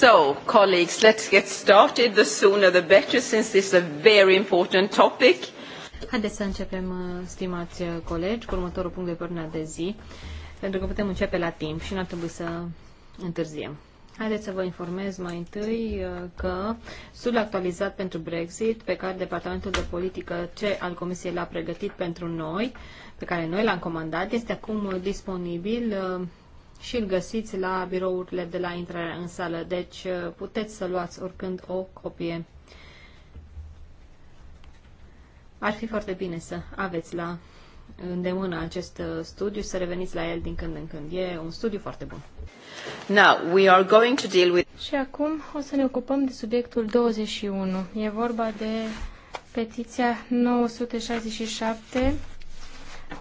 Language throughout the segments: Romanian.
So, colleagues, let's get started. The sooner the better, since this is a very important topic. Haideți să începem, uh, stimați uh, colegi, cu următorul punct de până de zi, pentru că putem începe la timp și nu ar trebui să întârziem. Haideți să vă informez mai întâi uh, că studiul actualizat pentru Brexit, pe care Departamentul de Politică ce al Comisiei l-a pregătit pentru noi, pe care noi l-am comandat, este acum disponibil și îl găsiți la birourile de la intrare în sală, deci uh, puteți să luați oricând o copie. Ar fi foarte bine să aveți la îndemână acest uh, studiu, să reveniți la el din când în când. E un studiu foarte bun. Now, we are going to deal with... Și acum o să ne ocupăm de subiectul 21. E vorba de petiția 967,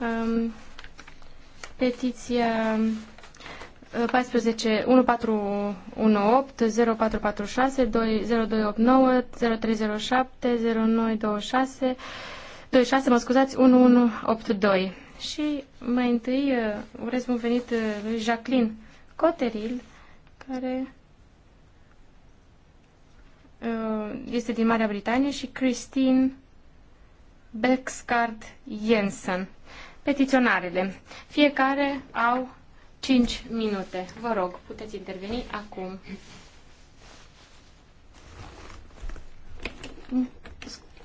um, petiția 14, 1418, 0446, 0289, 0307, 0926, 26, mă scuzați, 1182. Și mai întâi uh, urez bun venit uh, lui Jacqueline Coteril, care uh, este din Marea Britanie și Christine Bexcard Jensen. Petiționarele. Fiecare au 5 minute. Vă rog, puteți interveni acum.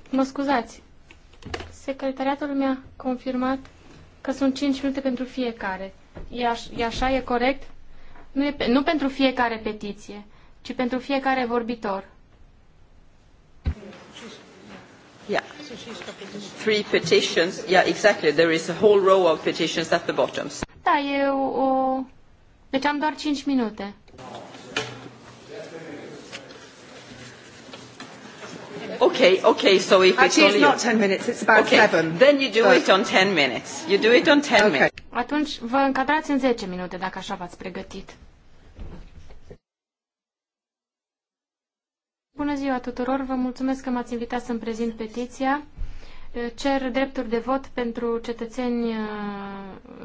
Mă scuzați. Secretariatul mi-a confirmat că sunt 5 minute pentru fiecare. E, aș, e așa? E corect? Nu, e, nu pentru fiecare petiție, ci pentru fiecare vorbitor. Yeah. Three petitions. Yeah, exactly. There is a whole row of petitions at the bottom. Da, e o... Deci am doar 5 minute. Okay, okay, so if Actually, it's, only... not 10 minutes, it's about okay. 7. Then you do so... Uh, it on 10 minutes. You do it on 10 okay. minutes. Atunci vă încadrați în 10 minute dacă așa v-ați pregătit. Bună ziua tuturor, vă mulțumesc că m-ați invitat să-mi prezint petiția cer drepturi de vot pentru cetățeni uh,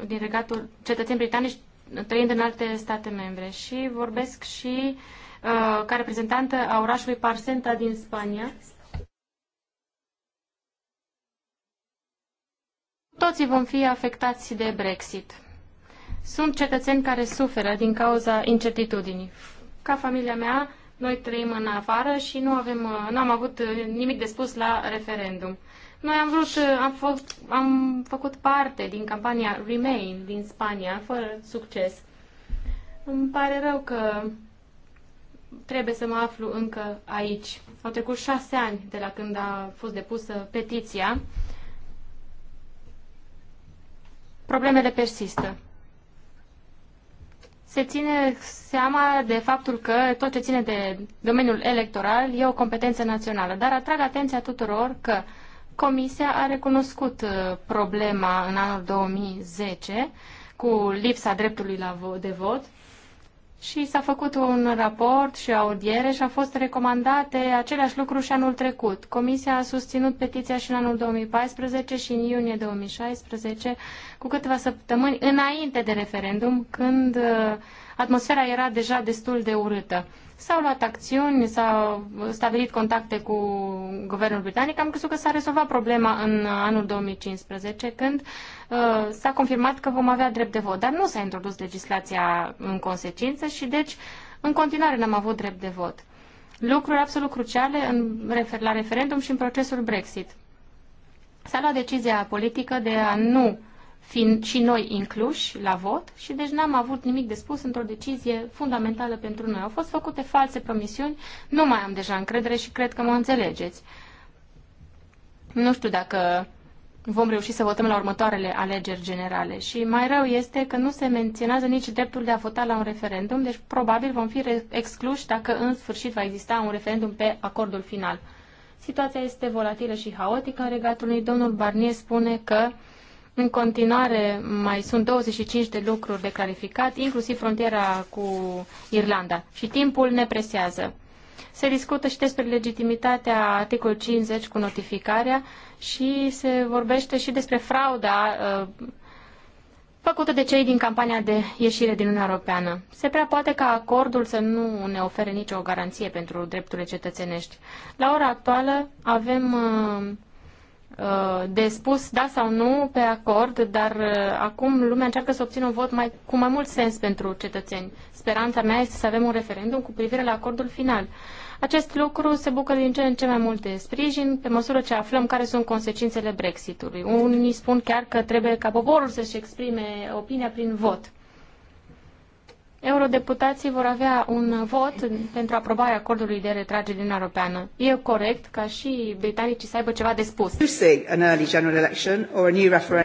din regatul, cetățeni britanici trăind în alte state membre și vorbesc și uh, ca reprezentantă a orașului Parsenta din Spania. Toții vom fi afectați de Brexit. Sunt cetățeni care suferă din cauza incertitudinii. Ca familia mea, noi trăim în afară și nu, avem, uh, nu am avut uh, nimic de spus la referendum. Noi am vrut, uh, am, fost, am făcut parte din campania Remain din Spania, fără succes. Îmi pare rău că trebuie să mă aflu încă aici. Au trecut șase ani de la când a fost depusă petiția. Problemele persistă. Se ține seama de faptul că tot ce ține de domeniul electoral e o competență națională, dar atrag atenția tuturor că Comisia a recunoscut uh, problema în anul 2010 cu lipsa dreptului la vo- de vot și s-a făcut un raport și audiere și a fost recomandate aceleași lucru și anul trecut. Comisia a susținut petiția și în anul 2014 și în iunie 2016, cu câteva săptămâni înainte de referendum, când uh, atmosfera era deja destul de urâtă. S-au luat acțiuni, s-au stabilit contacte cu guvernul britanic. Am crezut că s-a rezolvat problema în anul 2015, când uh, s-a confirmat că vom avea drept de vot. Dar nu s-a introdus legislația în consecință și deci în continuare n-am avut drept de vot. Lucruri absolut cruciale în refer- la referendum și în procesul Brexit. S-a luat decizia politică de a nu fiind și noi incluși la vot și deci n-am avut nimic de spus într-o decizie fundamentală pentru noi. Au fost făcute false promisiuni, nu mai am deja încredere și cred că mă înțelegeți. Nu știu dacă vom reuși să votăm la următoarele alegeri generale și mai rău este că nu se menționează nici dreptul de a vota la un referendum, deci probabil vom fi excluși dacă în sfârșit va exista un referendum pe acordul final. Situația este volatilă și haotică. Regatul lui domnul Barnier spune că în continuare, mai sunt 25 de lucruri de clarificat, inclusiv frontiera cu Irlanda. Și timpul ne presează. Se discută și despre legitimitatea articolul 50 cu notificarea și se vorbește și despre frauda uh, făcută de cei din campania de ieșire din Uniunea Europeană. Se prea poate ca acordul să nu ne ofere nicio garanție pentru drepturile cetățenești. La ora actuală avem uh, Uh, de spus da sau nu pe acord, dar uh, acum lumea încearcă să obțină un vot mai, cu mai mult sens pentru cetățeni. Speranța mea este să avem un referendum cu privire la acordul final. Acest lucru se bucură din ce în ce mai multe sprijin pe măsură ce aflăm care sunt consecințele Brexitului. Unii spun chiar că trebuie ca poporul să-și exprime opinia prin vot eurodeputații vor avea un vot pentru aprobarea acordului de retragere din Europeană. E corect ca și britanicii să aibă ceva de spus.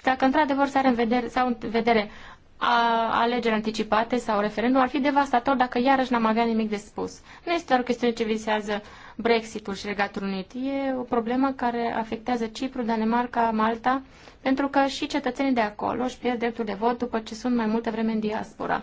Dacă într-adevăr s-ar în vedere, sau în vedere a alegeri anticipate sau referendum ar fi devastator dacă iarăși n-am avea nimic de spus. Nu este doar o chestiune ce visează Brexitul și Regatul Unit. E o problemă care afectează Cipru, Danemarca, Malta, pentru că și cetățenii de acolo își pierd dreptul de vot după ce sunt mai multă vreme în diaspora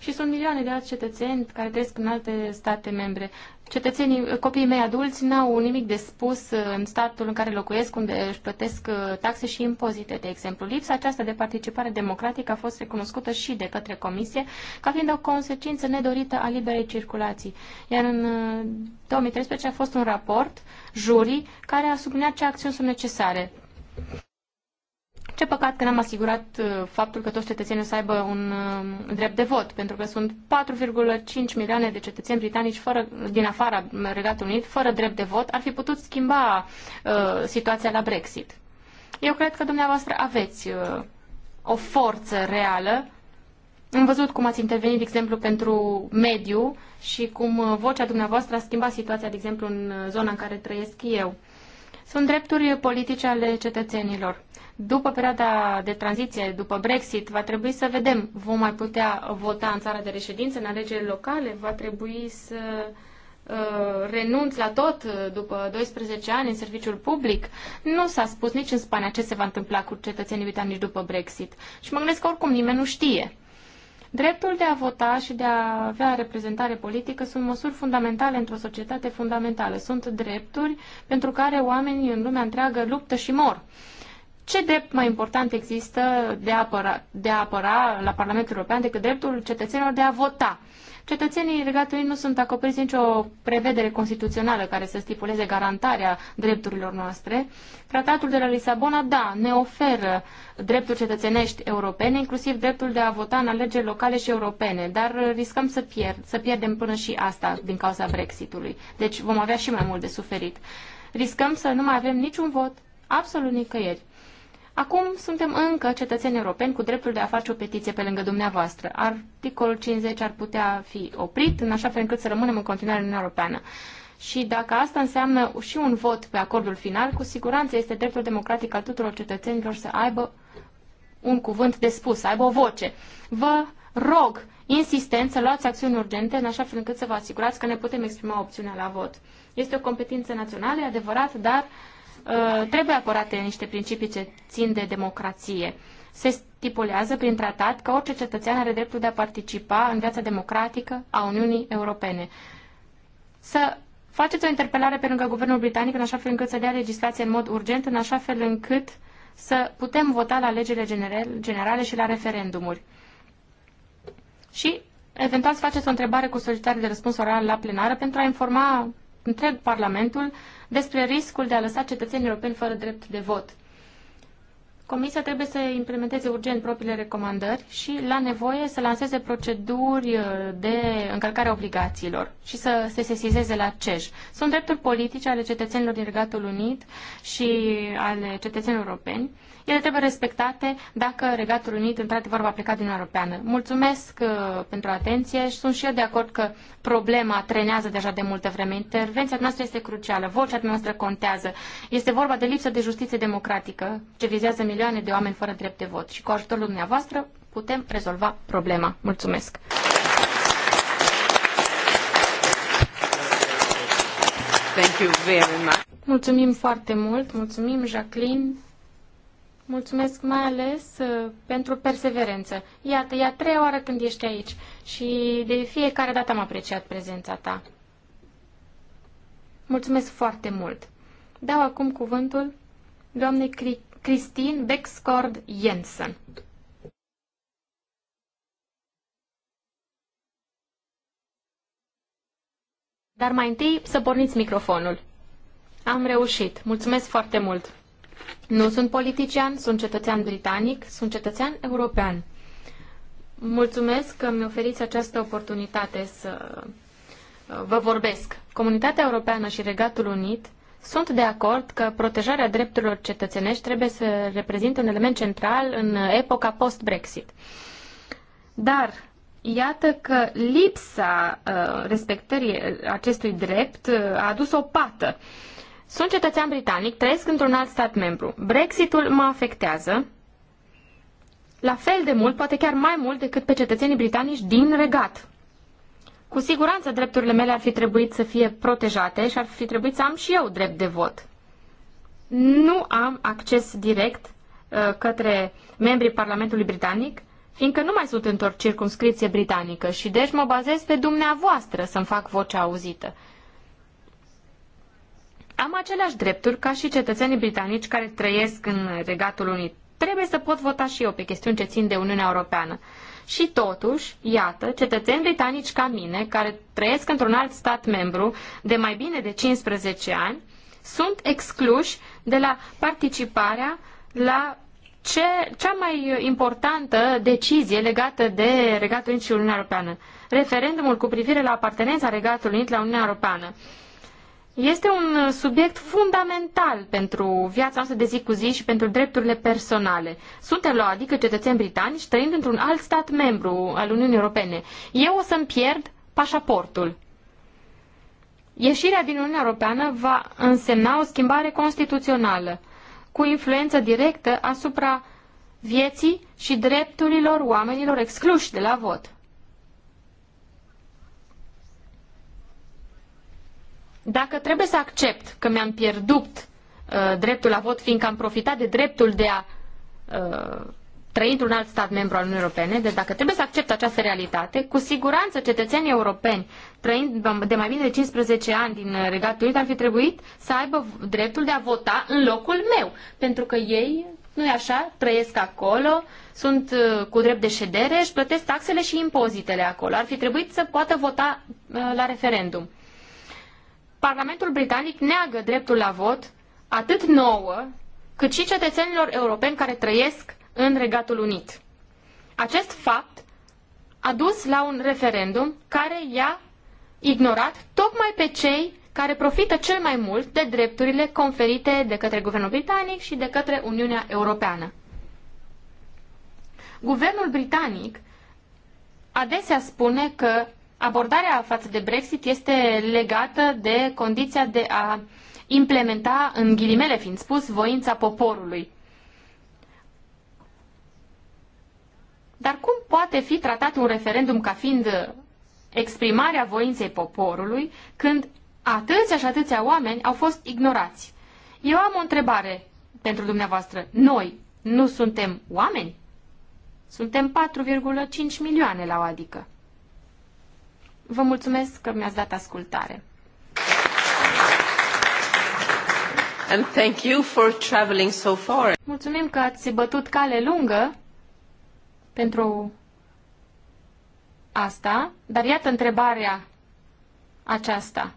și sunt milioane de alți cetățeni care trăiesc în alte state membre. Cetățenii, copiii mei adulți n-au nimic de spus uh, în statul în care locuiesc, unde își plătesc uh, taxe și impozite, de exemplu. Lipsa aceasta de participare democratică a fost recunoscută și de către Comisie ca fiind o consecință nedorită a liberei circulații. Iar în 2013 uh, a fost un raport, jurii, care a subliniat ce acțiuni sunt necesare. Ce păcat că n-am asigurat uh, faptul că toți cetățenii o să aibă un uh, drept de vot, pentru că sunt 4,5 milioane de cetățeni britanici fără, din afara Regatului Unit, fără drept de vot, ar fi putut schimba uh, situația la Brexit. Eu cred că dumneavoastră aveți uh, o forță reală. Am văzut cum ați intervenit, de exemplu, pentru mediu și cum uh, vocea dumneavoastră a schimbat situația, de exemplu, în zona în care trăiesc eu. Sunt drepturi politice ale cetățenilor. După perioada de tranziție, după Brexit, va trebui să vedem, vom mai putea vota în țara de reședință, în alegerile locale, va trebui să uh, renunț la tot uh, după 12 ani în serviciul public. Nu s-a spus nici în Spania ce se va întâmpla cu cetățenii britanici după Brexit. Și mă gândesc că oricum nimeni nu știe. Dreptul de a vota și de a avea reprezentare politică sunt măsuri fundamentale într-o societate fundamentală. Sunt drepturi pentru care oamenii în lumea întreagă luptă și mor ce drept mai important există de a apăra, de a apăra la Parlamentul European decât dreptul cetățenilor de a vota? Cetățenii Regatului nu sunt acoperiți nicio prevedere constituțională care să stipuleze garantarea drepturilor noastre. Tratatul de la Lisabona, da, ne oferă dreptul cetățenești europene, inclusiv dreptul de a vota în alegeri locale și europene, dar riscăm să, pierd, să pierdem până și asta din cauza Brexitului. Deci vom avea și mai mult de suferit. Riscăm să nu mai avem niciun vot, absolut nicăieri. Acum suntem încă cetățeni europeni cu dreptul de a face o petiție pe lângă dumneavoastră. Articolul 50 ar putea fi oprit în așa fel încât să rămânem în continuare în Europeană. Și dacă asta înseamnă și un vot pe acordul final, cu siguranță este dreptul democratic al tuturor cetățenilor să aibă un cuvânt de spus, să aibă o voce. Vă rog insistent să luați acțiuni urgente în așa fel încât să vă asigurați că ne putem exprima opțiunea la vot. Este o competență națională, e adevărat, dar uh, Uh, trebuie apărate niște principii ce țin de democrație. Se stipulează prin tratat că orice cetățean are dreptul de a participa în viața democratică a Uniunii Europene. Să faceți o interpelare pe lângă guvernul britanic în așa fel încât să dea legislație în mod urgent, în așa fel încât să putem vota la legile generale și la referendumuri. Și, eventual, să faceți o întrebare cu solicitare de răspuns oral la plenară pentru a informa întreb Parlamentul despre riscul de a lăsa cetățenii europeni fără drept de vot. Comisia trebuie să implementeze urgent propriile recomandări și, la nevoie, să lanseze proceduri de încălcare a obligațiilor și să se sesizeze la CEJ. Sunt drepturi politice ale cetățenilor din Regatul Unit și ale cetățenilor europeni ele trebuie respectate dacă Regatul Unit într-adevăr va pleca din Europeană. Mulțumesc uh, pentru atenție și sunt și eu de acord că problema trenează deja de multă vreme. Intervenția noastră este crucială, vocea noastră contează. Este vorba de lipsă de justiție democratică, ce vizează milioane de oameni fără drept de vot. Și cu ajutorul dumneavoastră putem rezolva problema. Mulțumesc! Mulțumim foarte mult, mulțumim Jacqueline. Mulțumesc mai ales uh, pentru perseverență. Iată, e a treia oară când ești aici și de fiecare dată am apreciat prezența ta. Mulțumesc foarte mult. Dau acum cuvântul doamnei Cri- Christine Bexcord Jensen. Dar mai întâi să porniți microfonul. Am reușit. Mulțumesc foarte mult. Nu sunt politician, sunt cetățean britanic, sunt cetățean european. Mulțumesc că mi oferiți această oportunitate să uh, vă vorbesc. Comunitatea Europeană și Regatul Unit sunt de acord că protejarea drepturilor cetățenești trebuie să reprezinte un element central în epoca post-Brexit. Dar iată că lipsa uh, respectării acestui drept uh, a adus o pată. Uh, sunt cetățean britanic, trăiesc într-un alt stat membru. Brexitul mă afectează la fel de mult, poate chiar mai mult decât pe cetățenii britanici din regat. Cu siguranță drepturile mele ar fi trebuit să fie protejate și ar fi trebuit să am și eu drept de vot. Nu am acces direct uh, către membrii Parlamentului Britanic, fiindcă nu mai sunt într-o circunscripție britanică și deci mă bazez pe dumneavoastră să-mi fac vocea auzită am aceleași drepturi ca și cetățenii britanici care trăiesc în Regatul Unit. Trebuie să pot vota și eu pe chestiuni ce țin de Uniunea Europeană. Și totuși, iată, cetățeni britanici ca mine, care trăiesc într-un alt stat membru de mai bine de 15 ani, sunt excluși de la participarea la ce, cea mai importantă decizie legată de Regatul Unit și Uniunea Europeană, referendumul cu privire la apartenența Regatului Unit la Uniunea Europeană este un subiect fundamental pentru viața noastră de zi cu zi și pentru drepturile personale. Suntem la adică cetățeni britanici trăind într-un alt stat membru al Uniunii Europene. Eu o să-mi pierd pașaportul. Ieșirea din Uniunea Europeană va însemna o schimbare constituțională, cu influență directă asupra vieții și drepturilor oamenilor excluși de la vot. dacă trebuie să accept că mi-am pierdut uh, dreptul la vot, fiindcă am profitat de dreptul de a uh, trăi într-un alt stat membru al Uniunii Europene, deci dacă trebuie să accept această realitate, cu siguranță cetățenii europeni trăind de mai bine de 15 ani din Regatul Unit ar fi trebuit să aibă dreptul de a vota în locul meu, pentru că ei, nu e așa, trăiesc acolo, sunt uh, cu drept de ședere, își plătesc taxele și impozitele acolo. Ar fi trebuit să poată vota uh, la referendum. Parlamentul Britanic neagă dreptul la vot atât nouă, cât și cetățenilor europeni care trăiesc în Regatul Unit. Acest fapt a dus la un referendum care i-a ignorat tocmai pe cei care profită cel mai mult de drepturile conferite de către guvernul britanic și de către Uniunea Europeană. Guvernul britanic adesea spune că abordarea față de Brexit este legată de condiția de a implementa, în ghilimele fiind spus, voința poporului. Dar cum poate fi tratat un referendum ca fiind exprimarea voinței poporului când atâția și atâția oameni au fost ignorați? Eu am o întrebare pentru dumneavoastră. Noi nu suntem oameni? Suntem 4,5 milioane la o adică. Vă mulțumesc că mi-ați dat ascultare. And thank you for traveling so far. Mulțumim că ați bătut cale lungă pentru asta, dar iată întrebarea aceasta.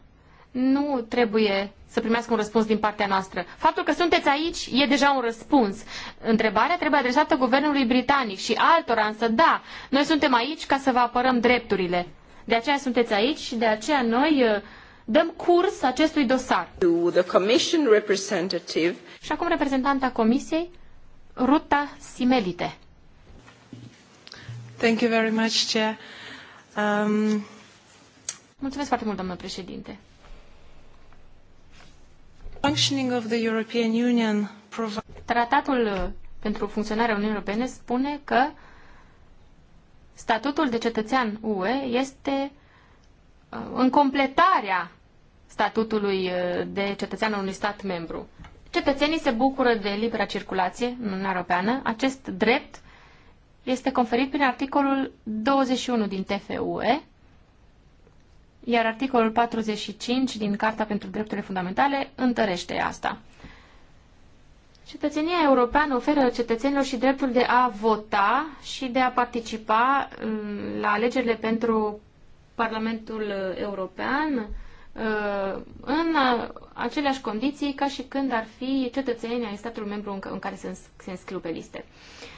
Nu trebuie să primească un răspuns din partea noastră. Faptul că sunteți aici e deja un răspuns. Întrebarea trebuie adresată guvernului britanic și altora, însă da, noi suntem aici ca să vă apărăm drepturile. De aceea sunteți aici și de aceea noi uh, dăm curs acestui dosar. Și acum reprezentanta Comisiei, Ruta Simelite. Thank you very much, Chair. Um... Mulțumesc foarte mult, doamnă președinte. Functioning of the European Union Tratatul uh, pentru funcționarea Uniunii Europene spune că statutul de cetățean UE este uh, în completarea statutului uh, de cetățean al unui stat membru. Cetățenii se bucură de libera circulație în Uniunea Europeană. Acest drept este conferit prin articolul 21 din TFUE, iar articolul 45 din Carta pentru Drepturile Fundamentale întărește asta. Cetățenia europeană oferă cetățenilor și dreptul de a vota și de a participa uh, la alegerile pentru Parlamentul European uh, în uh, aceleași condiții ca și când ar fi cetățenii ai statului membru în care se înscriu pe liste.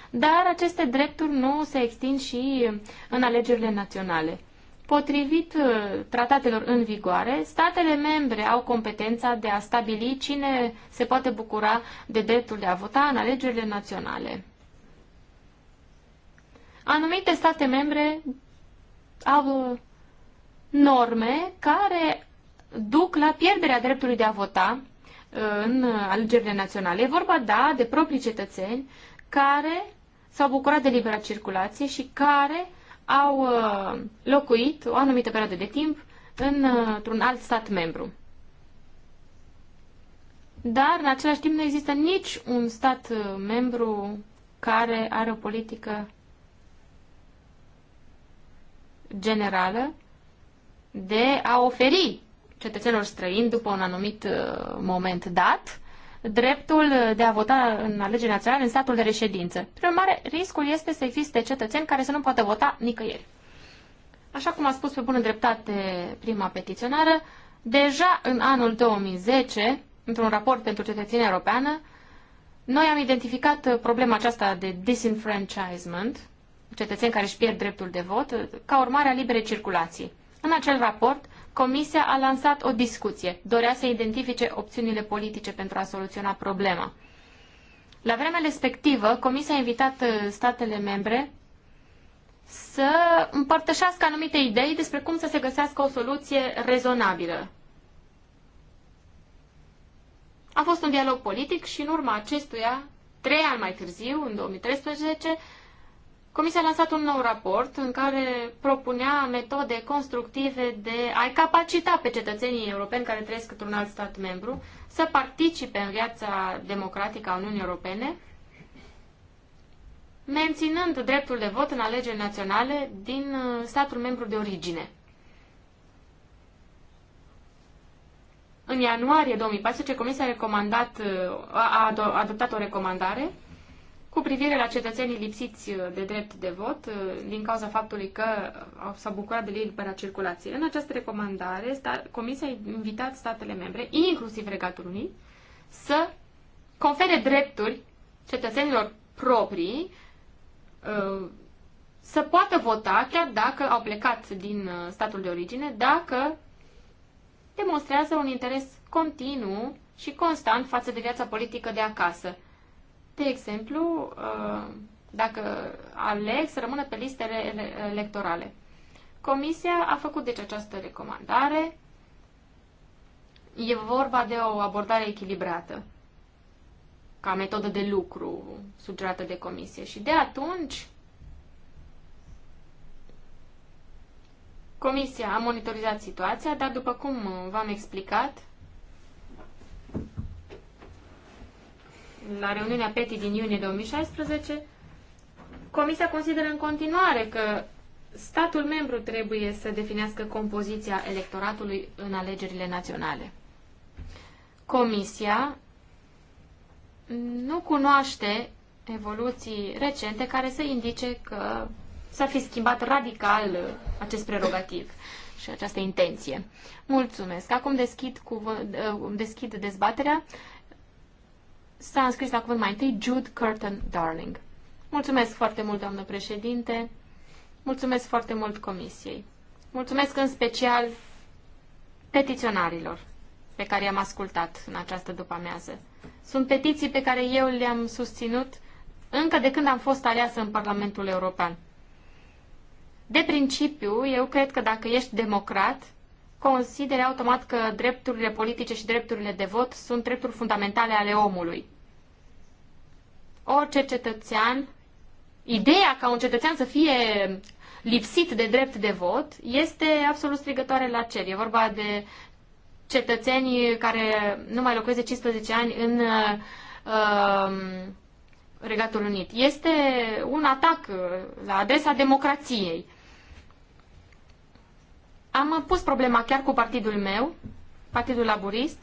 Dar aceste drepturi nu se extind și în alegerile naționale. Potrivit uh, tratatelor în vigoare, statele membre au competența de a stabili cine se poate bucura de dreptul de a vota în alegerile naționale. Anumite state membre au uh, norme care duc la pierderea dreptului de a vota uh, în alegerile naționale. E vorba, da, de proprii cetățeni care s-au bucurat de libera circulație și care au uh, locuit o anumită perioadă de timp uh, într-un alt stat membru. Dar, în același timp, nu există nici un stat uh, membru care are o politică generală de a oferi cetățenilor străini, după un anumit moment dat, dreptul de a vota în alegeri naționale în statul de reședință. Prin urmare, riscul este să existe cetățeni care să nu poată vota nicăieri. Așa cum a spus pe bună dreptate prima petiționară, deja în anul 2010, într-un raport pentru cetățenia europeană, noi am identificat problema aceasta de disenfranchisement, cetățeni care își pierd dreptul de vot, ca urmare a liberei circulații. În acel raport Comisia a lansat o discuție. Dorea să identifice opțiunile politice pentru a soluționa problema. La vremea respectivă, Comisia a invitat uh, statele membre să împărtășească anumite idei despre cum să se găsească o soluție rezonabilă. A fost un dialog politic și în urma acestuia, trei ani mai târziu, în 2013, Comisia a lansat un nou raport în care propunea metode constructive de a capacita pe cetățenii europeni care trăiesc într-un alt stat membru să participe în viața democratică a Uniunii Europene, menținând dreptul de vot în alegeri naționale din uh, statul membru de origine. În ianuarie 2014, Comisia a, recomandat, uh, a adoptat o recomandare cu privire la cetățenii lipsiți uh, de drept de vot uh, din cauza faptului că uh, s-au bucurat de libera circulație. În această recomandare, Comisia a invitat statele membre, inclusiv Regatul Unit, să confere drepturi cetățenilor proprii să poată vota chiar dacă au plecat din statul de origine, dacă demonstrează un interes continuu și constant față de viața politică de acasă de exemplu, uh, dacă aleg să rămână pe listele electorale. Comisia a făcut deci această recomandare. E vorba de o abordare echilibrată ca metodă de lucru sugerată de comisie. Și de atunci Comisia a monitorizat situația, dar după cum v-am explicat, la reuniunea PETI din iunie 2016, Comisia consideră în continuare că statul membru trebuie să definească compoziția electoratului în alegerile naționale. Comisia nu cunoaște evoluții recente care să indice că s-ar fi schimbat radical acest prerogativ și această intenție. Mulțumesc. Acum deschid, cu, deschid dezbaterea. S-a înscris la cuvânt mai întâi Jude Curtin Darling. Mulțumesc foarte mult, doamnă președinte. Mulțumesc foarte mult comisiei. Mulțumesc în special petiționarilor pe care i-am ascultat în această după-amiază. Sunt petiții pe care eu le-am susținut încă de când am fost aleasă în Parlamentul European. De principiu, eu cred că dacă ești democrat, considere automat că drepturile politice și drepturile de vot sunt drepturi fundamentale ale omului. Orice cetățean, ideea ca un cetățean să fie lipsit de drept de vot este absolut strigătoare la cer. E vorba de cetățenii care nu mai locuiesc de 15 ani în uh, um, Regatul Unit. Este un atac la adresa democrației. Am pus problema chiar cu partidul meu, Partidul Laburist.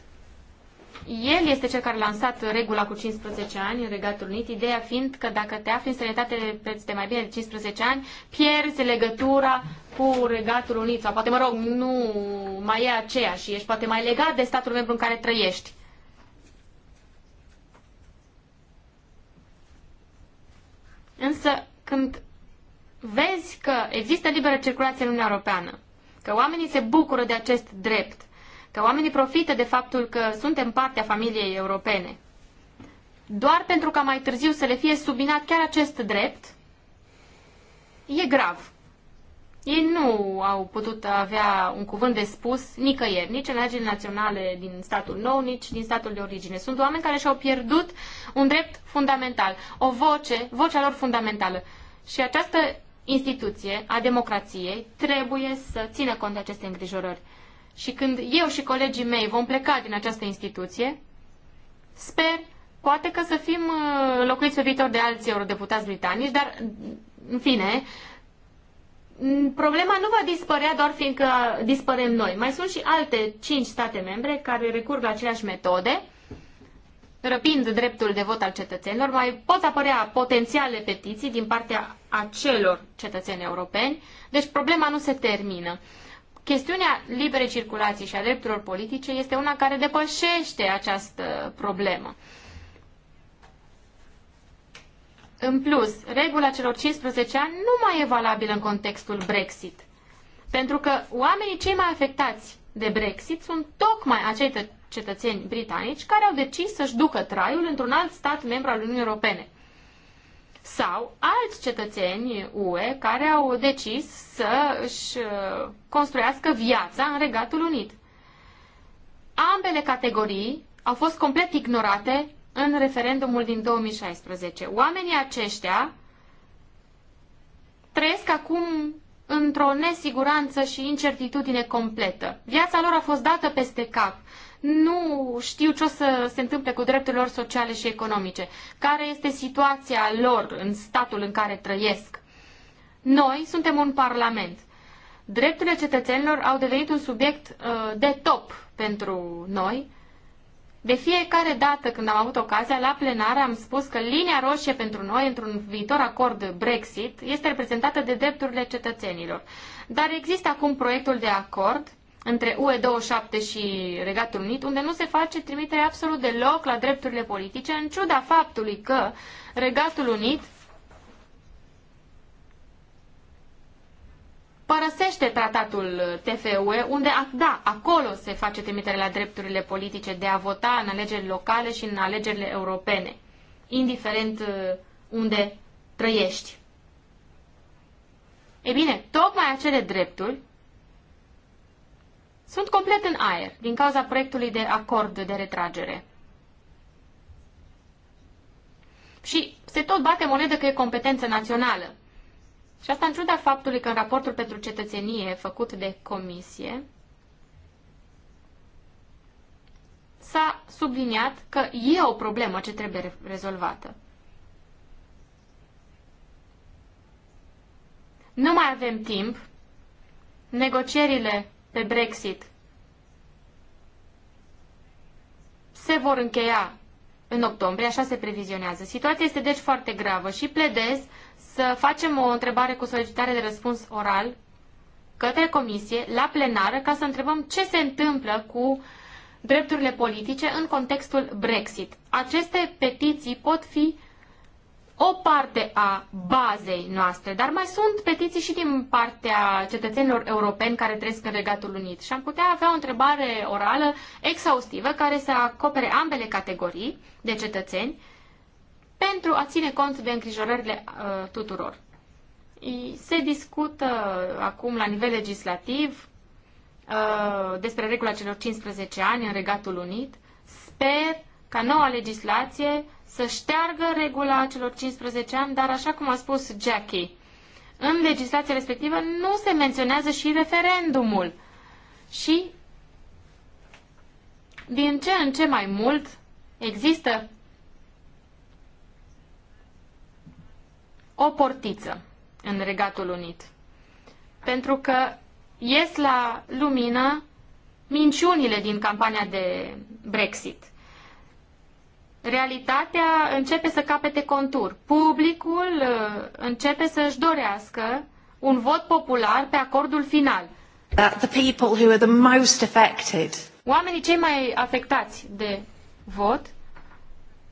El este cel care a lansat regula cu 15 ani în Regatul Unit, ideea fiind că dacă te afli în sănătate peste mai bine de 15 ani, pierzi legătura cu Regatul Unit sau poate, mă rog, nu mai e aceea și ești poate mai legat de statul membru în care trăiești. Însă, când vezi că există liberă circulație în Uniunea Europeană, că oamenii se bucură de acest drept, că oamenii profită de faptul că suntem partea familiei europene. Doar pentru ca mai târziu să le fie subinat chiar acest drept, e grav. Ei nu au putut avea un cuvânt de spus nicăieri, nici în legile naționale din statul nou, nici din statul de origine. Sunt oameni care și-au pierdut un drept fundamental, o voce, vocea lor fundamentală. Și această instituție a democrației trebuie să țină cont de aceste îngrijorări. Și când eu și colegii mei vom pleca din această instituție, sper, poate că să fim uh, locuiți pe viitor de alți eurodeputați britanici, dar, în fine, problema nu va dispărea doar fiindcă dispărem noi. Mai sunt și alte cinci state membre care recurg la aceleași metode răpind dreptul de vot al cetățenilor, mai pot apărea potențiale petiții din partea acelor cetățeni europeni, deci problema nu se termină. Chestiunea liberei circulații și a drepturilor politice este una care depășește această problemă. În plus, regula celor 15 ani nu mai e valabilă în contextul Brexit. Pentru că oamenii cei mai afectați de Brexit sunt tocmai acei cetățeni britanici care au decis să-și ducă traiul într-un alt stat membru al Uniunii Europene. Sau alți cetățeni UE care au decis să-și uh, construiască viața în Regatul Unit. Ambele categorii au fost complet ignorate în referendumul din 2016. Oamenii aceștia trăiesc acum într-o nesiguranță și incertitudine completă. Viața lor a fost dată peste cap nu știu ce o să se întâmple cu drepturile lor sociale și economice, care este situația lor în statul în care trăiesc. Noi suntem un parlament. Drepturile cetățenilor au devenit un subiect uh, de top pentru noi. De fiecare dată când am avut ocazia, la plenară am spus că linia roșie pentru noi într-un viitor acord Brexit este reprezentată de drepturile cetățenilor. Dar există acum proiectul de acord între UE27 și Regatul Unit, unde nu se face trimitere absolut deloc la drepturile politice, în ciuda faptului că Regatul Unit părăsește tratatul TFUE, unde, da, acolo se face trimitere la drepturile politice de a vota în alegerile locale și în alegerile europene, indiferent uh, unde trăiești. Ei bine, tocmai acele drepturi sunt complet în aer din cauza proiectului de acord de retragere. Și se tot bate monedă că e competență națională. Și asta în ciuda faptului că în raportul pentru cetățenie făcut de comisie s-a subliniat că e o problemă ce trebuie rezolvată. Nu mai avem timp. Negocierile pe Brexit se vor încheia în octombrie, așa se previzionează. Situația este deci foarte gravă și pledez să facem o întrebare cu solicitare de răspuns oral către comisie, la plenară, ca să întrebăm ce se întâmplă cu drepturile politice în contextul Brexit. Aceste petiții pot fi o parte a bazei noastre, dar mai sunt petiții și din partea cetățenilor europeni care trăiesc în Regatul Unit și am putea avea o întrebare orală exhaustivă care să acopere ambele categorii de cetățeni pentru a ține cont de îngrijorările uh, tuturor. Se discută uh, acum la nivel legislativ uh, despre regula celor 15 ani în Regatul Unit. Sper ca noua legislație să șteargă regula celor 15 ani, dar așa cum a spus Jackie, în legislația respectivă nu se menționează și referendumul. Și din ce în ce mai mult există o portiță în Regatul Unit. Pentru că ies la lumină minciunile din campania de Brexit realitatea începe să capete contur. Publicul uh, începe să își dorească un vot popular pe acordul final. The people who are the most affected. Oamenii cei mai afectați de vot,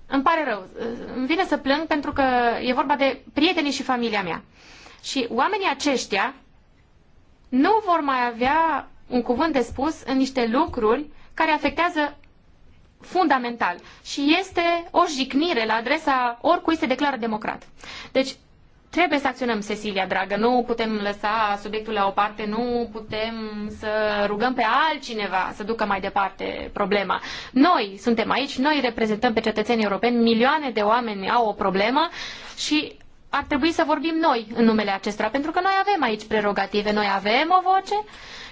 îmi pare rău, uh, îmi vine să plâng pentru că e vorba de prietenii și familia mea. Și oamenii aceștia nu vor mai avea un cuvânt de spus în niște lucruri care afectează fundamental și este o jignire la adresa oricui se declară democrat. Deci, trebuie să acționăm, Cecilia, dragă. Nu putem lăsa subiectul la o parte, nu putem să rugăm pe altcineva să ducă mai departe problema. Noi suntem aici, noi reprezentăm pe cetățenii europeni, milioane de oameni au o problemă și ar trebui să vorbim noi în numele acestora, pentru că noi avem aici prerogative, noi avem o voce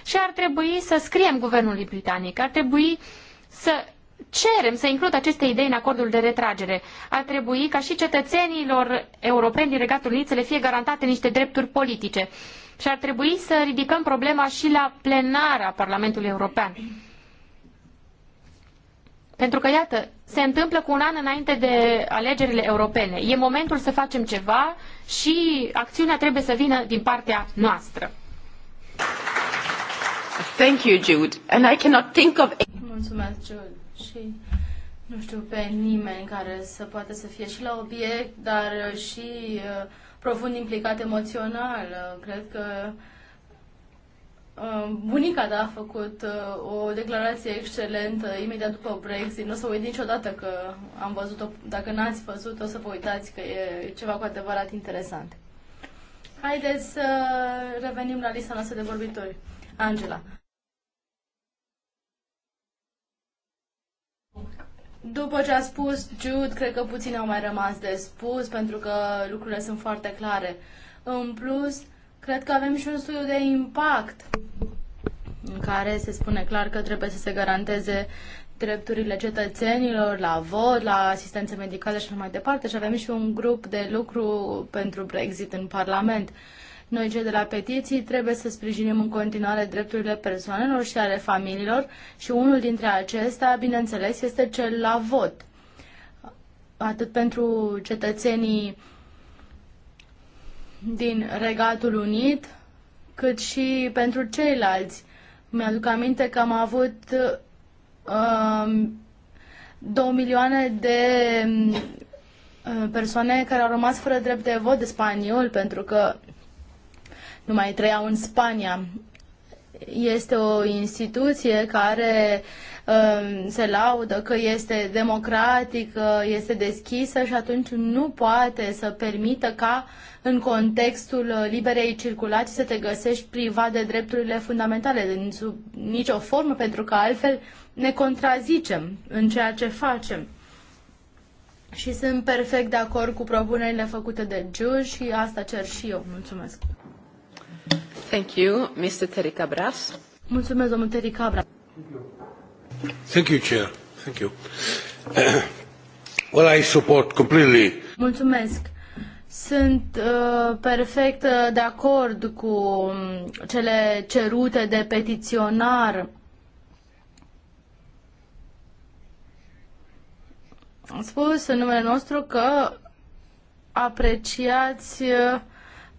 și ar trebui să scriem guvernului britanic, ar trebui să cerem să includă aceste idei în acordul de retragere. Ar trebui ca și cetățenilor europeni din Regatul Unit să le fie garantate niște drepturi politice. Și ar trebui să ridicăm problema și la plenara Parlamentului European. Pentru că, iată, se întâmplă cu un an înainte de alegerile europene. E momentul să facem ceva și acțiunea trebuie să vină din partea noastră. Thank you, Jude. And I cannot think of... Mulțumesc, Jude și nu știu pe nimeni care să poată să fie și la obiect, dar și uh, profund implicat emoțional. Uh, cred că uh, bunica ta da, a făcut o declarație excelentă imediat după Brexit. Nu o să uit niciodată că am văzut-o. Dacă n-ați văzut, o să vă uitați că e ceva cu adevărat interesant. Haideți să revenim la lista noastră de vorbitori. Angela. După ce a spus Jude, cred că puțin au mai rămas de spus, pentru că lucrurile sunt foarte clare. În plus, cred că avem și un studiu de impact în care se spune clar că trebuie să se garanteze drepturile cetățenilor la vot, la asistență medicală și așa mai departe și avem și un grup de lucru pentru Brexit în Parlament. Uh, noi, cei de la petiții, trebuie să sprijinim în continuare drepturile persoanelor și ale familiilor și unul dintre acestea, bineînțeles, este cel la vot. Atât pentru cetățenii din Regatul Unit, cât și pentru ceilalți. Mi-aduc aminte că am avut um, 2 milioane de um, persoane care au rămas fără drept de vot de spaniol pentru că numai trăiau în Spania. Este o instituție care um, se laudă că este democratică, uh, este deschisă și atunci nu poate să permită ca în contextul uh, liberei circulații să te găsești privat de drepturile fundamentale, în sub nicio formă, pentru că altfel ne contrazicem în ceea ce facem. Și sunt perfect de acord cu propunerile făcute de Giu și asta cer și eu. Mulțumesc! Thank you, Mr. Terry Cabras. Mulțumesc, domnul Terry Cabras. Thank you, Chair. Thank you. well, I support completely. Mulțumesc. Sunt uh, perfect uh, de acord cu um, cele cerute de petiționar. Am spus în numele nostru că apreciați uh,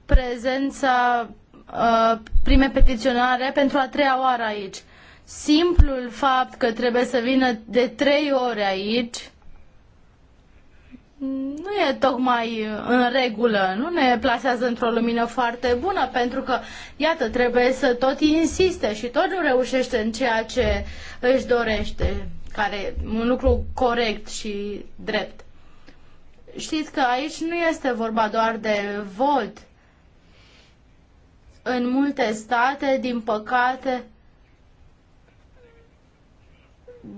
prezența Uh, prime petiționare pentru a treia oară aici. Simplul fapt că trebuie să vină de trei ore aici nu e tocmai în regulă, nu ne plasează într-o lumină foarte bună, pentru că, iată, trebuie să tot insiste și tot nu reușește în ceea ce își dorește, care e un lucru corect și drept. Știți că aici nu este vorba doar de vot, în multe state, din păcate,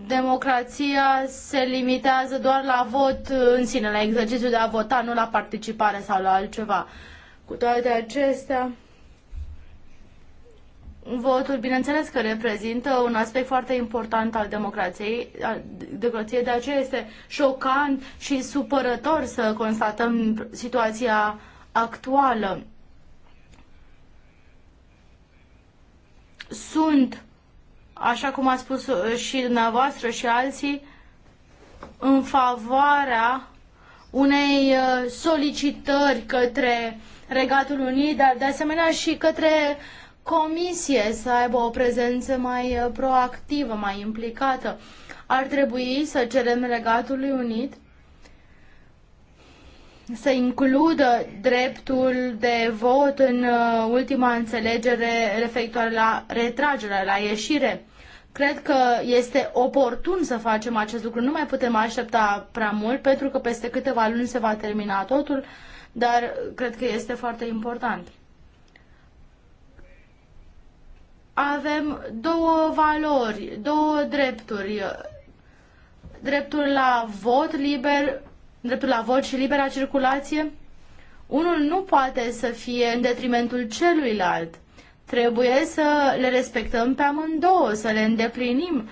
democrația se limitează doar la vot în sine, la exercițiul de a vota, nu la participare sau la altceva. Cu toate acestea, votul, bineînțeles că reprezintă un aspect foarte important al democrației, al democrației de aceea este șocant și supărător să constatăm situația actuală. sunt, așa cum a spus uh, și dumneavoastră și alții, în favoarea unei uh, solicitări către Regatul Unit, dar de asemenea și către comisie să aibă o prezență mai uh, proactivă, mai implicată. Ar trebui să cerem Regatului Unit să includă dreptul de vot în uh, ultima înțelegere referitoare la retragere, la ieșire. Cred că este oportun să facem acest lucru. Nu mai putem aștepta prea mult, pentru că peste câteva luni se va termina totul, dar cred că este foarte important. Avem două valori, două drepturi. Dreptul la vot liber dreptul la vot și libera circulație, unul nu poate să fie în detrimentul celuilalt. Trebuie să le respectăm pe amândouă, să le îndeplinim.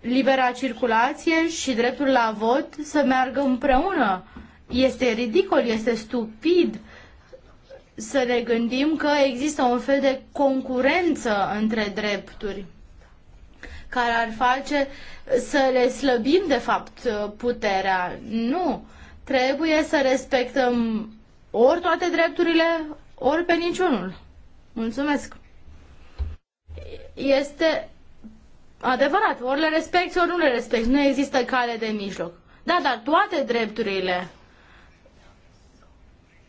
Libera circulație și dreptul la vot să meargă împreună. Este ridicol, este stupid să ne gândim că există un fel de concurență între drepturi care ar face să le slăbim, de fapt, puterea. Nu. Trebuie să respectăm ori toate drepturile, ori pe niciunul. Mulțumesc. Este adevărat. Ori le respecti, ori nu le respecti. Nu există cale de mijloc. Da, dar toate drepturile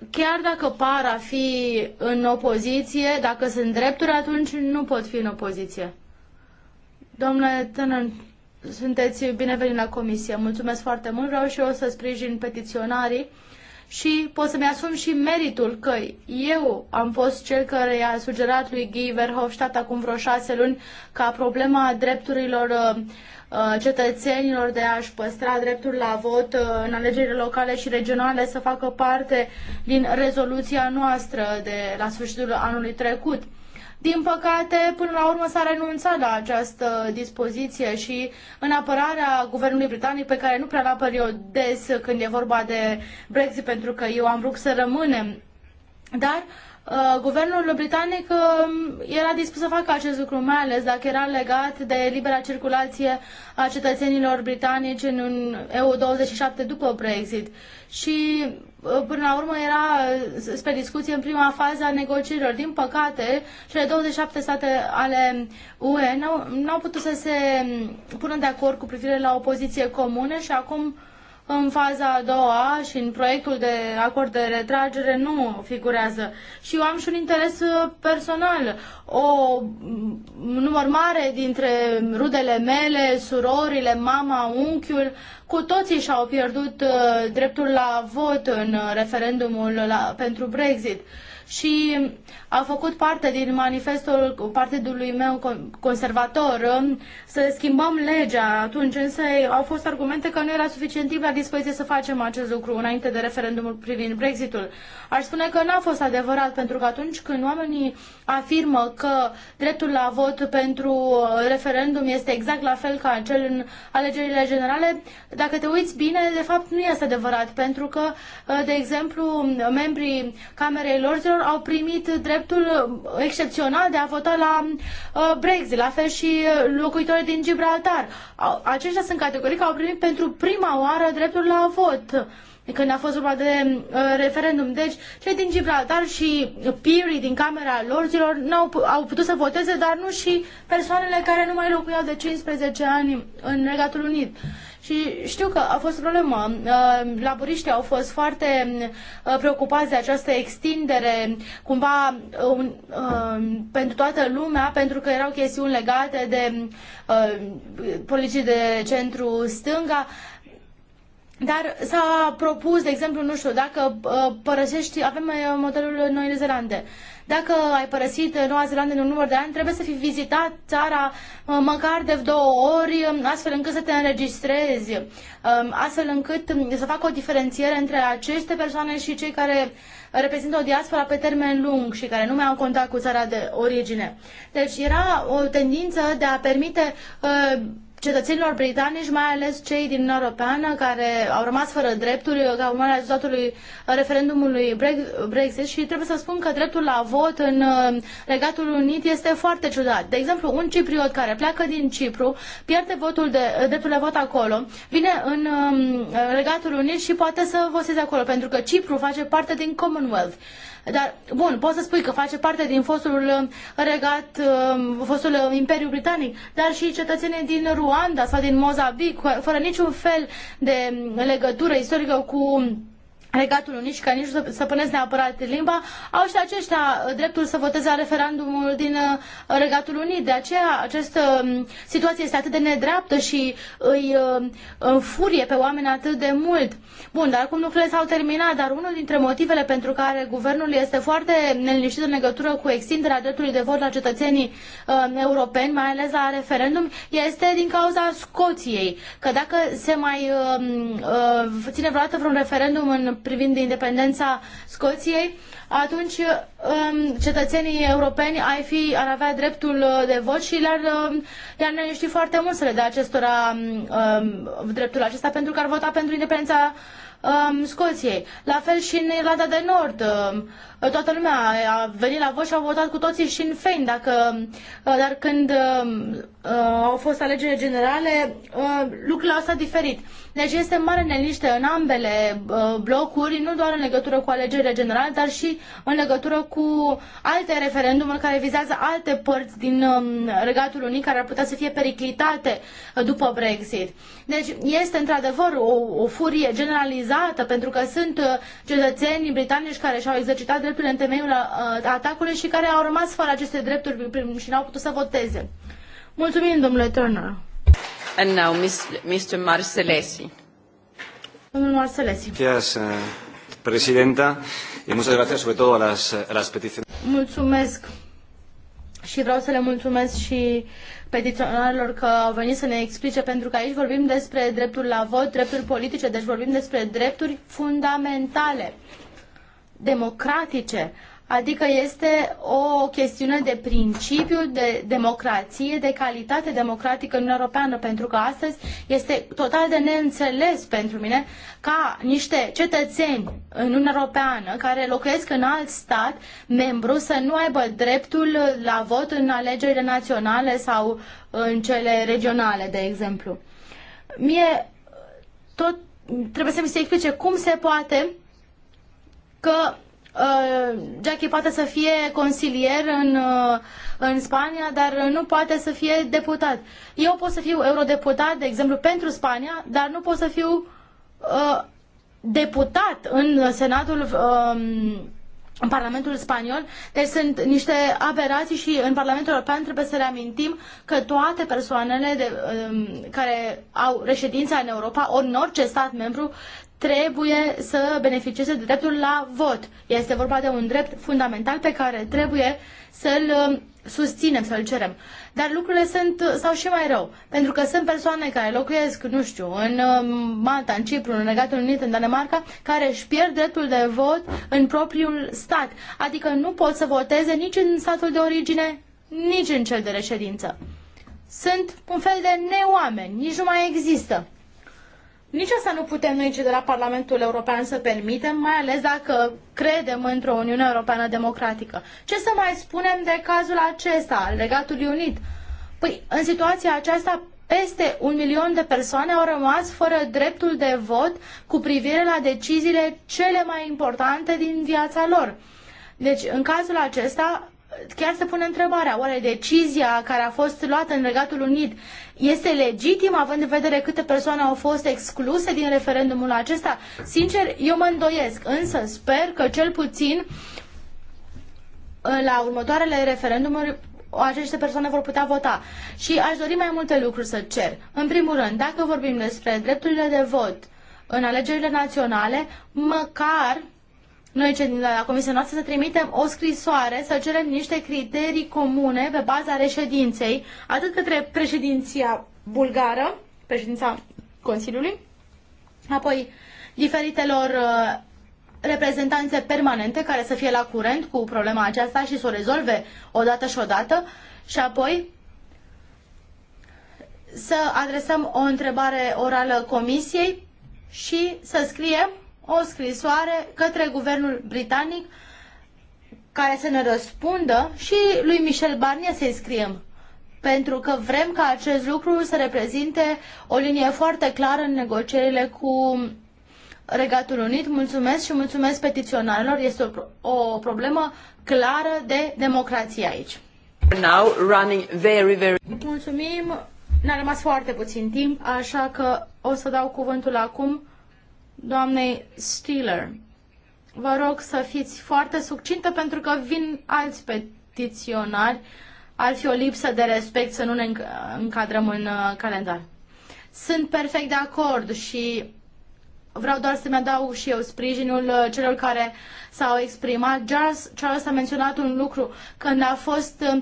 chiar dacă par a fi în opoziție, dacă sunt drepturi, atunci nu pot fi în opoziție. Domnule Tânăr, sunteți binevenit la comisie. Mulțumesc foarte mult. Vreau și eu să sprijin petiționarii și pot să-mi asum și meritul că eu am fost cel care i-a sugerat lui Guy Verhofstadt acum vreo șase luni ca problema drepturilor uh, uh, cetățenilor de a-și păstra dreptul la vot uh, în alegerile locale și regionale să facă parte din rezoluția noastră de la sfârșitul anului trecut. Din păcate, până la urmă s-a renunțat la această dispoziție și în apărarea guvernului britanic, pe care nu prea l-apăr eu des când e vorba de Brexit, pentru că eu am vrut să rămânem, dar uh, guvernul britanic um, era dispus să facă acest lucru, mai ales dacă era legat de libera circulație a cetățenilor britanici în EU27 după Brexit. Și până la urmă era spre discuție în prima fază a negocierilor. Din păcate, cele 27 state ale UE nu au putut să se pună de acord cu privire la o poziție comună și acum în faza a doua și în proiectul de acord de retragere nu figurează. Și eu am și un interes uh, personal. O mm, număr mare dintre rudele mele, surorile, mama, unchiul, cu toții și-au pierdut uh, dreptul la vot în uh, referendumul la, pentru Brexit și a făcut parte din manifestul partidului meu conservator um, să schimbăm legea. Atunci însă au fost argumente că nu era suficient timp la dispoziție să facem acest lucru înainte de referendumul privind Brexitul. Aș spune că n-a fost adevărat pentru că atunci când oamenii afirmă că dreptul la vot pentru uh, referendum este exact la fel ca cel în alegerile generale, dacă te uiți bine, de fapt nu este adevărat pentru că, uh, de exemplu, membrii Camerei lor oamenilor au primit dreptul excepțional de a vota la uh, Brexit, la fel și uh, locuitorii din Gibraltar. Aceștia sunt categoric au primit pentru prima oară dreptul la vot când a fost vorba de uh, referendum. Deci, cei din Gibraltar și Piri din Camera Lorzilor n-au, au putut să voteze, dar nu și persoanele care nu mai locuiau de 15 ani în Regatul Unit. Și știu că a fost problemă. Uh, Laburiștii au fost foarte uh, preocupați de această extindere, cumva uh, uh, pentru toată lumea, pentru că erau chestiuni legate de uh, politici de centru stânga, dar s-a propus, de exemplu, nu știu, dacă uh, părăsești, avem uh, modelul Noi Zelande, Dacă ai părăsit uh, Noua Zeelandă în un număr de ani, trebuie să fi vizitat țara măcar de două ori, um, astfel încât să te înregistrezi, um, astfel încât um, să facă o diferențiere între aceste persoane și cei care reprezintă o diaspora pe termen lung și care nu mai au contact cu țara de origine. Deci era o tendință de a permite uh, cetățenilor britanici, mai ales cei din Uniunea Europeană care au rămas fără drepturi ca urmare a rezultatului referendumului Brexit și trebuie să spun că dreptul la vot în uh, Regatul Unit este foarte ciudat. De exemplu, un cipriot care pleacă din Cipru pierde votul de, uh, dreptul de vot acolo, vine în um, Regatul Unit și poate să voteze acolo pentru că Cipru face parte din Commonwealth. Dar, bun, poți să spui că face parte din fostul uh, regat, uh, fostul uh, Imperiu Britanic, dar și cetățenii din Ruanda sau din Mozambic, fără niciun fel de mm, legătură istorică cu Regatul Unit și care nici nu stăpânesc neapărat limba, au și aceștia uh, dreptul să voteze la referendumul din uh, Regatul Unit. De aceea această um, situație este atât de nedreaptă și îi uh, înfurie pe oameni atât de mult. Bun, dar acum lucrurile s-au terminat, dar unul dintre motivele pentru care guvernul este foarte neliniștit în legătură cu extinderea dreptului de vot la cetățenii europeni, mai ales la referendum, este din cauza Scoției. Că dacă se mai um, uh, ține vreodată vreun referendum în privind independența Scoției, atunci um, cetățenii europeni ai fi, ar avea dreptul uh, de vot și le-ar, um, le-ar foarte mult să le dea acestora um, dreptul acesta pentru că ar vota pentru independența Scoției. La fel și în Irlanda de Nord toată lumea a venit la vot și au votat cu toții și în fain, dacă, uh, dar când um, uh, au fost alegerile generale, uh, lucrurile au stat diferit. Deci este mare neliște în ambele uh, blocuri, nu doar în legătură cu alegerile generale, dar și în legătură cu alte referendumuri care vizează alte părți din um, Regatul Unit care ar putea să fie periclitate după Brexit. Deci este într-adevăr o, o furie generalizată pentru că sunt uh, cetățenii britanici care și-au exercitat drepturile în temeiul uh, atacului și care au rămas fără aceste drepturi și n-au putut să voteze. Mulțumim, domnule Turner. And now, Mr. Marcelesi. Domnul Marcelesi. Yes, eh, presidenta. Y muchas gracias sobre todo a las, a eh, las peticiones. Mulțumesc. Și vreau să le mulțumesc și petiționarilor că au venit să ne explice, pentru că aici vorbim despre dreptul la vot, drepturi politice, deci vorbim despre drepturi fundamentale democratice, adică este o chestiune de principiu, de democrație, de calitate democratică în Europeană, pentru că astăzi este total de neînțeles pentru mine ca niște cetățeni în Uniunea Europeană care locuiesc în alt stat membru să nu aibă dreptul la vot în alegerile naționale sau în cele regionale, de exemplu. Mie tot trebuie să mi se explice cum se poate că uh, Jackie poate să fie consilier în, uh, în Spania, dar uh, nu poate să fie deputat. Eu pot să fiu eurodeputat, de exemplu, pentru Spania, dar nu pot să fiu uh, deputat în Senatul um, în Parlamentul spaniol. Deci sunt niște aberații și în Parlamentul European trebuie să reamintim că toate persoanele de, um, care au reședința în Europa, ori în orice stat membru, trebuie să beneficieze de dreptul la vot. Este vorba de un drept fundamental pe care trebuie să-l um, susținem, să-l cerem. Dar lucrurile sunt, sau și mai rău, pentru că sunt persoane care locuiesc, nu știu, în um, Malta, în Cipru, în Regatul Unit, în Danemarca, care își pierd dreptul de vot în propriul stat. Adică nu pot să voteze nici în statul de origine, nici în cel de reședință. Sunt un fel de neoameni, nici nu mai există. Nici asta nu putem noi, cei de la Parlamentul European, să permitem, mai ales dacă credem într-o Uniune Europeană democratică. Ce să mai spunem de cazul acesta, al Legatului Unit? Păi, în situația aceasta, peste un milion de persoane au rămas fără dreptul de vot cu privire la deciziile cele mai importante din viața lor. Deci, în cazul acesta, chiar se pune întrebarea, oare decizia care a fost luată în Regatul Unit este legitimă având în vedere câte persoane au fost excluse din referendumul acesta? Sincer, eu mă îndoiesc, însă sper că cel puțin la următoarele referendumuri aceste persoane vor putea vota. Și aș dori mai multe lucruri să cer. În primul rând, dacă vorbim despre drepturile de vot în alegerile naționale, măcar noi, cei din la comisia noastră, să trimitem o scrisoare, să cerem niște criterii comune pe baza reședinței, atât către președinția bulgară, președința Consiliului, apoi diferitelor uh, reprezentanțe permanente care să fie la curent cu problema aceasta și să o rezolve odată și odată și apoi să adresăm o întrebare orală comisiei și să scriem o scrisoare către guvernul britanic care să ne răspundă și lui Michel Barnier să-i scriem. Pentru că vrem ca acest lucru să reprezinte o linie foarte clară în negocierile cu Regatul Unit. Mulțumesc și mulțumesc petiționarilor. Este o, o problemă clară de democrație aici. Now running very, very... Mulțumim. Ne-a rămas foarte puțin timp, așa că o să dau cuvântul acum doamnei Stiller. Vă rog să fiți foarte succintă pentru că vin alți petiționari. Ar fi o lipsă de respect să nu ne încadrăm în uh, calendar. Sunt perfect de acord și vreau doar să-mi adaug și eu sprijinul uh, celor care s-au exprimat. Charles, Charles a menționat un lucru. Când a fost uh,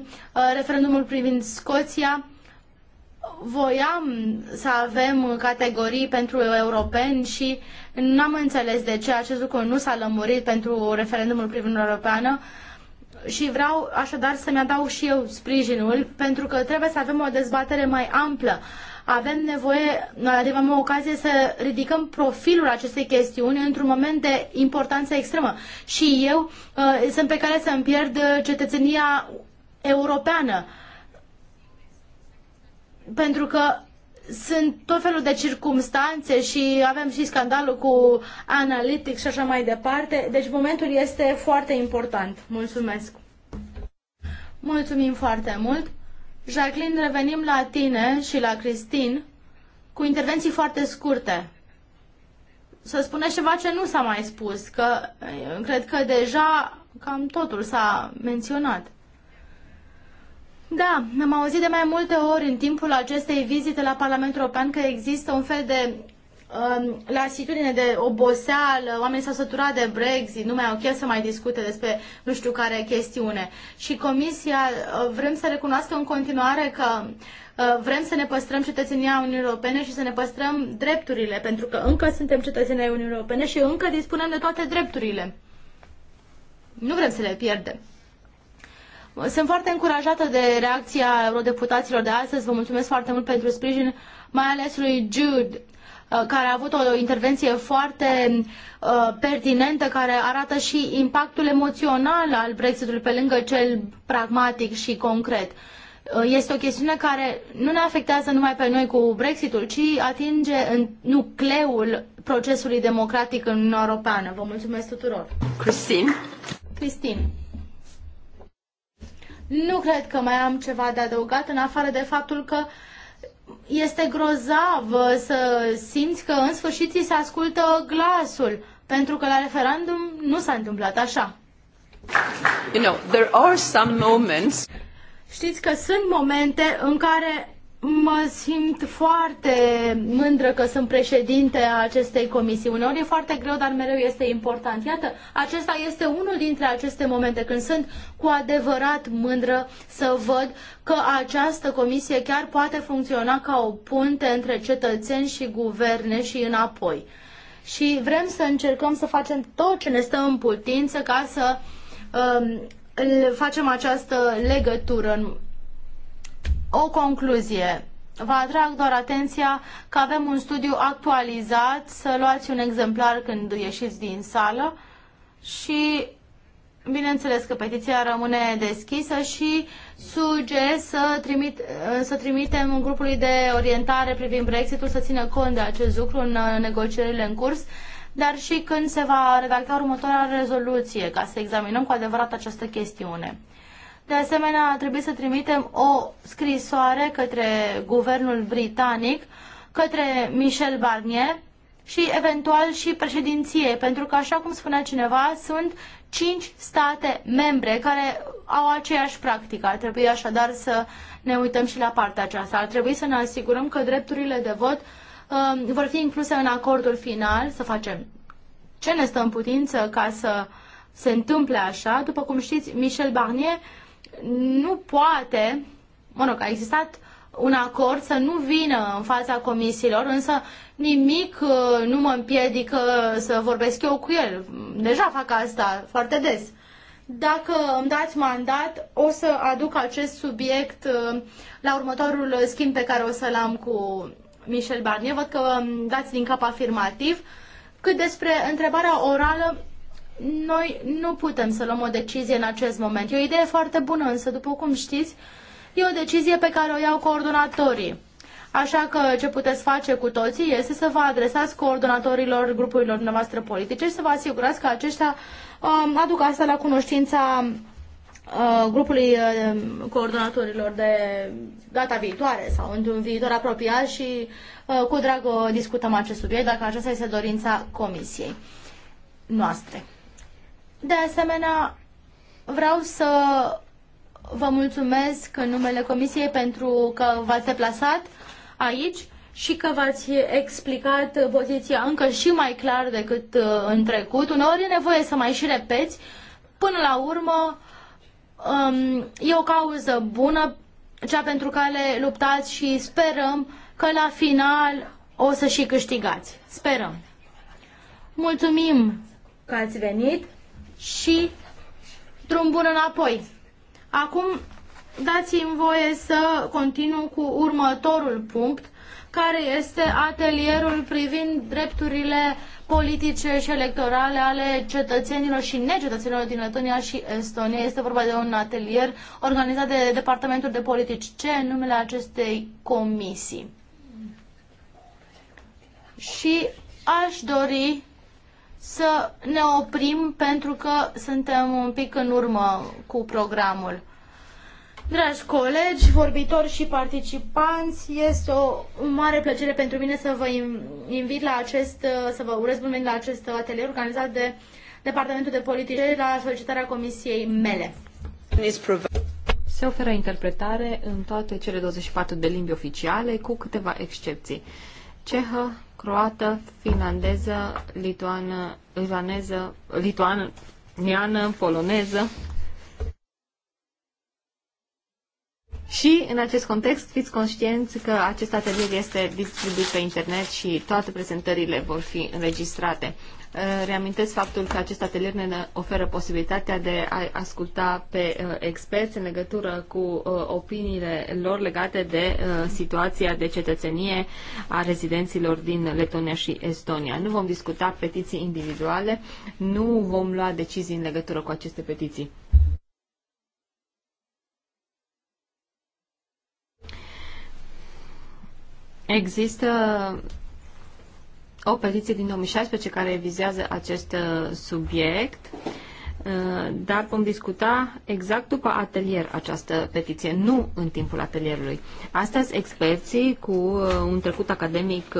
referendumul privind Scoția, voiam să avem categorii pentru europeni și nu am înțeles de ce acest lucru nu s-a lămurit pentru referendumul privind europeană și vreau așadar să-mi adaug și eu sprijinul pentru că trebuie să avem o dezbatere mai amplă. Avem nevoie, adică avem o ocazie să ridicăm profilul acestei chestiuni într-un moment de importanță extremă. Și eu uh, sunt pe care să-mi pierd cetățenia europeană. Uh, pentru că sunt tot felul de circumstanțe și avem și scandalul cu analitic și așa mai departe. Deci momentul este foarte important. Mulțumesc! Mulțumim foarte mult! Jacqueline, revenim la tine și la Cristin cu intervenții foarte scurte. Să spuneți ceva ce nu s-a mai spus, că eh, cred că deja cam totul s-a menționat. Da, am auzit de mai multe ori în timpul acestei vizite la Parlamentul European că există un fel de um, lasitudine de oboseală, oamenii s-au săturat de Brexit, nu mai au chef să mai discute despre nu știu care chestiune. Și Comisia uh, vrem să recunoască în continuare că uh, vrem să ne păstrăm cetățenia Uniunii Europene și să ne păstrăm drepturile, pentru că încă suntem cetățenii Uniunii Europene și încă dispunem de toate drepturile. Nu vrem să le pierdem. Sunt foarte încurajată de reacția eurodeputaților de astăzi. Vă mulțumesc foarte mult pentru sprijin, mai ales lui Jude uh, care a avut o intervenție foarte uh, pertinentă, care arată și impactul emoțional al Brexitului pe lângă cel pragmatic și concret. Uh, este o chestiune care nu ne afectează numai pe noi cu Brexitul, ci atinge în nucleul procesului democratic în Uniunea Europeană. Vă mulțumesc tuturor! Christine. Christine. Nu cred că mai am ceva de adăugat, în afară de faptul că este grozav să simți că în sfârșit ți se ascultă glasul, pentru că la referendum nu s-a întâmplat așa. You know, there are some moments... Știți că sunt momente în care Mă simt foarte mândră că sunt președinte a acestei comisii. Uneori e foarte greu, dar mereu este important. Iată, acesta este unul dintre aceste momente când sunt cu adevărat mândră să văd că această comisie chiar poate funcționa ca o punte între cetățeni și guverne și înapoi. Și vrem să încercăm să facem tot ce ne stă în putință ca să um, facem această legătură o concluzie. Vă atrag doar atenția că avem un studiu actualizat, să luați un exemplar când ieșiți din sală și bineînțeles că petiția rămâne deschisă și suge să, trimit, să trimitem grupului de orientare privind Brexitul să țină cont de acest lucru în uh, negocierile în curs, dar și când se va redacta următoarea rezoluție ca să examinăm cu adevărat această chestiune. De asemenea, trebuie să trimitem o scrisoare către guvernul britanic, către Michel Barnier și eventual și președinție pentru că, așa cum spunea cineva, sunt cinci state membre care au aceeași practică. Ar trebui așadar să ne uităm și la partea aceasta. Ar trebui să ne asigurăm că drepturile de vot uh, vor fi incluse în acordul final, să facem ce ne stă în putință ca să se întâmple așa. După cum știți, Michel Barnier nu poate, mă rog, a existat un acord să nu vină în fața comisiilor, însă nimic uh, nu mă împiedică să vorbesc eu cu el. Deja fac asta foarte des. Dacă îmi dați mandat, o să aduc acest subiect uh, la următorul schimb pe care o să-l am cu Michel Barnier. Văd că dați din cap afirmativ. Cât despre întrebarea orală, noi nu putem să luăm o decizie în acest moment. E o idee foarte bună, însă, după cum știți, e o decizie pe care o iau coordonatorii. Așa că ce puteți face cu toții este să vă adresați coordonatorilor grupurilor noastre politice și să vă asigurați că aceștia um, aduc asta la cunoștința uh, grupului uh, coordonatorilor de data viitoare sau într-un viitor apropiat și uh, cu drag discutăm acest subiect dacă aceasta este dorința comisiei noastre. De asemenea, vreau să vă mulțumesc în numele Comisiei pentru că v-ați deplasat aici și că v-ați explicat poziția încă și mai clar decât uh, în trecut. Uneori e nevoie să mai și repeți. Până la urmă, um, e o cauză bună, cea pentru care luptați și sperăm că la final o să și câștigați. Sperăm. Mulțumim că ați venit și drum bun înapoi. Acum dați-mi voie să continu cu următorul punct, care este atelierul privind drepturile politice și electorale ale cetățenilor și necetățenilor din Letonia și Estonia. Este vorba de un atelier organizat de Departamentul de Politici Ce în numele acestei comisii. Și aș dori să ne oprim pentru că suntem un pic în urmă cu programul. Dragi colegi, vorbitori și participanți, este o mare plăcere pentru mine să vă invit la acest, să vă urez bun venit la acest atelier organizat de Departamentul de Politice la solicitarea comisiei mele. Se oferă interpretare în toate cele 24 de limbi oficiale, cu câteva excepții. Cehă, croată, finlandeză, lituană, irlandeză, lituană, niană, poloneză. Și în acest context fiți conștienți că acest atelier este distribuit pe internet și toate prezentările vor fi înregistrate. Uh, reamintesc faptul că acest atelier ne oferă posibilitatea de a asculta pe uh, experți în legătură cu uh, opiniile lor legate de situația de cetățenie a rezidenților din Letonia și Estonia. Nu vom discuta petiții individuale, nu vom lua decizii în legătură cu aceste petiții. Există o petiție din 2016 care vizează acest uh, subiect, uh, dar vom discuta exact după atelier această petiție, nu în timpul atelierului. Astăzi, experții cu uh, un trecut academic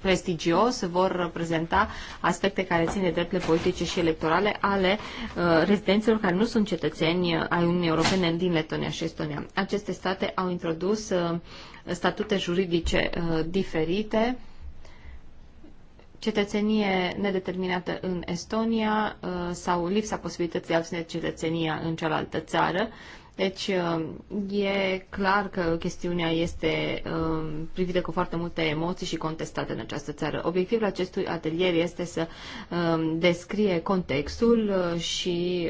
prestigios vor prezenta aspecte care țin de drepturile politice și electorale ale rezidenților care nu sunt cetățeni ai Uniunii Europene din Letonia și Estonia. Aceste state au introdus statute juridice diferite cetățenie nedeterminată în Estonia uh, sau lipsa posibilității de a obține cetățenia în cealaltă țară. Deci uh, e clar că chestiunea este uh, privită cu foarte multe emoții și contestată în această țară. Obiectivul acestui atelier este să descrie contextul și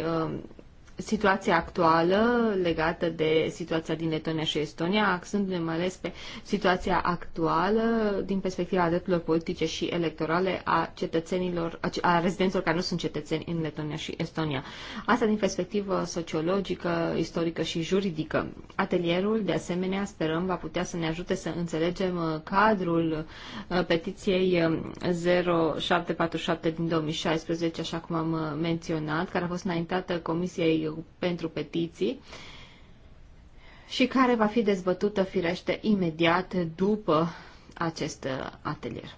situația actuală legată de situația din Letonia și Estonia, axând ne mai ales pe situația actuală din perspectiva drepturilor politice și electorale a cetățenilor, a rezidenților care nu sunt cetățeni în Letonia și Estonia. Asta din perspectivă sociologică, istorică și juridică. Atelierul, de asemenea, sperăm va putea să ne ajute să înțelegem uh, cadrul uh, petiției 0747 um, din 2016, așa cum am uh, menționat, care a fost înaintată Comisiei pentru Petiții și care va fi dezbătută firește imediat după acest uh, atelier.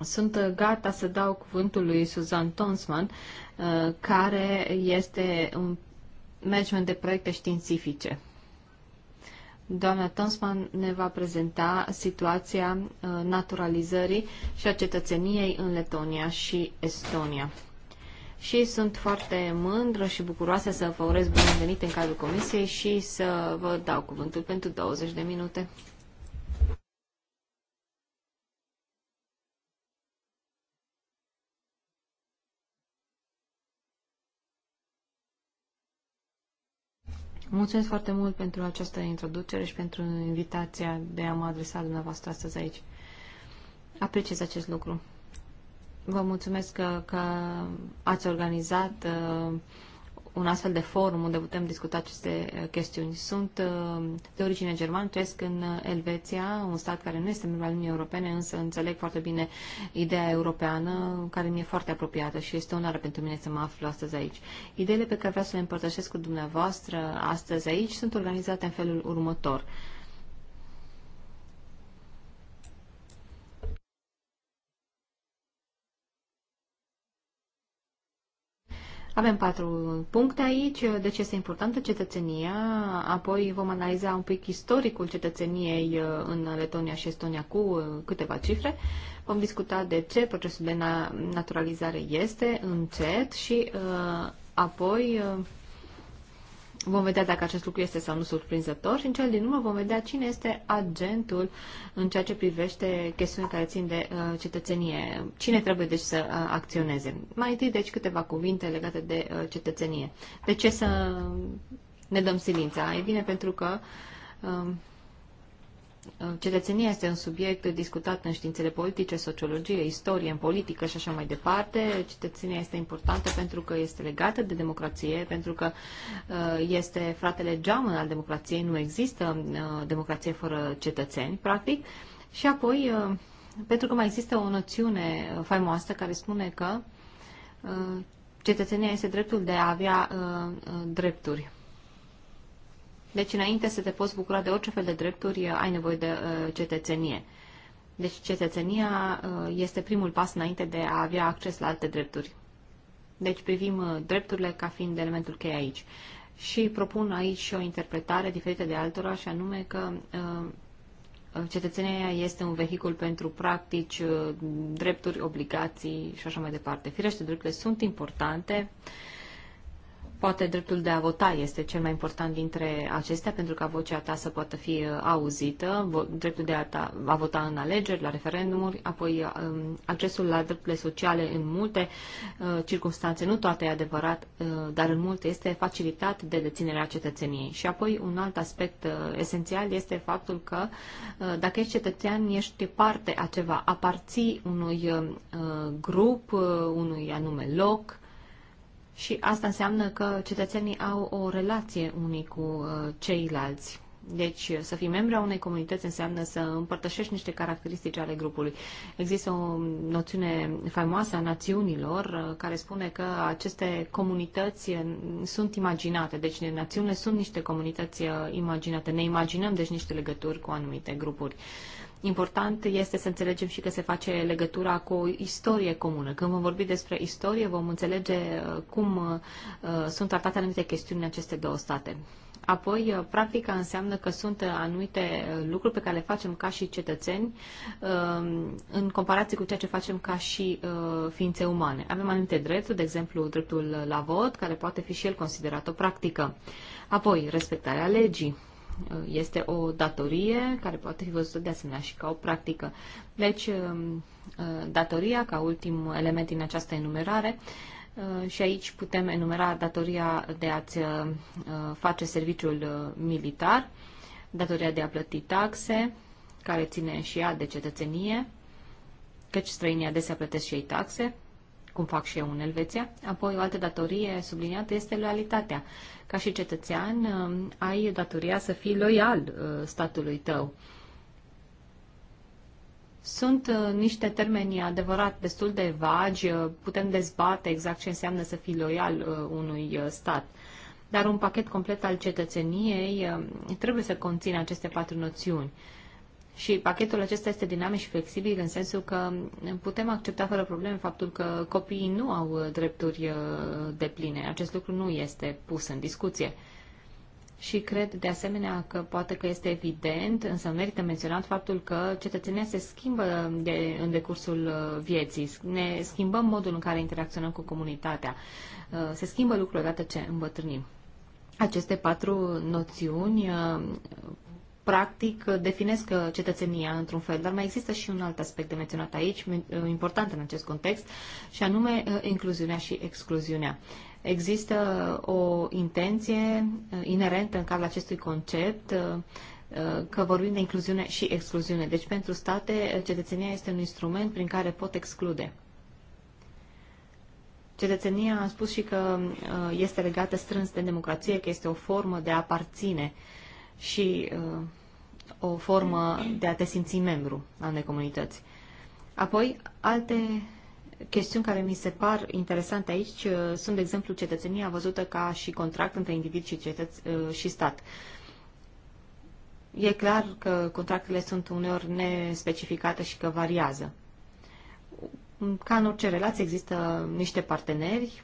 Sunt gata să dau cuvântul lui Suzan Tonsman, uh, care este un management de proiecte științifice. Doamna Tonsman ne va prezenta situația uh, naturalizării și a cetățeniei în Letonia și Estonia și sunt foarte mândră și bucuroasă să vă urez bun venit în cadrul comisiei și să vă dau cuvântul pentru 20 de minute. Mulțumesc foarte mult pentru această introducere și pentru invitația de a mă adresa dumneavoastră astăzi aici. Apreciez acest lucru. Vă mulțumesc că, că ați organizat uh, un astfel de forum unde putem discuta aceste uh, chestiuni. Sunt uh, de origine germană, trăiesc în uh, Elveția, un stat care nu este membru al Uniunii Europene, însă înțeleg foarte bine ideea europeană, care mi-e foarte apropiată și este onoare pentru mine să mă aflu astăzi aici. Ideile pe care vreau să le împărtășesc cu dumneavoastră astăzi aici sunt organizate în felul următor. Uh, Avem patru puncte aici, de ce este importantă cetățenia, apoi vom analiza un pic istoricul cetățeniei uh, în Letonia și Estonia cu uh, câteva cifre, vom discuta de ce procesul de naturalizare este încet și uh, apoi Vom vedea dacă acest lucru este sau nu surprinzător și în cel din urmă vom vedea cine este agentul în ceea ce privește chestiunile care țin de uh, cetățenie. Cine trebuie deci să uh, acționeze? Mai întâi deci câteva cuvinte legate de uh, cetățenie. De ce să ne dăm silința? E bine pentru că uh, Uh, cetățenia este un subiect discutat în științele politice, sociologie, istorie, în politică și așa mai departe. Cetățenia este importantă pentru că este legată de democrație, pentru că uh, este fratele geamăn al democrației. Nu există uh, democrație fără cetățeni, practic. Și apoi, pentru că mai există o noțiune faimoasă care spune că cetățenia este dreptul de a avea drepturi. Deci înainte să te poți bucura de orice fel de drepturi, eh, ai nevoie de uh, cetățenie. Deci cetățenia uh, este primul pas înainte de a avea acces la alte drepturi. Deci privim uh, drepturile ca fiind elementul cheie aici. Și propun aici o interpretare diferită de altora, și anume că cetățenia este un vehicul pentru practici, drepturi, obligații și așa mai departe. Firește, drepturile sunt importante, uh, Poate dreptul de a vota este cel mai important dintre acestea, pentru ca vocea ta să poată fi uh, auzită, dreptul de a, ta, a vota în alegeri, la referendumuri, apoi uh, um, accesul la drepturile sociale în multe uh, circunstanțe, nu toate e adevărat, dar în multe este facilitat de deținerea cetățeniei. Și apoi un alt aspect esențial este faptul că dacă ești cetățean, ești parte a ceva, aparții unui grup, unui anume loc, și asta înseamnă că cetățenii au o relație unii cu uh, ceilalți. Deci să fii membru a unei comunități înseamnă să împărtășești niște caracteristici ale grupului. Există o noțiune faimoasă a națiunilor uh, care spune că aceste comunități uh, sunt imaginate. Deci națiunile sunt niște comunități imaginate. Ne imaginăm deci niște legături cu anumite grupuri. Uh, Important este să înțelegem și că se face legătura cu o istorie comună. Când vom vorbi despre istorie, vom înțelege uh, cum uh, uh, sunt tratate anumite chestiuni în aceste două state. Apoi, practica înseamnă că sunt anumite lucruri pe care le facem ca și cetățeni în comparație cu ceea ce facem ca și ființe umane. Avem anumite drepturi, de exemplu dreptul la vot, care poate fi și el considerat o practică. Apoi, respectarea legii este o datorie care poate fi văzută de asemenea și ca o practică. Deci, um, uh, datoria ca ultim element din această enumerare uh, și aici putem enumera datoria de a-ți uh, face serviciul militar, datoria de a plăti taxe, care ține și ea de cetățenie, căci străinii adesea plătesc și ei taxe, cum fac și eu în Elveția. Apoi, o altă datorie subliniată este loialitatea. Ca și cetățean, um, ai datoria să fii loial uh, statului tău. Sunt uh, niște termeni adevărat destul de vagi, uh, putem dezbate exact ce înseamnă să fii loial unui stat. Dar un pachet complet al cetățeniei um, trebuie să conțină aceste patru noțiuni. Și pachetul acesta este dinamic și flexibil în sensul că putem accepta fără probleme faptul că copiii nu au drepturi uh, de pline. Acest lucru nu este pus în discuție. Și cred de asemenea că poate că este evident, însă merită menționat faptul că cetățenia se schimbă de, în decursul uh, vieții. Ne schimbăm modul în care interacționăm cu comunitatea. Uh, se schimbă lucrurile odată ce îmbătrânim. Aceste patru noțiuni practic uh, definesc uh, cetățenia într-un fel, dar mai există și un alt aspect de menționat aici, uh, important în acest context, și anume incluziunea și excluziunea. Există o intenție inerentă în cadrul acestui concept că vorbim de incluziune și excluziune. Deci pentru state cetățenia este un instrument prin care pot exclude. Cetățenia a spus și că este legată strâns de democrație, că este o formă de a aparține și uh, o formă de a te simți membru al unei comunități. Apoi, alte chestiuni care mi se par interesante aici uh, sunt, de exemplu, cetățenia văzută ca și contract între individ și, cetăț- uh, și stat. E clar că contractele sunt uneori nespecificate și că variază. Ca în orice relație există niște parteneri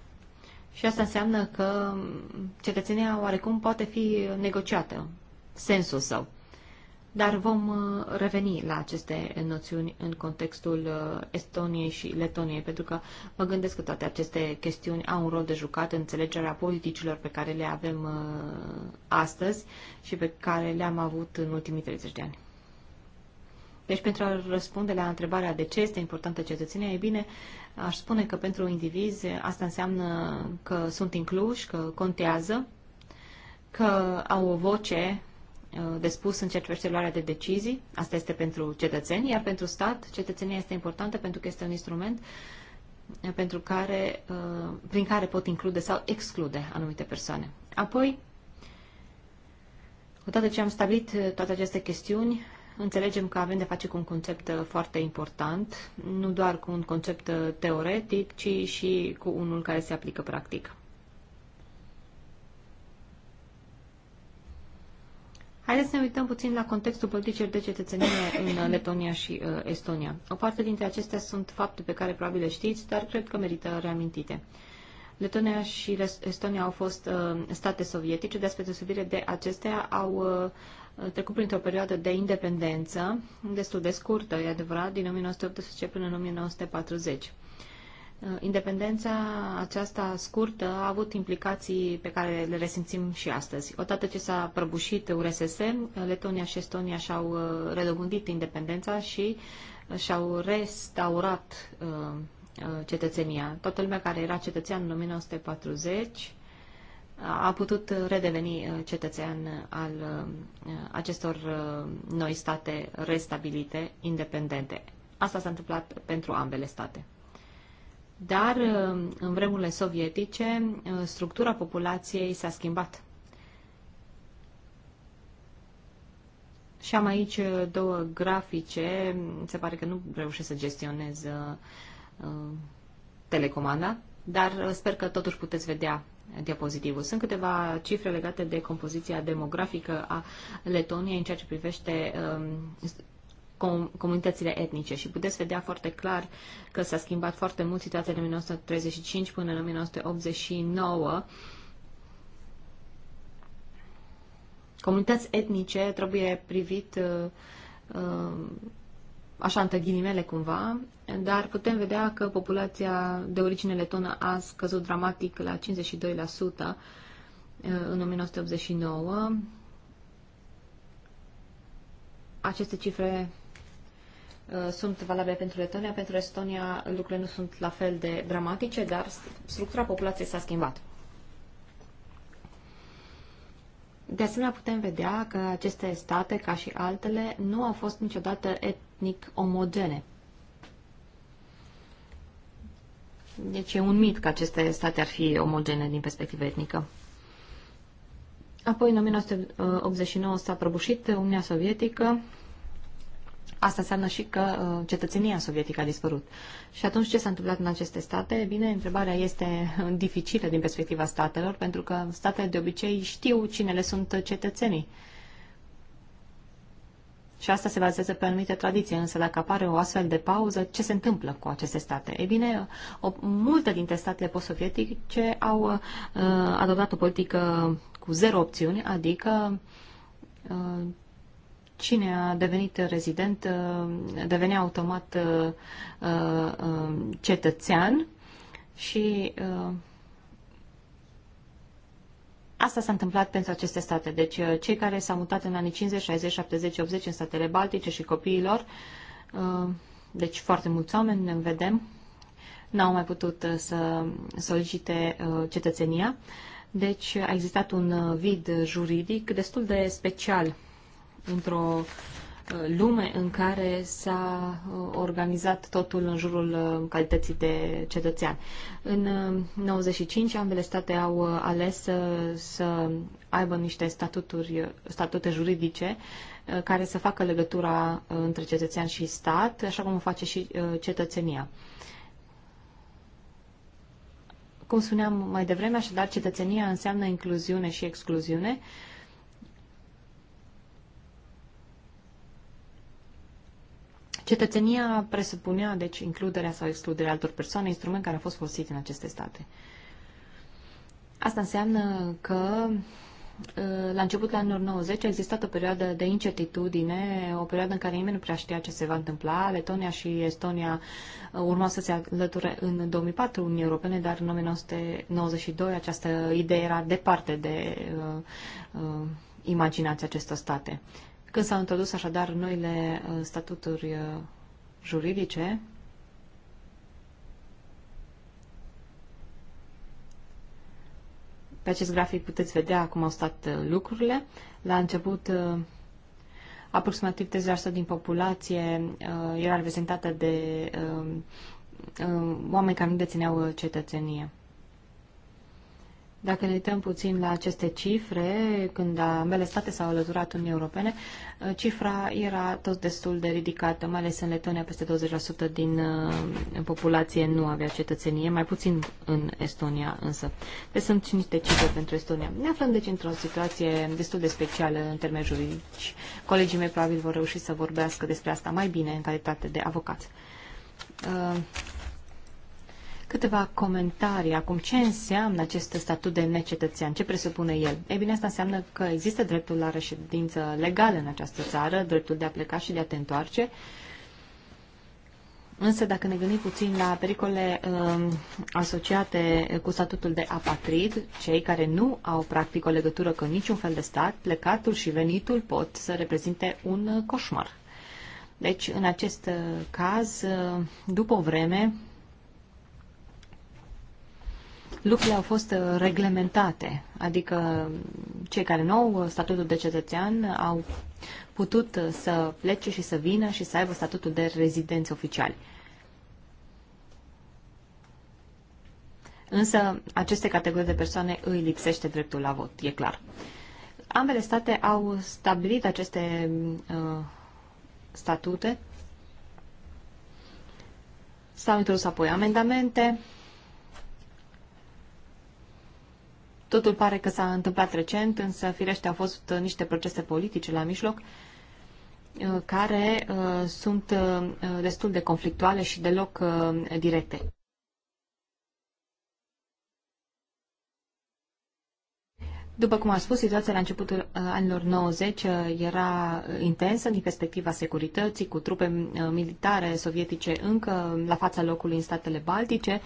și asta înseamnă că cetățenia oarecum poate fi negociată sensul său. Dar vom uh, reveni la aceste noțiuni în contextul uh, Estoniei și Letoniei, pentru că mă gândesc că toate aceste chestiuni au un rol de jucat în înțelegerea politicilor pe care le avem uh, astăzi și pe care le-am avut în ultimii 30 de ani. Deci, pentru a răspunde la întrebarea de ce este importantă cetățenia, e bine, aș spune că pentru indivizi asta înseamnă că sunt incluși, că contează, că au o voce Uh, de spus în ceea ce privește luarea de decizii. Asta este pentru cetățeni, iar pentru stat cetățenia este importantă pentru că este un instrument uh, pentru care, uh, prin care pot include sau exclude anumite persoane. Apoi, odată ce am stabilit toate aceste chestiuni, înțelegem că avem de face cu un concept foarte important, nu doar cu un concept teoretic, ci și cu unul care se aplică practic. Haideți să ne uităm puțin la contextul politicilor de cetățenie în uh, Letonia și uh, Estonia. O parte dintre acestea sunt fapte pe care probabil le știți, dar cred că merită reamintite. Letonia și Estonia au fost uh, state sovietice, despre deosebire de acestea au uh, trecut printr-o perioadă de independență destul de scurtă, e adevărat, din 1918 până în 1940. Uh, independența aceasta scurtă a avut implicații pe care le resimțim și astăzi. Odată ce s-a prăbușit URSS, Letonia și Estonia și-au uh, redobândit independența și uh, și-au restaurat cetățenia. Toată lumea care era cetățean în 1940 a putut redeveni cetățean al acestor noi state restabilite, independente. Asta s-a întâmplat pentru ambele state. Dar uh, în vremurile sovietice uh, structura populației s-a schimbat. Și am aici uh, două grafice. Se pare că nu reușesc să gestionez telecomanda, dar sper că totuși puteți vedea diapozitivul. Sunt câteva cifre legate de compoziția demografică a Letoniei în ceea ce privește um, com- comunitățile etnice și puteți vedea foarte clar că s-a schimbat foarte mult situația de 1935 până în 1989. Comunități etnice trebuie privit uh, uh, așa între ghilimele cumva, dar putem vedea că populația de origine letonă a scăzut dramatic la 52% uh, în 1989. Aceste cifre Uh, sunt valabile pentru Letonia. Pentru Estonia lucrurile nu sunt la fel de dramatice, dar structura populației s-a schimbat. De asemenea, putem vedea că aceste state, ca și altele, nu au fost niciodată etnic omogene. Deci e un mit că aceste state ar fi omogene din perspectivă etnică. Apoi, în 1989 s-a prăbușit Uniunea Sovietică Asta înseamnă și că uh, cetățenia sovietică a dispărut. Și atunci ce s-a întâmplat în aceste state? bine, întrebarea este uh, dificilă din perspectiva statelor, pentru că statele de obicei știu cine le sunt cetățenii. Și asta se bazează pe anumite tradiții, însă dacă apare o astfel de pauză, ce se întâmplă cu aceste state? Ei bine, o, multe dintre statele post-sovietice au uh, adoptat o politică cu zero opțiuni, adică uh, cine a devenit rezident uh, devenea automat uh, uh, um, cetățean și Asta s-a întâmplat pentru aceste state. Deci cei care s-au mutat în anii 50, 60, 70, 80 în statele baltice și copiilor, deci foarte mulți oameni, ne vedem, n-au mai putut să solicite cetățenia. Deci a existat un vid juridic destul de special într-o uh, lume în care s-a uh, organizat totul în jurul uh, calității de cetățean. În 95 ambele state au ales să, să aibă niște statuturi, statute juridice care să facă legătura între cetățean și stat, așa cum o face și cetățenia. Cum spuneam mai devreme, așadar, cetățenia înseamnă incluziune și excluziune. Uh, Cetățenia presupunea, deci, includerea sau excluderea altor persoane, instrument care a fost folosit în aceste state. Asta înseamnă că ă, la începutul anilor 90 a existat o perioadă de incertitudine, o perioadă în care nimeni nu prea știa ce se va întâmpla. Letonia și Estonia ă, urmau să se alăture în 2004 Uniunii Europene, dar în 1992 această idee era departe de uh, uh, imaginația acestor state. Când s-au introdus așadar noile uh, statuturi uh, juridice, Pe acest grafic puteți vedea cum au stat uh, lucrurile. La început, aproximativ 30% din populație era reprezentată de oameni care nu dețineau cetățenie. Dacă ne uităm puțin la aceste cifre, când ambele state s-au alăturat Uniunii Europene, uh, cifra era tot destul de ridicată, mai ales în Letonia, peste 20% din uh, populație nu avea cetățenie, mai puțin în Estonia însă. Deci sunt niște cifre pentru Estonia. Ne aflăm deci într-o situație destul de specială în termeni juridici. Colegii mei probabil vor reuși să vorbească despre asta mai bine în calitate de avocați. Uh, Câteva comentarii. Acum, ce înseamnă acest statut de necetățean? Ce presupune el? Ei bine, asta înseamnă că există dreptul la reședință legală în această țară, dreptul de a pleca și de a te întoarce, Însă, dacă ne gândim puțin la pericole uh, asociate cu statutul de apatrid, cei care nu au practic o legătură cu niciun fel de stat, plecatul și venitul pot să reprezinte un coșmar. Deci, în acest caz, după o vreme, lucrurile au fost uh, reglementate, adică cei care nu au uh, statutul de cetățean au putut uh, să plece și să vină și să aibă statutul de rezidenți oficiali. Însă aceste categorii de persoane îi lipsește dreptul la vot, e clar. Ambele state au stabilit aceste uh, statute, s-au introdus apoi amendamente, Totul pare că s-a întâmplat recent, însă firește au fost niște procese politice la mijloc uh, care uh, sunt uh, destul de conflictuale și deloc directe. După cum am spus, situația la începutul uh, anilor 90 uh, era uh, intensă din perspectiva securității, cu trupe militare sovietice încă la fața locului în statele baltice.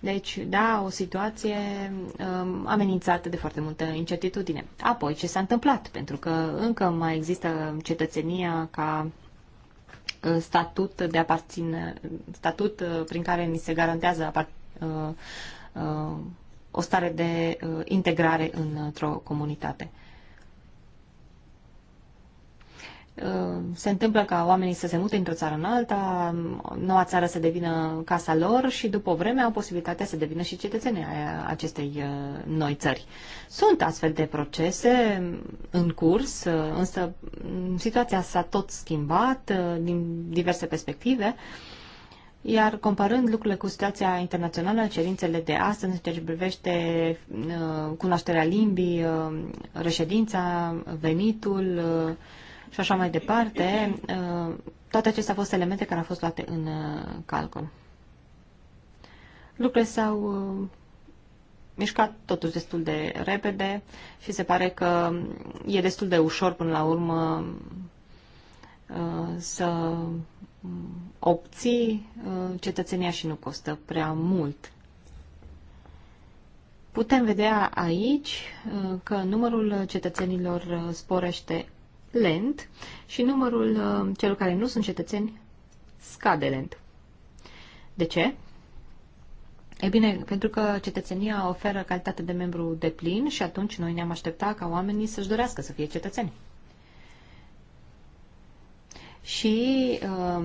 Deci, da, o situație um, amenințată de foarte multă incertitudine. Apoi, ce s-a întâmplat? Pentru că încă mai există cetățenia ca statut de aparține, statut prin care ni se garantează uh, uh, o stare de uh, integrare într-o comunitate. Uh, se întâmplă ca oamenii să se mute într-o țară în alta, noua țară să devină casa lor și după o vreme au posibilitatea să devină și cetățenii ai acestei uh, noi țări. Sunt astfel de procese în curs, însă situația s-a tot schimbat din diverse perspective. Uh, iar comparând lucrurile cu situația internațională, cerințele de astăzi în ceea ce privește uh, cunoașterea limbii, uh, reședința, venitul uh, și așa mai departe, toate acestea au fost elemente care au fost luate în calcul. Lucrurile s-au mișcat totuși destul de repede și se pare că e destul de ușor până la urmă să obții uh, cetățenia și nu costă prea mult. Putem vedea aici uh, că numărul cetățenilor uh, sporește lent și numărul celor care nu sunt cetățeni scade lent. De ce? E bine, pentru că cetățenia oferă calitate de membru de plin și atunci noi ne-am aștepta ca oamenii să-și dorească să fie cetățeni și uh,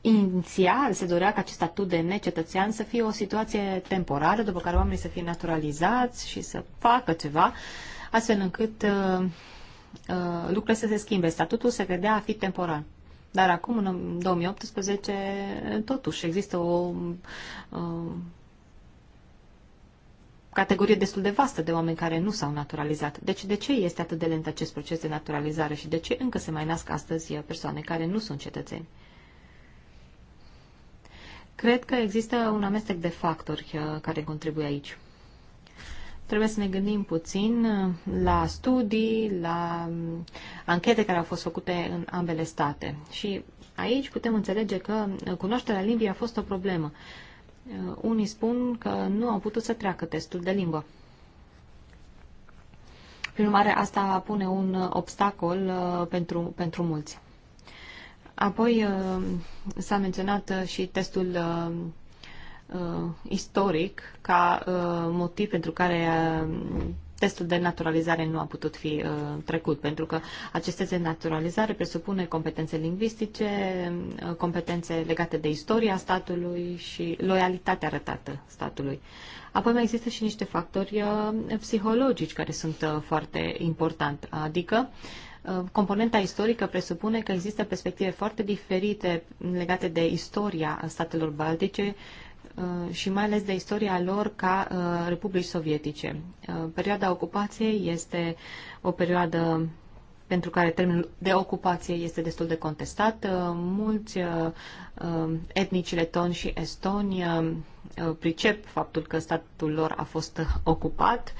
inițial se dorea ca acest statut de necetățean să fie o situație temporară, după care oamenii să fie naturalizați și să facă ceva, astfel încât uh, uh, lucrurile să se schimbe. Statutul se vedea a fi temporar. Dar acum, în 2018, totuși există o uh, categorie destul de vastă de oameni care nu s-au naturalizat. Deci de ce este atât de lent acest proces de naturalizare și de ce încă se mai nasc astăzi uh, persoane care nu sunt cetățeni? Cred că există un amestec de factori uh, care contribuie aici. Trebuie să ne gândim puțin uh, la studii, la um, anchete care au fost făcute în ambele state. Și aici putem înțelege că cunoașterea limbii a fost o problemă. Eh, unii spun că nu au putut să treacă testul de limbă. Prin urmare, asta pune un obstacol eh, pentru, pentru mulți. Apoi eh, s-a menționat și testul istoric ca motiv pentru care testul de naturalizare nu a putut fi uh, trecut, pentru că acest test de naturalizare presupune competențe lingvistice, uh, competențe legate de istoria statului și loialitatea arătată statului. Apoi mai există și niște factori uh, psihologici care sunt uh, foarte important, adică uh, componenta istorică presupune că există perspective foarte diferite legate de istoria statelor baltice Uh, și mai ales de istoria lor ca uh, republici sovietice. Uh, perioada ocupației este o perioadă pentru care termenul de ocupație este destul de contestat. Mulți etnici letoni și estoni pricep faptul că statul lor a fost ocupat,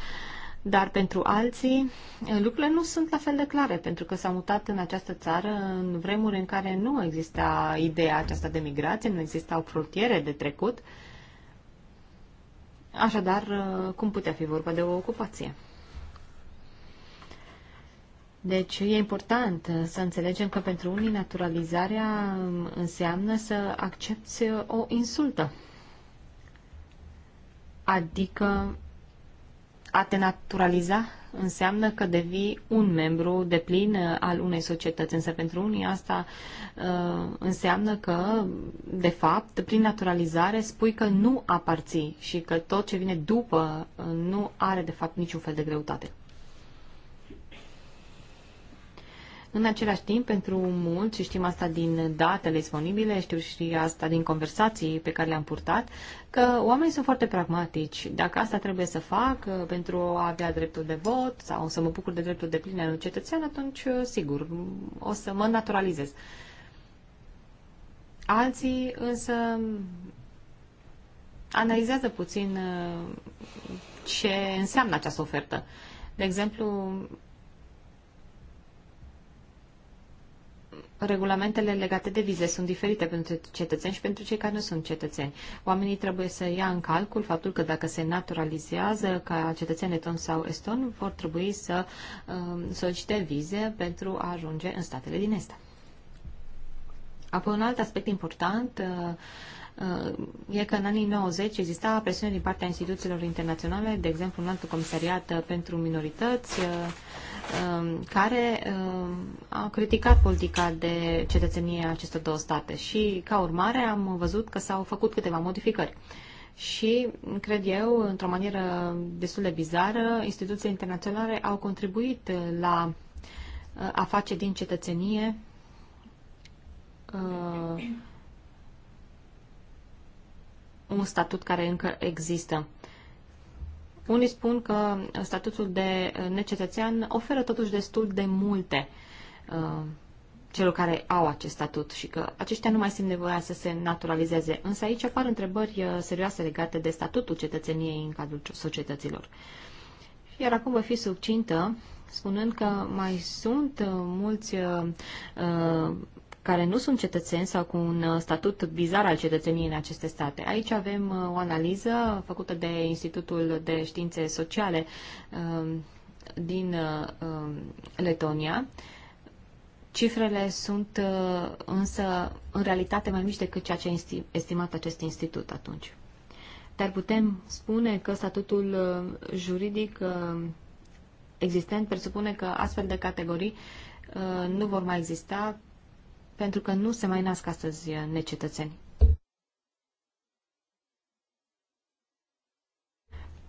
dar pentru alții lucrurile nu sunt la fel de clare, pentru că s-au mutat în această țară în vremuri în care nu exista ideea aceasta de migrație, nu existau frontiere de trecut. Uh, Așadar, uh, cum putea fi vorba de o ocupație? Deci e important uh, să înțelegem că pentru unii naturalizarea um, înseamnă să accepti uh, o insultă. Adică a te naturaliza înseamnă că devii un membru de plin uh, al unei societăți. Însă pentru unii asta uh, înseamnă că, de fapt, prin naturalizare spui că nu aparții și că tot ce vine după uh, nu are, de fapt, niciun fel de greutate. În același timp, pentru mulți, și știm asta din datele disponibile, știu și asta din conversații pe care le-am purtat, că oamenii sunt foarte pragmatici. Dacă asta trebuie să fac uh, pentru a avea dreptul de vot sau să mă bucur de dreptul de plin al cetățean, atunci, uh, sigur, o să mă naturalizez. Alții însă analizează puțin uh, ce înseamnă această ofertă. De exemplu, regulamentele legate de vize sunt diferite pentru cetățeni și pentru cei care nu sunt cetățeni. Oamenii trebuie să ia în calcul faptul că dacă se naturalizează ca cetățeni eton sau eston, vor trebui să uh, solicite vize pentru a ajunge în statele din Est. Apoi un alt aspect important uh, e că în anii 90 exista presiune din partea instituțiilor internaționale, de exemplu un alt comisariat uh, pentru minorități, uh, um, care um, a criticat politica de cetățenie a acestor două state și, ca urmare, am văzut că s-au făcut câteva modificări. Și, cred eu, într-o manieră destul de bizară, instituțiile internaționale au contribuit uh, la a face din cetățenie un statut care încă există. Unii spun că statutul de necetățean oferă totuși destul de multe uh, celor care au acest statut și că aceștia nu mai simt nevoia să se naturalizeze. Însă aici apar întrebări uh, serioase legate de statutul cetățeniei în cadrul societăților. Iar acum voi fi subcintă spunând că mai sunt uh, mulți care nu sunt cetățeni sau cu un uh, statut bizar al cetățeniei în aceste state. Aici avem uh, o analiză făcută de Institutul de Științe Sociale um, din uh, um, Letonia. Cifrele sunt însă în realitate mai mici decât ceea ce a estimat acest institut atunci. Dar putem spune că statutul juridic existent presupune că astfel de categorii nu vor mai exista pentru că nu se mai nasc astăzi uh, necetățeni.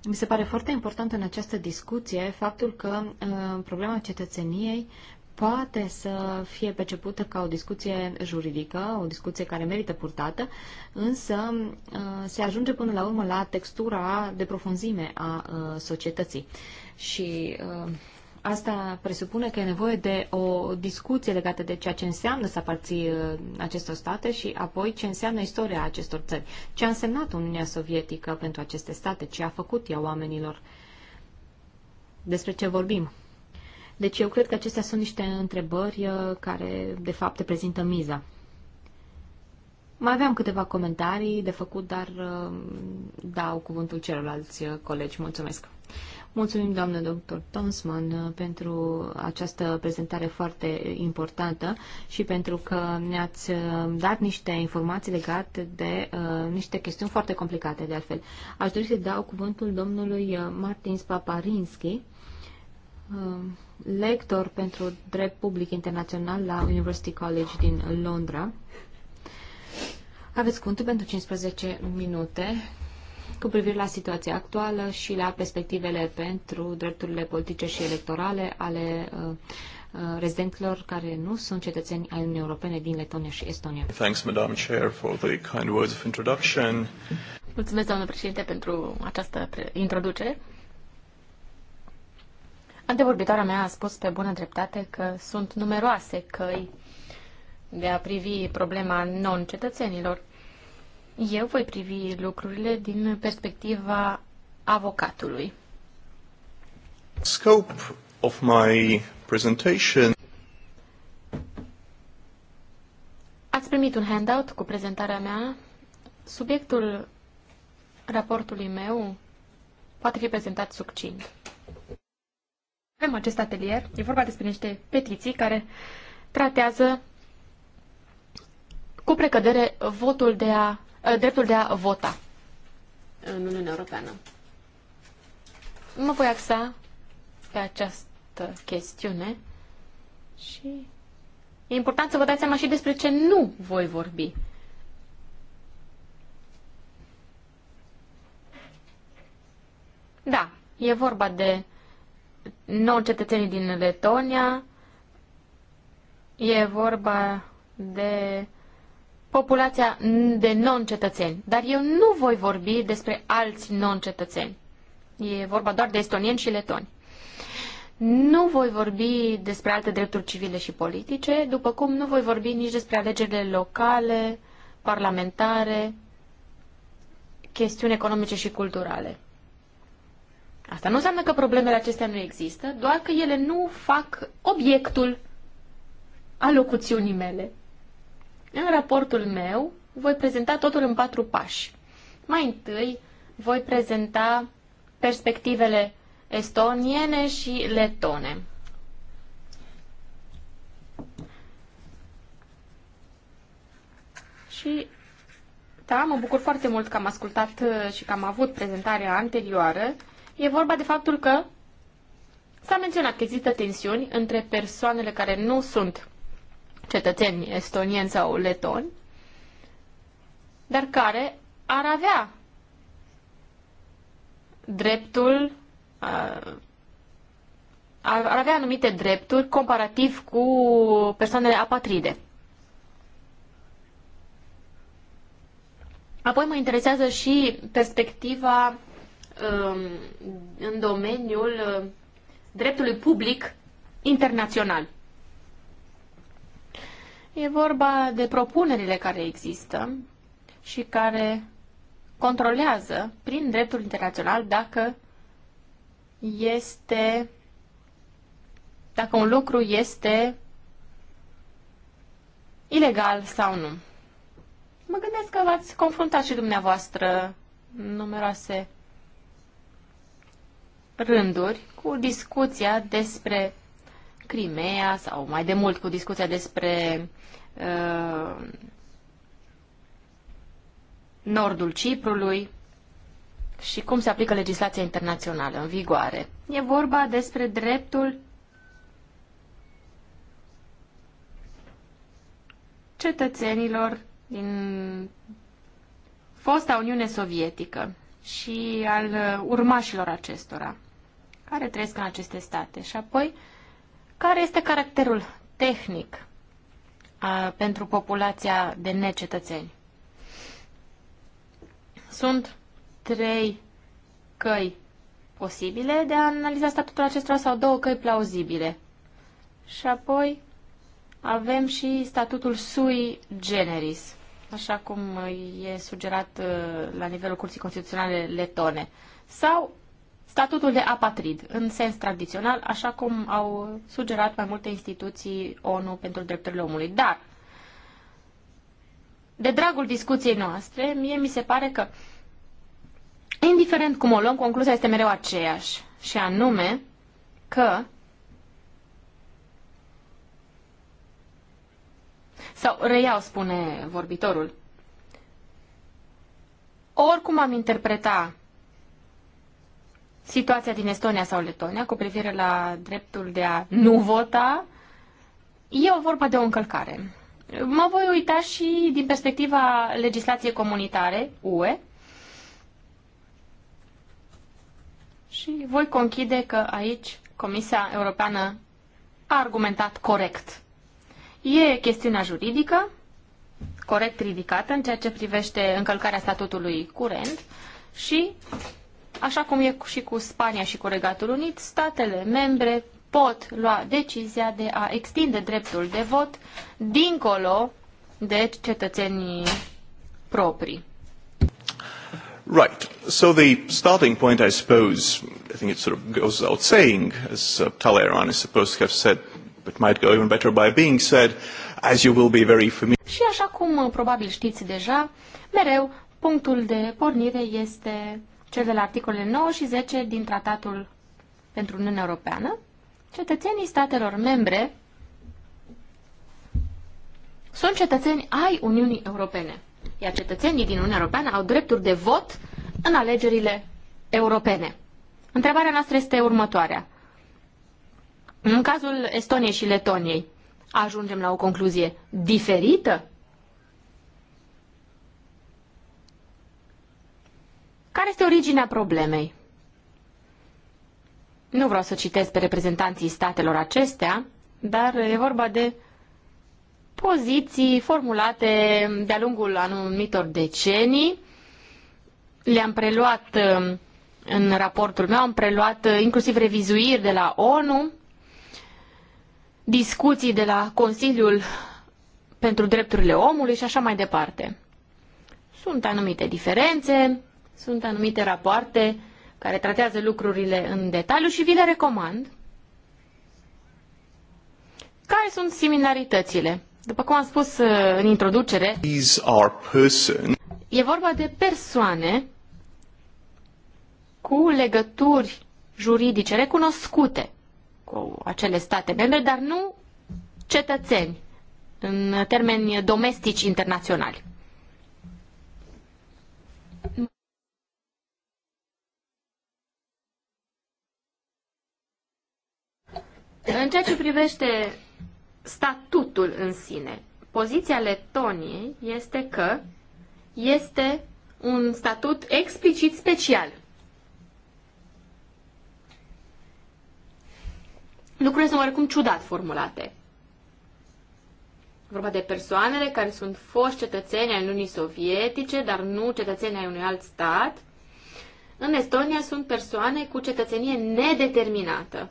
Mi se pare foarte important în această discuție faptul că uh, problema cetățeniei poate să fie percepută ca o discuție juridică, o discuție care merită purtată, însă uh, se ajunge până la urmă la textura de profunzime a societății. Și Asta presupune că e nevoie de o discuție legată de ceea ce înseamnă să aparții uh, acestor state și apoi ce înseamnă istoria acestor țări. Ce a însemnat Uniunea Sovietică pentru aceste state, ce a făcut ea oamenilor, despre ce vorbim. Deci eu cred că acestea sunt niște întrebări uh, care, de fapt, prezintă miza. Mai aveam câteva comentarii de făcut, dar uh, dau cuvântul celorlalți colegi. Mulțumesc! Mulțumim, doamnă doctor Tonsman, pentru această prezentare foarte importantă și pentru că ne-ați uh, dat niște informații legate de uh, niște chestiuni foarte complicate, de altfel. Aș dori să dau cuvântul domnului uh, Martins Paparinski, uh, lector pentru drept public internațional la University College din Londra. Aveți cuvântul pentru 15 minute cu privire la situația actuală și la perspectivele pentru drepturile politice și electorale ale uh, uh, rezidenților care nu sunt cetățeni ai Uniunii Europene din Letonia și Estonia. Thanks, Madam Chair, for the kind words of introduction. Mulțumesc, doamnă președinte, pentru această introducere. Antevorbitoarea mea a spus pe bună dreptate că sunt numeroase căi de a privi problema non-cetățenilor. Eu voi privi lucrurile din perspectiva avocatului. Scope of my presentation. Ați primit un handout cu prezentarea mea. Subiectul raportului meu poate fi prezentat succint. Avem acest atelier, e vorba despre niște petiții care tratează cu precădere votul de a Uh, dreptul de a vota în Uniunea Europeană. Mă voi axa pe această chestiune și e important să vă dați seama și despre ce nu voi vorbi. Da, e vorba de nou cetățenii din Letonia, e vorba de populația de non-cetățeni. Dar eu nu voi vorbi despre alți non-cetățeni. E vorba doar de estonieni și letoni. Nu voi vorbi despre alte drepturi civile și politice, după cum nu voi vorbi nici despre alegerile locale, parlamentare, chestiuni economice și culturale. Asta nu înseamnă că problemele acestea nu există, doar că ele nu fac obiectul alocuțiunii mele. În raportul meu voi prezenta totul în patru pași. Mai întâi voi prezenta perspectivele estoniene și letone. Și da, mă bucur foarte mult că am ascultat uh, și că am avut prezentarea anterioară. E vorba de faptul că s-a menționat că există tensiuni între persoanele care nu sunt cetățeni estonieni sau letoni, dar care ar avea dreptul, uh, ar avea anumite drepturi comparativ cu persoanele apatride. Apoi mă interesează și perspectiva um, în domeniul uh, dreptului public internațional. E vorba de propunerile care există și care controlează prin dreptul internațional dacă este dacă un lucru este ilegal sau nu. Mă gândesc că v-ați confruntat și dumneavoastră numeroase rânduri cu discuția despre Crimea sau mai de mult cu discuția despre uh, nordul Ciprului și cum se aplică legislația internațională în vigoare. E vorba despre dreptul cetățenilor din fosta Uniune Sovietică și al uh, urmașilor acestora care trăiesc în aceste state. Și apoi care este caracterul tehnic a, pentru populația de necetățeni? Sunt trei căi posibile de a analiza statutul acestora sau două căi plauzibile. Și apoi avem și statutul sui generis, așa cum e sugerat uh, la nivelul Curții Constituționale letone. Sau statutul de apatrid, în sens tradițional, așa cum au sugerat mai multe instituții ONU pentru drepturile omului. Dar, de dragul discuției noastre, mie mi se pare că, indiferent cum o luăm, concluzia este mereu aceeași, și anume că sau reiau, spune vorbitorul, oricum am interpreta situația din Estonia sau Letonia cu privire la dreptul de a nu vota, e o vorba de o încălcare. Mă voi uita și din perspectiva legislației comunitare, UE, și voi conchide că aici Comisia Europeană a argumentat corect. E chestiunea juridică, corect ridicată în ceea ce privește încălcarea statutului curent și Așa cum e și cu Spania și cu Regatul Unit, statele membre pot lua decizia de a extinde dreptul de vot dincolo de deci, cetățenii proprii. Right. So the starting point, I suppose, I think it sort of goes without saying, as uh, Talleyrand is supposed to have said, but might go even better by being said, as you will be very familiar. Și așa cum uh, probabil știți deja, mereu punctul de pornire este cel de la articolele 9 și 10 din Tratatul pentru Uniunea Europeană, cetățenii statelor membre sunt cetățeni ai Uniunii Europene, iar cetățenii din Uniunea Europeană au drepturi de vot în alegerile europene. Întrebarea noastră este următoarea. În cazul Estoniei și Letoniei, ajungem la o concluzie diferită Care este originea problemei? Nu vreau să citesc pe reprezentanții statelor acestea, dar e vorba de poziții formulate de-a lungul anumitor decenii. Le-am preluat um, în raportul meu, am preluat uh, inclusiv revizuiri de la ONU, discuții de la Consiliul pentru Drepturile Omului și așa mai departe. Sunt anumite diferențe, sunt anumite rapoarte care tratează lucrurile în detaliu și vi le recomand. Care sunt similaritățile? După cum am spus uh, în introducere, e vorba de persoane cu legături juridice recunoscute cu acele state membre, dar nu cetățeni în termeni domestici internaționali. În ceea ce privește statutul în sine, poziția Letoniei este că este un statut explicit special. Lucrurile sunt oricum ciudat formulate. Vorba de persoanele care sunt foști cetățeni ai Uniunii Sovietice, dar nu cetățeni ai unui alt stat. În Estonia sunt persoane cu cetățenie nedeterminată.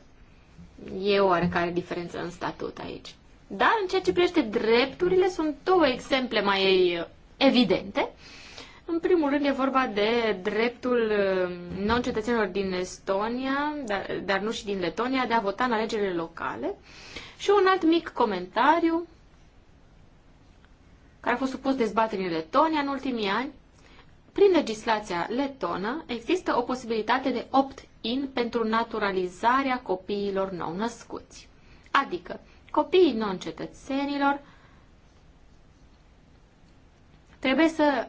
E o oarecare diferență în statut aici. Dar în ceea ce privește drepturile, sunt două exemple mai evidente. În primul rând e vorba de dreptul uh, non-cetățenilor din Estonia, dar, dar nu și din Letonia, de a vota în alegerile locale. Și un alt mic comentariu care a fost supus dezbaterii în Letonia în ultimii ani. Prin legislația letonă există o posibilitate de opt in pentru naturalizarea copiilor nou-născuți. Adică, copiii non-cetățenilor trebuie să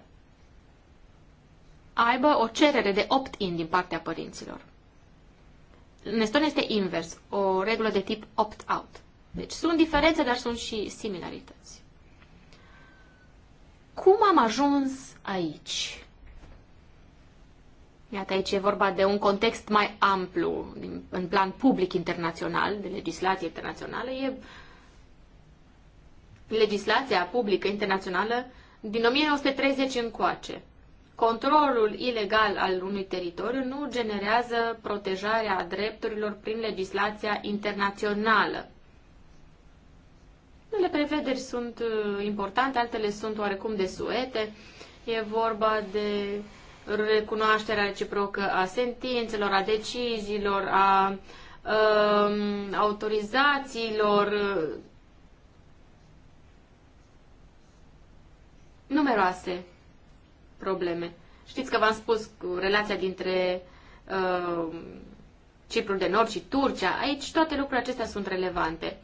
aibă o cerere de opt-in din partea părinților. În Estonia este invers, o regulă de tip opt-out. Deci sunt diferențe, dar sunt și similarități. Cum am ajuns aici? Iată, aici e vorba de un context mai amplu, în plan public internațional, de legislație internațională. E legislația publică internațională din 1930 încoace. Controlul ilegal al unui teritoriu nu generează protejarea drepturilor prin legislația internațională. Unele prevederi sunt uh, importante, altele sunt oarecum de suete. E vorba de recunoașterea reciprocă a sentințelor, a deciziilor, a a um, autorizațiilor, numeroase probleme. Știți că v-am spus cu relația dintre uh, Ciprul de Nord și Turcia. Aici toate lucrurile acestea sunt relevante.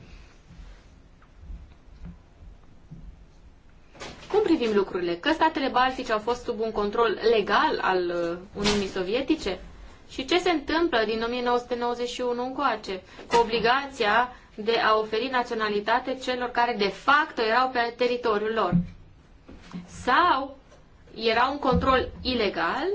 Cum privim lucrurile? Că statele baltice au fost sub un control legal al uh, Uniunii Sovietice? Și ce se întâmplă din 1991 încoace cu obligația de a oferi naționalitate celor care de fapt erau pe teritoriul lor? Sau era un control ilegal?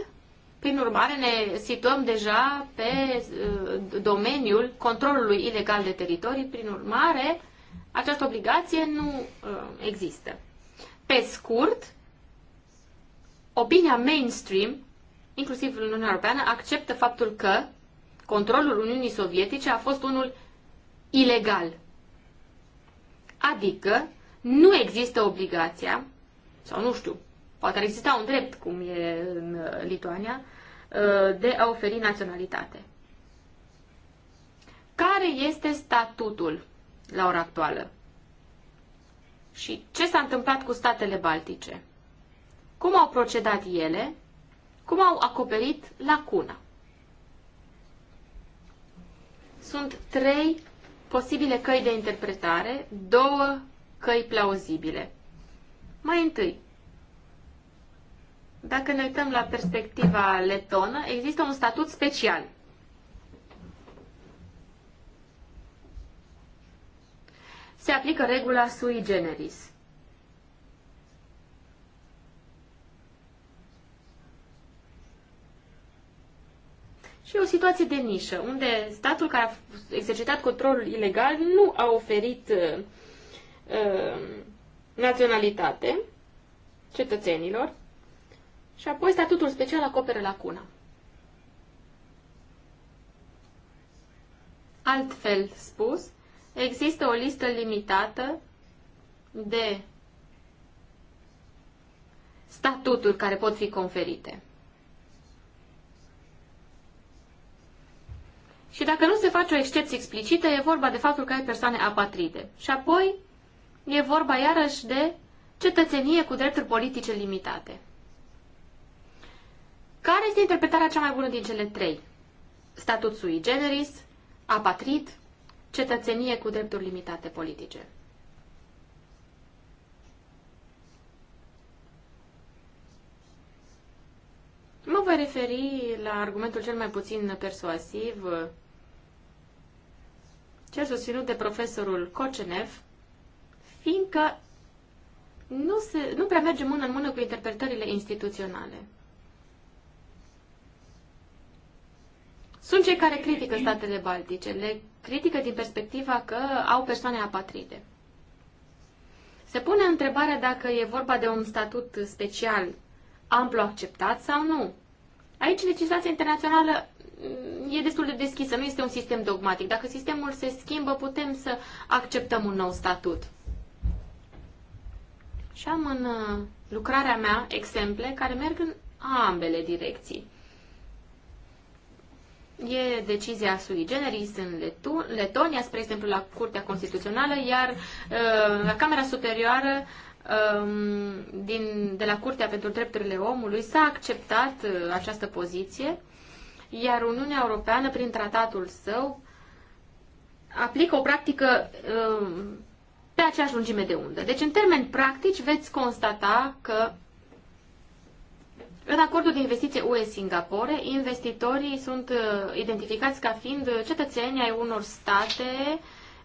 Prin urmare, ne situăm deja pe uh, domeniul controlului ilegal de teritorii. Prin urmare, această obligație nu uh, există. Pe scurt, opinia mainstream, inclusiv în Uniunea Europeană, acceptă faptul că controlul Uniunii Sovietice a fost unul ilegal. Adică nu există obligația, sau nu știu, poate ar exista un drept, cum e în uh, Lituania, uh, de a oferi naționalitate. Care este statutul la ora actuală? Și ce s-a întâmplat cu statele baltice? Cum au procedat ele? Cum au acoperit lacuna? Sunt trei posibile căi de interpretare, două căi plauzibile. Mai întâi, dacă ne uităm la perspectiva letonă, există un statut special – se aplică regula sui generis. Și o situație de nișă, unde statul care a exercitat controlul ilegal nu a oferit uh, uh naționalitate cetățenilor și apoi statutul special acoperă lacuna. Altfel spus, Există o listă limitată de statuturi care pot fi conferite. Și dacă nu se face o excepție explicită, e vorba de faptul că ai persoane apatride. Și apoi e vorba iarăși de cetățenie cu drepturi politice limitate. Care este interpretarea cea mai bună din cele trei? Statut sui generis, apatrid cetățenie cu drepturi limitate politice. Mă voi referi la argumentul cel mai puțin persuasiv, cel susținut de profesorul Kocenev, fiindcă nu, se, nu prea merge mână în mână cu interpretările instituționale. Sunt cei care critică statele baltice, le critică din perspectiva că au persoane apatride. Se pune întrebarea dacă e vorba de un statut special amplu acceptat sau nu. Aici legislația internațională mm, e destul de deschisă, nu este un sistem dogmatic. Dacă sistemul se schimbă, putem să acceptăm un nou statut. Și am în uh, lucrarea mea exemple care merg în ambele direcții. E decizia sui generis în Letonia, spre exemplu la Curtea Constituțională, iar uh, la Camera Superioară um, din, de la Curtea pentru Drepturile Omului s-a acceptat uh, această poziție, iar Uniunea Europeană, prin tratatul său, aplică o practică um, pe aceeași lungime de undă. Deci, în termeni practici, veți constata că în acordul de investiție UE-Singapore, investitorii sunt uh, identificați ca fiind uh, cetățeni ai unor state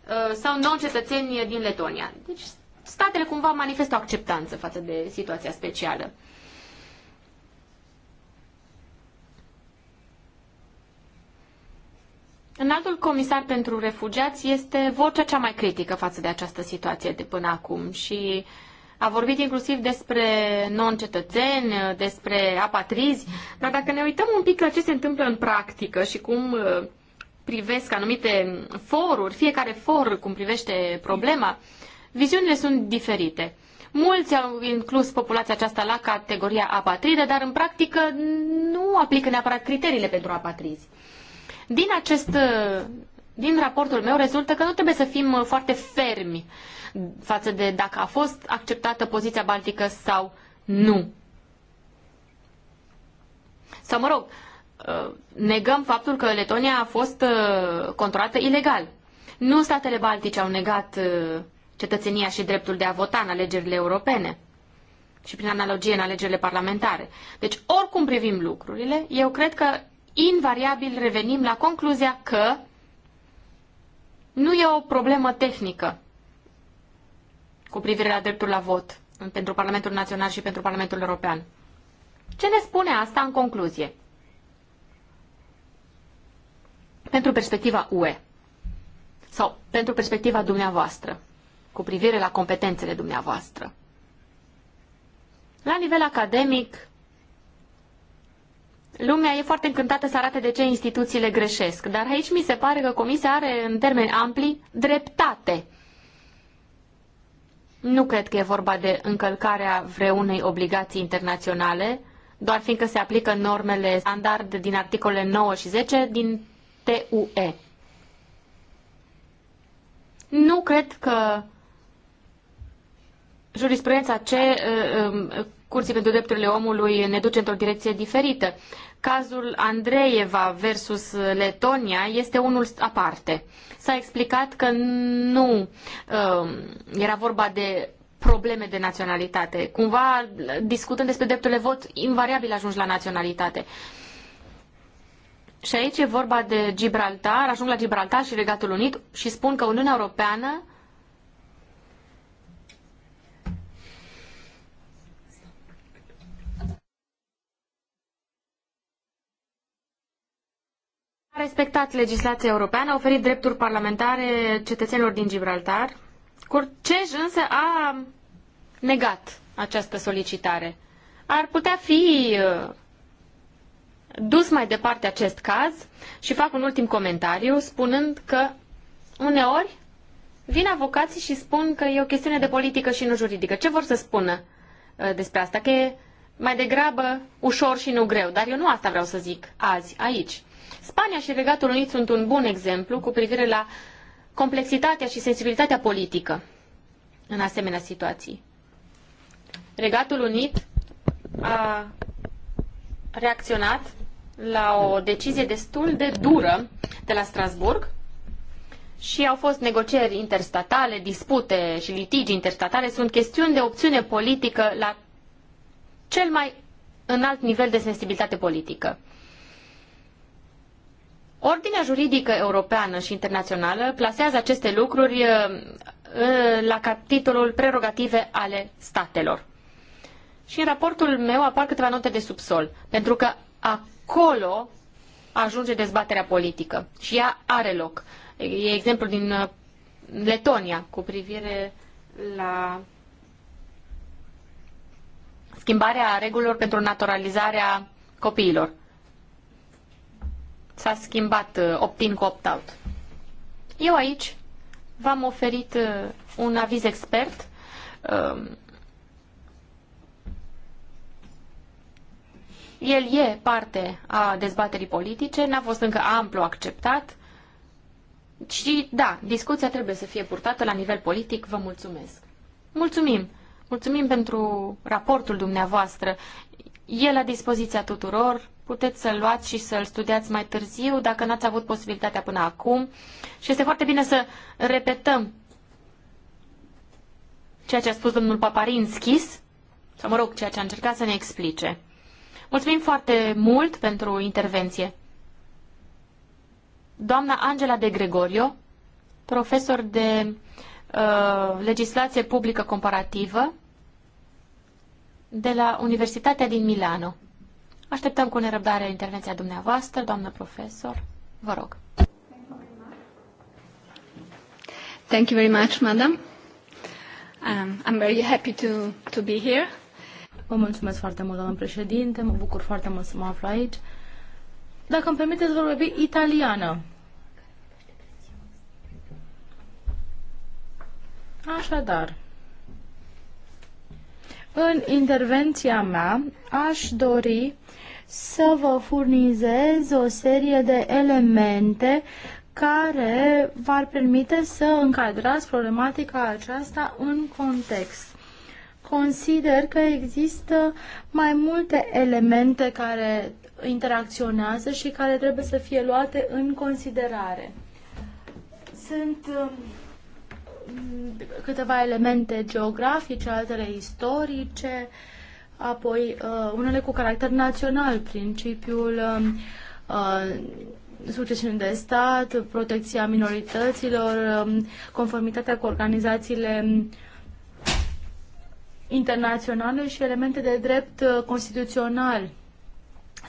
uh, sau non-cetățeni din Letonia. Deci statele cumva manifestă o acceptanță față de situația specială. altul comisar pentru refugiați este vocea cea mai critică față de această situație de până acum și uh, a vorbit inclusiv despre non-cetățeni, despre apatrizi, dar dacă ne uităm un pic la ce se întâmplă în practică și cum uh, privesc anumite foruri, fiecare for cum privește problema, viziunile sunt diferite. Mulți au inclus populația aceasta la categoria apatridă, dar în practică nu aplică neapărat criteriile pentru apatrizi. Din acest uh, din raportul meu rezultă că nu trebuie să fim foarte fermi față de dacă a fost acceptată poziția baltică sau nu. Sau, mă rog, uh, negăm faptul că Letonia a fost uh, controlată ilegal. Nu statele baltice au negat uh, cetățenia și dreptul de a vota în alegerile europene și prin analogie în alegerile parlamentare. Deci, oricum privim lucrurile, eu cred că invariabil revenim la concluzia că nu e o problemă tehnică cu privire la dreptul la vot pentru Parlamentul Național și pentru Parlamentul European. Ce ne spune asta în concluzie? Pentru perspectiva UE sau pentru perspectiva dumneavoastră, cu privire la competențele dumneavoastră. La nivel academic, lumea e foarte încântată să arate de ce instituțiile greșesc, dar aici mi se pare că Comisia are, în termeni ampli, dreptate nu cred că e vorba de încălcarea vreunei obligații internaționale, doar fiindcă se aplică normele standard din articolele 9 și 10 din TUE. Nu cred că jurisprudența ce uh, um, Curții pentru Drepturile Omului ne duce într-o direcție diferită. Cazul Andreeva versus Letonia este unul aparte s-a explicat că nu uh, era vorba de probleme de naționalitate. Cumva, discutând despre dreptul de vot, invariabil ajungi la naționalitate. Și aici e vorba de Gibraltar, ajung la Gibraltar și Regatul Unit și spun că Uniunea Europeană A respectat legislația europeană, a oferit drepturi parlamentare cetățenilor din Gibraltar. Curcej însă a negat această solicitare. Ar putea fi uh, dus mai departe acest caz și fac un ultim comentariu spunând că uneori vin avocații și spun că e o chestiune de politică și nu juridică. Ce vor să spună uh, despre asta? Că e mai degrabă ușor și nu greu. Dar eu nu asta vreau să zic azi, aici. Spania și Regatul Unit sunt un bun exemplu cu privire la complexitatea și sensibilitatea politică în asemenea situații. Regatul Unit a reacționat la o decizie destul de dură de la Strasburg și au fost negocieri interstatale, dispute și litigi interstatale. Sunt chestiuni de opțiune politică la cel mai înalt nivel de sensibilitate politică. Ordinea juridică europeană și internațională plasează aceste lucruri uh, uh, la capitolul prerogative ale statelor. Și în raportul meu apar câteva note de subsol, pentru că acolo ajunge dezbaterea politică și ea are loc. E exemplu din uh, Letonia cu privire la schimbarea regulilor pentru naturalizarea copiilor s-a schimbat uh, opt-in cu opt-out. Eu aici v-am oferit uh, un aviz expert um, El e parte a dezbaterii politice, n-a fost încă amplu acceptat și, da, discuția trebuie să fie purtată la nivel politic. Vă mulțumesc. Mulțumim! Mulțumim pentru raportul dumneavoastră. E la dispoziția tuturor puteți să-l luați și să-l studiați mai târziu, dacă n-ați avut posibilitatea până acum. Și este foarte bine să repetăm ceea ce a spus domnul Paparin schis, sau mă rog, ceea ce a încercat să ne explice. Mulțumim foarte mult pentru intervenție. Doamna Angela de Gregorio, profesor de uh, legislație publică comparativă de la Universitatea din Milano. Așteptăm cu nerăbdare intervenția dumneavoastră, doamnă profesor. Vă rog. Thank you very much, madam. Um, I'm very happy to, to be here. Vă mulțumesc foarte mult, doamnă președinte. Mă bucur foarte mult să mă aflu aici. Dacă îmi permiteți, vă vorbi italiană. Așadar, în intervenția mea aș dori să vă furnizez o serie de elemente care v-ar permite să încadrați problematica aceasta în context. Consider că există mai multe elemente care interacționează și care trebuie să fie luate în considerare. Sunt um, câteva elemente geografice, altele istorice, apoi uh, unele cu caracter național, principiul um, uh, succesiunii de stat, protecția minorităților, um, conformitatea cu organizațiile internaționale și elemente de drept uh, constituțional.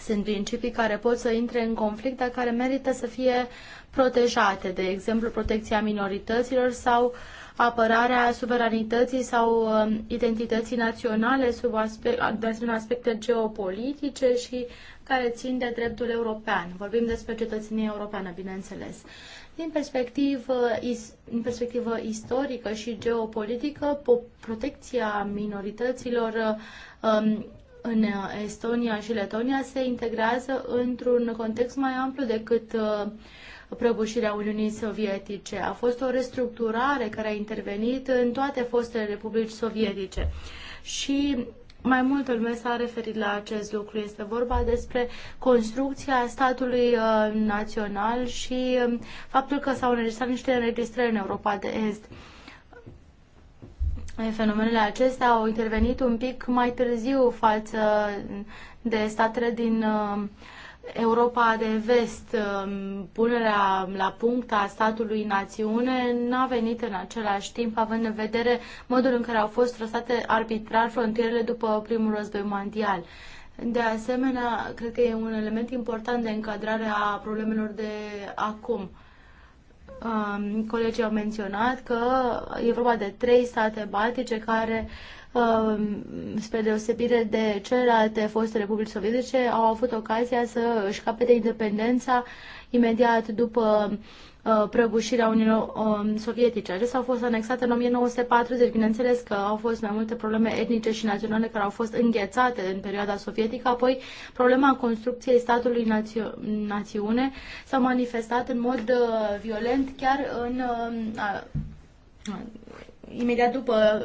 Sunt principii care pot să intre în conflict, dar care merită să fie protejate, de exemplu protecția minorităților sau apărarea suveranității sau um, identității naționale sub aspect, de asemenea aspecte geopolitice și care țin de dreptul european. Vorbim despre cetățenie europeană, bineînțeles. Din perspectivă, uh, is, din perspectivă istorică și geopolitică, protecția minorităților uh, um, în Estonia și Letonia se integrează într-un context mai amplu decât uh, prăbușirea Uniunii Sovietice. A fost o restructurare care a intervenit în toate fostele republici sovietice. Și mai multă lume s-a referit la acest lucru. Este vorba despre construcția statului uh, național și uh, faptul că s-au înregistrat niște înregistrări în Europa de Est. Fenomenele acestea au intervenit un pic mai târziu față de statele din uh, Europa de Vest, um, punerea la punct a statului națiune n-a venit în același timp, având în vedere modul în care au fost trăsate arbitrar frontierele după primul război mondial. De asemenea, cred că e un element important de încadrare a problemelor de acum. Um, colegii au menționat că e vorba de trei state baltice care Um, spre deosebire de celelalte foste republici sovietice, au avut ocazia să își capete independența imediat după uh, prăbușirea Uniunii um, Sovietice. Acestea au fost anexate în 1940. Bineînțeles că au fost mai multe probleme etnice și naționale care au fost înghețate în perioada sovietică, apoi problema construcției statului națio- națiune s-a manifestat în mod uh, violent chiar în um, imediat după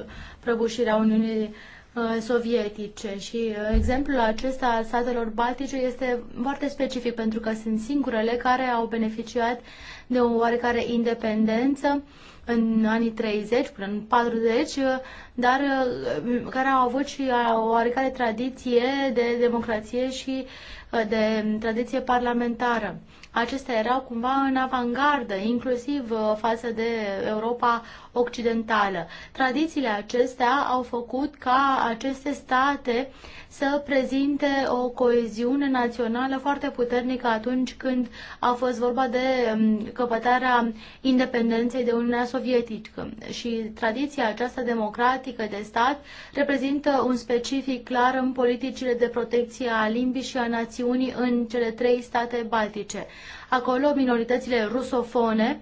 prăbușirea Uniunii uh, sovietice și uh, exemplul acesta al statelor baltice este foarte specific pentru că sunt singurele care au beneficiat de o oarecare independență în anii 30 până în 40, uh, dar care au avut și o oarecare tradiție de democrație și Uh, de tradiție parlamentară. Acestea erau cumva în avangardă, inclusiv uh, față de Europa Occidentală. Tradițiile acestea au făcut ca aceste state să prezinte o coeziune națională foarte puternică atunci când a fost vorba de um, căpătarea independenței de Uniunea Sovietică. Și tradiția aceasta democratică de stat reprezintă un specific clar în politicile de protecție a limbii și a națiunii națiuni în cele trei state baltice. Acolo minoritățile rusofone,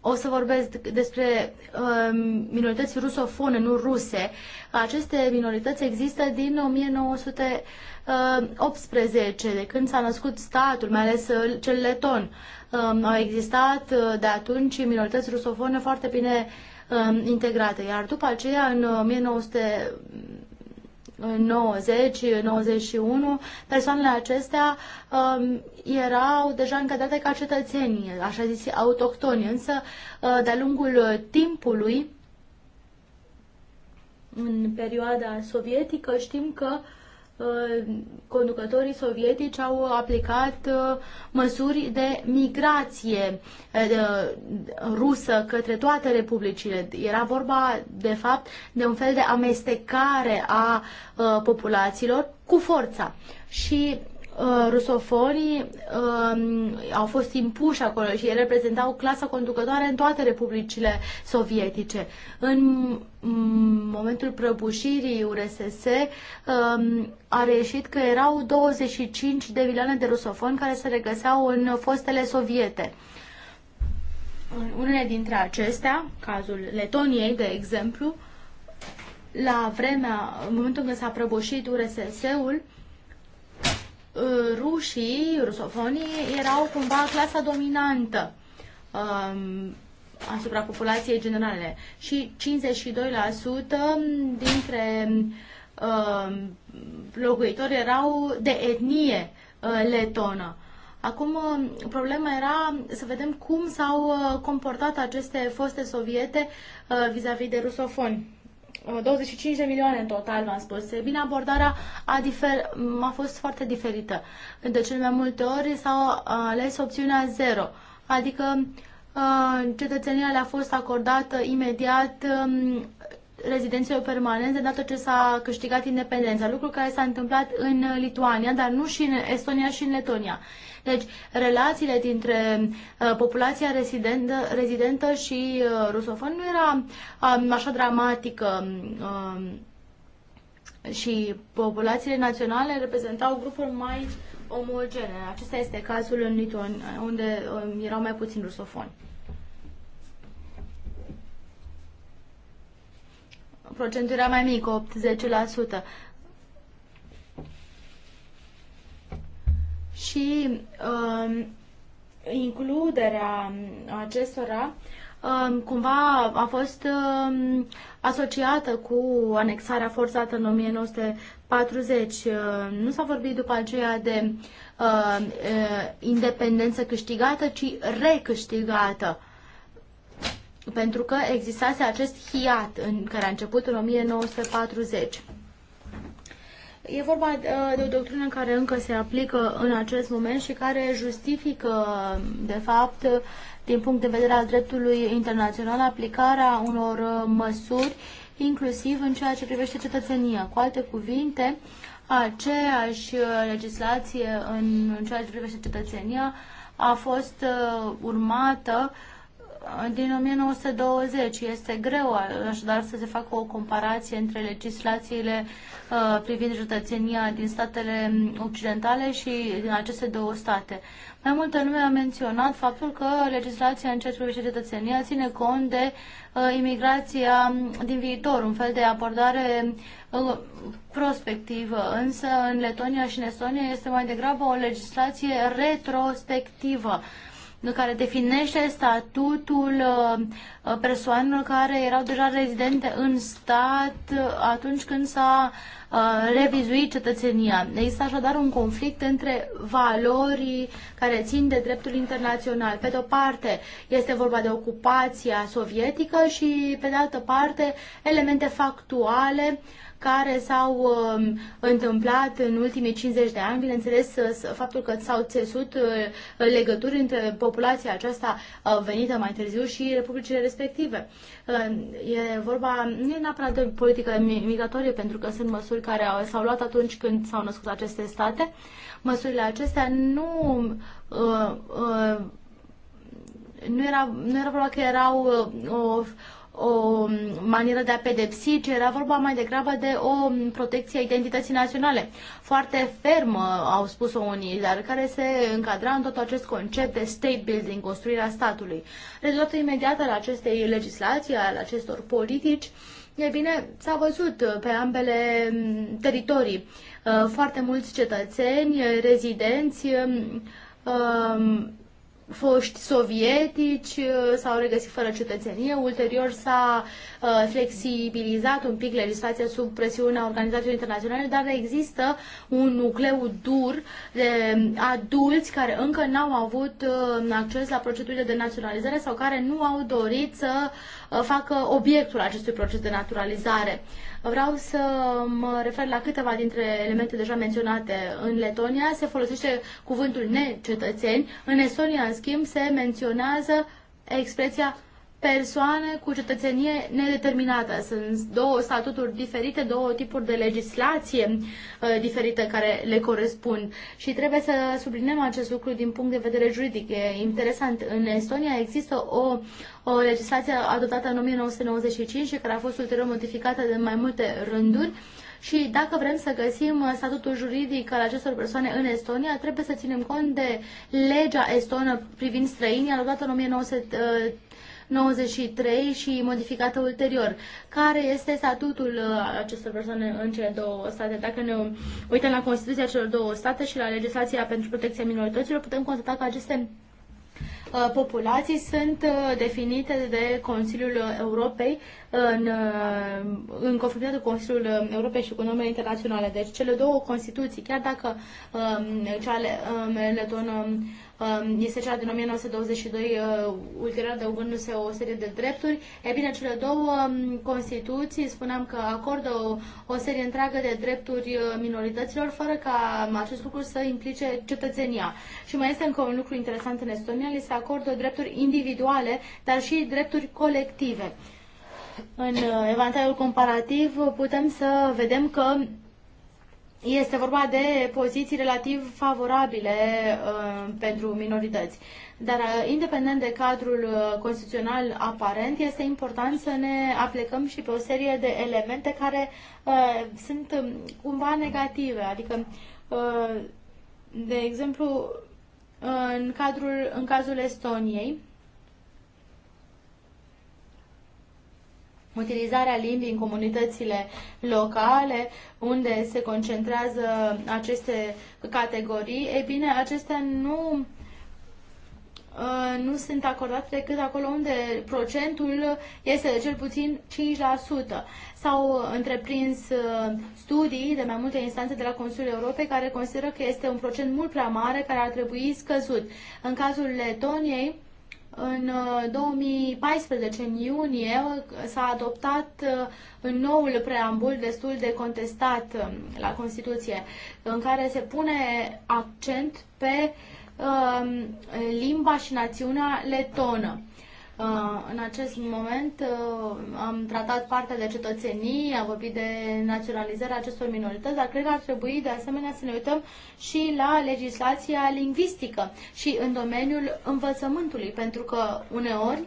o să vorbesc despre uh, minorități rusofone, nu ruse. Aceste minorități există din 1918, de când s-a născut statul, mai ales uh, cel leton. Uh, au existat uh, de atunci minorități rusofone foarte bine um, integrate, iar după aceea, în 1900 uh, 90-91, persoanele acestea um, erau deja încadrate ca cetățeni, așa zis autohtoni, însă uh, de-a lungul timpului, în perioada sovietică, știm că uh, conducătorii sovietici au aplicat uh, măsuri de migrație uh, uh, rusă către toate republicile. Era vorba, de fapt, de un fel de amestecare a populațiilor cu forța. Și Uh, rusofonii um, au fost impuși acolo și ei reprezentau clasa conducătoare în toate republicile sovietice. În momentul prăbușirii URSS um, a reieșit că erau 25 de milioane de rusofoni care se regăseau în fostele soviete. Unele dintre acestea, cazul Letoniei, de exemplu, la vremea, în momentul când s-a prăbușit URSS-ul, rușii, rusofonii, erau cumva clasa dominantă um, asupra populației generale și 52% dintre um, locuitori erau de etnie uh, letonă. Acum, um, problema era să vedem cum s-au uh, comportat aceste foste soviete uh, vis-a-vis -vis de rusofoni. 25 de milioane în total, v-am spus. E bine, abordarea a, difer, a fost foarte diferită. De cele mai multe ori s au uh, ales opțiunea zero, adică uh, cetățenia le-a fost acordată imediat um, rezidenților permanente, dată ce s-a câștigat independența, lucru care s-a întâmplat în Lituania, dar nu și în Estonia și în Letonia. Deci, relațiile dintre uh, populația rezidentă, rezidentă și uh, rusofon nu era um, așa dramatică. Um, și populațiile naționale reprezentau grupuri mai omogene. Acesta este cazul în Lituan, unde um, erau mai puțini rusofoni. procentul era mai mic, 10 și uh, includerea acestora uh, cumva a fost uh, asociată cu anexarea forțată în 1940. Uh, nu s-a vorbit după aceea de uh, uh, independență câștigată, ci recâștigată pentru că existase acest hiat în care a început în 1940. E vorba uh, de o doctrină care încă se aplică în acest moment și care justifică, de fapt, din punct de vedere al dreptului internațional, aplicarea unor uh, măsuri, inclusiv în ceea ce privește cetățenia. Cu alte cuvinte, aceeași uh, legislație în ceea ce privește cetățenia a fost urmată uh, din 1920. Este greu așadar să se facă o comparație între legislațiile uh, privind judățenia din statele occidentale și din aceste două state. Mai multă lume a menționat faptul că legislația în ce privește cetățenia ține cont de uh, imigrația din viitor, un fel de abordare uh, prospectivă, însă în Letonia și în Estonia este mai degrabă o legislație retrospectivă care definește statutul uh, persoanelor care erau deja rezidente în stat uh, atunci când s-a uh, revizuit cetățenia. Există așadar un conflict între valorii care țin de dreptul internațional. Pe de o parte este vorba de ocupația sovietică și pe de altă parte elemente factuale uh, care s-au um, întâmplat în ultimii 50 de ani. Bineînțeles, uh, faptul că s-au țesut uh, legături între populația aceasta uh, venită mai târziu și republicile respective. E vorba nu e neapărat de politică migratorie, pentru că sunt măsuri care s-au luat atunci când s-au născut aceste state. Măsurile acestea nu uh, uh, nu era, nu era vorba că erau o, o manieră de a pedepsi, ci era vorba mai degrabă de o protecție a identității naționale. Foarte fermă uh, au spus-o unii, dar care se încadra în tot acest concept de state building, construirea statului. Rezultatul imediat al acestei legislații, al acestor politici, E bine, s-a văzut uh, pe ambele mm, teritorii uh, foarte mulți cetățeni, rezidenți, um, um, foști sovietici uh, s-au regăsit fără cetățenie. Ulterior s-a uh, flexibilizat un pic legislația sub presiunea organizațiilor internaționale, dar există un nucleu dur de adulți care încă n-au avut uh, acces la procedurile de naționalizare sau care nu au dorit să facă obiectul acestui proces de naturalizare. Vreau să mă refer la câteva dintre elemente deja menționate. În Letonia se folosește cuvântul necetățeni, în Estonia, în schimb, se menționează expresia persoane cu cetățenie nedeterminată. Sunt două statuturi diferite, două tipuri de legislație uh, diferite care le corespund. Și trebuie să subliniem acest lucru din punct de vedere juridic. E interesant. În Estonia există o, o legislație adoptată în 1995 și care a fost ulterior modificată de mai multe rânduri. Și dacă vrem să găsim uh, statutul juridic al acestor persoane în Estonia, trebuie să ținem cont de legea estonă privind străinii adoptată în 1995 93 și modificată ulterior. Care este statutul uh, acestor persoane în cele două state? Dacă ne uităm la Constituția celor două state și la legislația pentru protecția minorităților, putem constata că aceste uh, populații sunt uh, definite de Consiliul Europei în, în conformitate cu Consiliul Europei și cu normele internaționale. Deci cele două Constituții, chiar dacă um, cea um, letonă um, Um, este cea din 1922, uh, ulterior adăugându-se o serie de drepturi. E bine, cele două um, Constituții, spuneam că acordă o, o serie întreagă de drepturi uh, minorităților, fără ca acest lucru să implice cetățenia. Și mai este încă un lucru interesant în Estonia, li se acordă drepturi individuale, dar și drepturi colective. În uh, evantaiul comparativ putem să vedem că este vorba de poziții relativ favorabile uh, pentru minorități. Dar, uh, independent de cadrul uh, constituțional aparent, este important să ne aplicăm și pe o serie de elemente care uh, sunt uh, cumva negative. Adică, uh, de exemplu, în, cadrul, în cazul Estoniei, utilizarea limbii în comunitățile locale, unde se concentrează aceste categorii, e bine, acestea nu uh, nu sunt acordate decât acolo unde procentul este de cel puțin 5%. S-au întreprins uh, studii de mai multe instanțe de la Consiliul Europei care consideră că este un procent mult prea mare care ar trebui scăzut. În cazul Letoniei, în 2014, uh, în iunie, uh, s-a adoptat uh, noul preambul destul de contestat um, la Constituție, în care se pune accent pe um, limba și națiunea letonă. Uh, în acest moment uh, am tratat partea de cetățenii, am vorbit de naționalizarea acestor minorități, dar cred că ar trebui de asemenea să ne uităm și la legislația lingvistică și în domeniul învățământului, pentru că uneori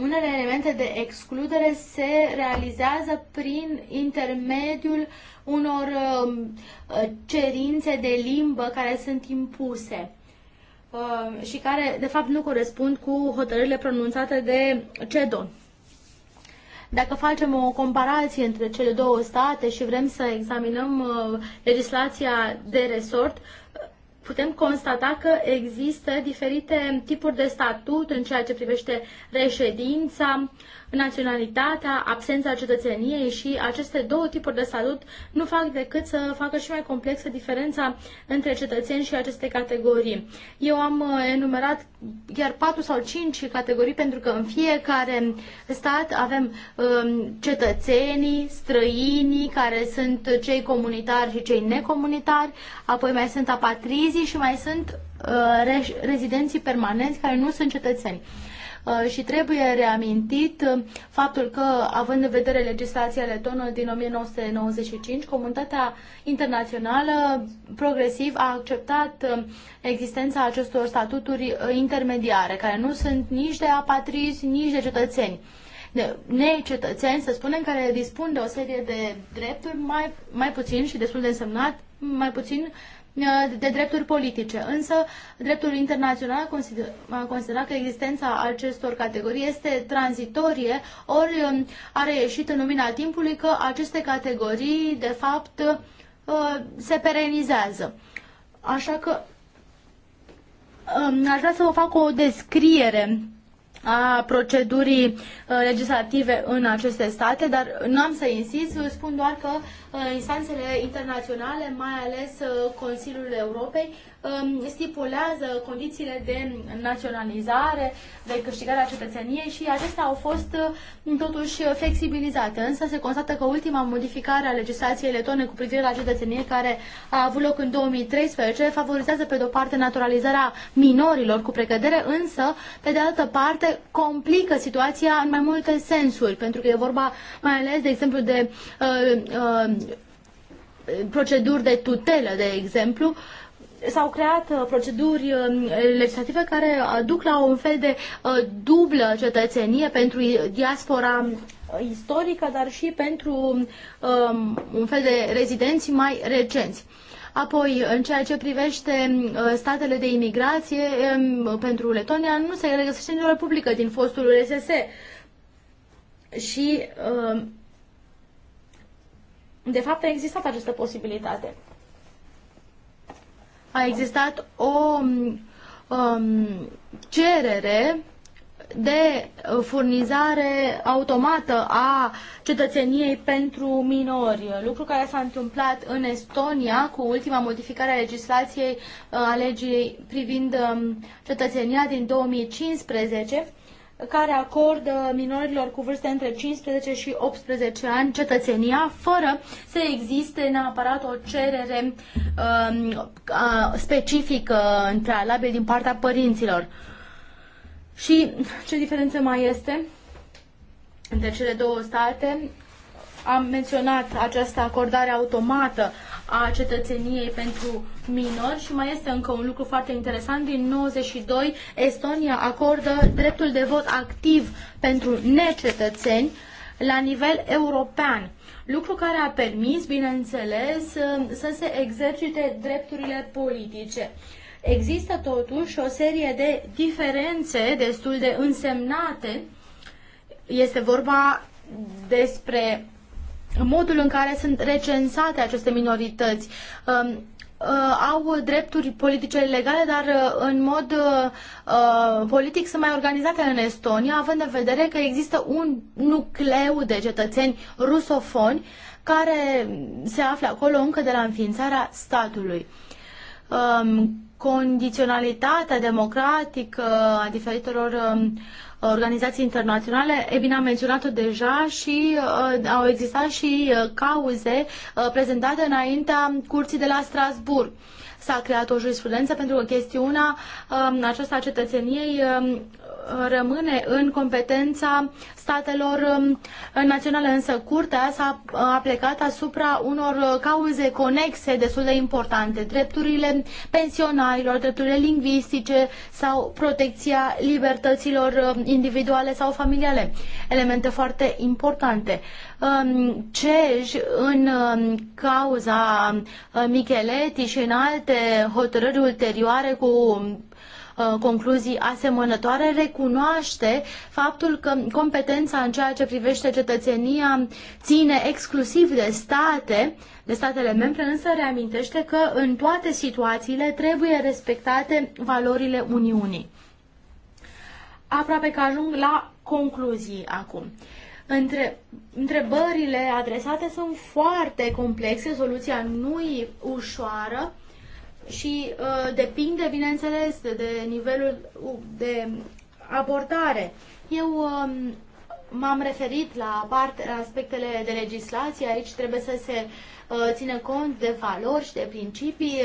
unele elemente de excludere se realizează prin intermediul unor uh, cerințe de limbă care sunt impuse. Um, și care, de fapt, nu corespund cu hotărârile pronunțate de CEDO. Dacă facem o comparație între cele două state și vrem să examinăm uh, legislația de resort, putem constata că există diferite tipuri de statut în ceea ce privește reședința, naționalitatea, absența cetățeniei și aceste două tipuri de salut nu fac decât să facă și mai complexă diferența între cetățeni și aceste categorii. Eu am uh, enumerat chiar patru sau cinci categorii pentru că în fiecare stat avem um, cetățenii, străinii care sunt cei comunitari și cei necomunitari, apoi mai sunt apatrizii și mai sunt uh, rezidenții permanenți care nu sunt cetățeni. Uh, și trebuie reamintit uh, faptul că, având în vedere legislația letonă din 1995, comunitatea internațională progresiv a acceptat uh, existența acestor statuturi intermediare, care nu sunt nici de apatrizi, nici de cetățeni necetățeni, să spunem, care dispun de o serie de drepturi mai, mai puțin și destul de însemnat, mai puțin de drepturi politice. Însă, dreptul internațional consider, a considerat că existența acestor categorii este tranzitorie, ori um, are ieșit în lumina timpului că aceste categorii, de fapt, uh, se perenizează. Așa că um, aș vrea să vă fac o descriere a procedurii uh, legislative în aceste state, dar nu am să insist, spun doar că uh, instanțele internaționale, mai ales uh, Consiliul Europei, stipulează condițiile de naționalizare, de câștigarea cetățeniei și acestea au fost uh, totuși flexibilizate. Însă se constată că ultima modificare a legislației letone cu privire la cetățenie care a avut loc în 2013 favorizează pe de-o parte naturalizarea minorilor cu precădere, însă pe de altă parte complică situația în mai multe sensuri, pentru că e vorba mai ales, de exemplu, de uh, uh, proceduri de tutelă, de exemplu, s-au creat uh, proceduri uh, legislative care duc la un fel de uh, dublă cetățenie pentru diaspora istorică, dar și pentru um, un fel de rezidenți mai recenți. Apoi, în ceea ce privește statele de imigrație, um, pentru Letonia nu se regăsește nicio republică din fostul RSS Și, um, de fapt, a existat această posibilitate a existat o um, um, cerere de furnizare automată a cetățeniei pentru minori, lucru care s-a întâmplat în Estonia cu ultima modificare a legislației uh, a legii privind um, cetățenia din 2015 care acordă minorilor cu vârste între 15 și 18 ani cetățenia, fără să existe neapărat o cerere uh, specifică în prealabil din partea părinților. Și ce diferență mai este între cele două state? Am menționat această acordare automată a cetățeniei pentru minori și mai este încă un lucru foarte interesant. Din 92, Estonia acordă dreptul de vot activ pentru necetățeni la nivel european lucru care a permis, bineînțeles, să se exercite drepturile politice. Există totuși o serie de diferențe destul de însemnate. Este vorba despre modul în care sunt recensate aceste minorități. Um, uh, au drepturi politice legale, dar uh, în mod uh, politic sunt mai organizate în Estonia, având în vedere că există un nucleu de cetățeni rusofoni care se află acolo încă de la înființarea statului. Um, condiționalitatea democratică a diferitelor um, Uh, organizații internaționale, e bine, am menționat-o deja și uh, au existat și uh, cauze uh, prezentate înaintea curții de la Strasburg. S-a creat o jurisprudență pentru că chestiunea uh, aceasta a cetățeniei uh, rămâne în competența statelor um, naționale, însă curtea s-a plecat asupra unor uh, cauze conexe destul de importante, drepturile pensionarilor, drepturile lingvistice sau protecția libertăților um, individuale sau familiale, elemente foarte importante. Um, CEJ în cauza uh, Micheleti și în alte hotărâri ulterioare cu Uh, concluzii asemănătoare, recunoaște faptul că competența în ceea ce privește cetățenia ține exclusiv de state, de statele membre, însă reamintește că în toate situațiile trebuie respectate valorile Uniunii. Aproape că ajung la concluzii acum. Între, întrebările adresate sunt foarte complexe, soluția nu e ușoară și uh, depinde, bineînțeles, de nivelul uh, de abordare. Eu um, m-am referit la part, aspectele de legislație, aici trebuie să se uh, ține cont de valori și de principii,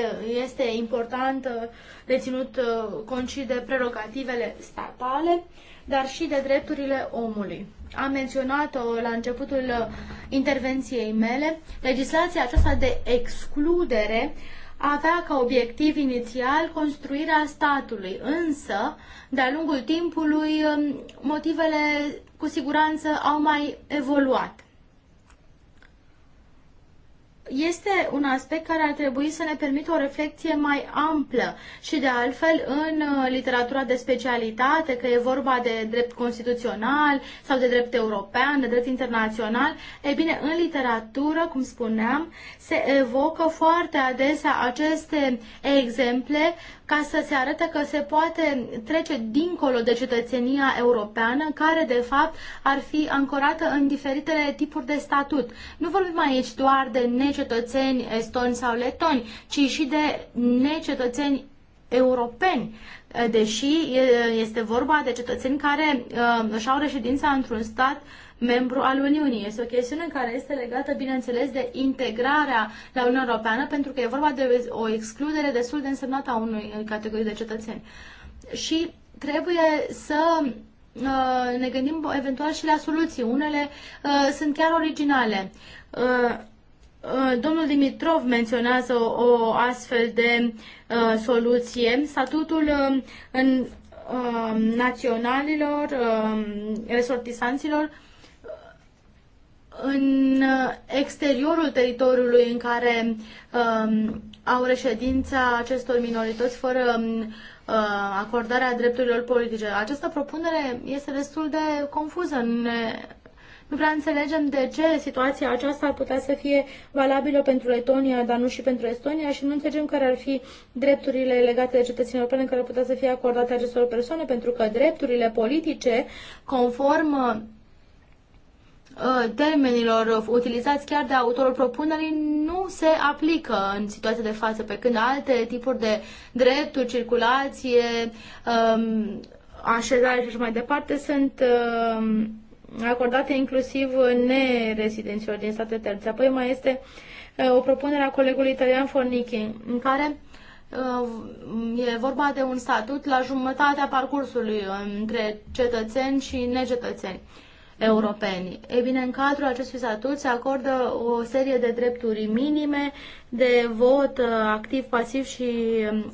este important uh, de ținut uh, cont și de prerogativele statale, dar și de drepturile omului. Am menționat-o la începutul uh, intervenției mele, legislația aceasta de excludere uh, avea ca obiectiv inițial construirea statului, însă, de-a lungul timpului, motivele cu siguranță au mai evoluat este un aspect care ar trebui să ne permită o reflexie mai amplă și de altfel în uh, literatura de specialitate, că e vorba de drept constituțional sau de drept european, de drept internațional, e bine, în literatură, cum spuneam, se evocă foarte adesea aceste exemple ca să se arate că se poate trece dincolo de cetățenia europeană, care de fapt ar fi ancorată în diferitele tipuri de statut. Nu vorbim aici doar de necetățeni estoni sau letoni, ci și de necetățeni europeni, deși este vorba de cetățeni care uh, își au reședința într-un stat uh, membru al Uniunii. Este o chestiune care este legată, bineînțeles, de integrarea la Uniunea Europeană, pentru că e vorba de o excludere destul de însemnată a unui categorii de cetățeni. Și trebuie să uh, ne gândim eventual și la soluții. Unele uh, sunt chiar originale. Uh, domnul Dimitrov menționează o, o astfel de soluție. Statutul în naționalilor, resortisanților, în uh, exteriorul teritoriului în care um, au reședința acestor minorități fără um, uh, acordarea drepturilor politice. Această propunere este destul de confuză. Ne, nu prea înțelegem de ce situația aceasta ar putea să fie valabilă pentru Letonia, dar nu și pentru Estonia și nu înțelegem care ar fi drepturile legate de cetățenii europene care ar putea să fie acordate acestor persoane, pentru că drepturile politice, conform uh, Uh, termenilor utilizați chiar de autorul propunerii nu se aplică în situația de față, pe când alte tipuri de drepturi, circulație, um, așezare și așa mai departe sunt um, acordate inclusiv nerezidenților din state terțe. Apoi mai este uh, o propunere a colegului italian Fornichi, în care uh, e vorba de un statut la jumătatea parcursului între cetățeni și necetățeni. Mhm. europeni. Ei bine, în cadrul acestui statut se acordă o serie de drepturi minime de vot uh, activ, pasiv și um,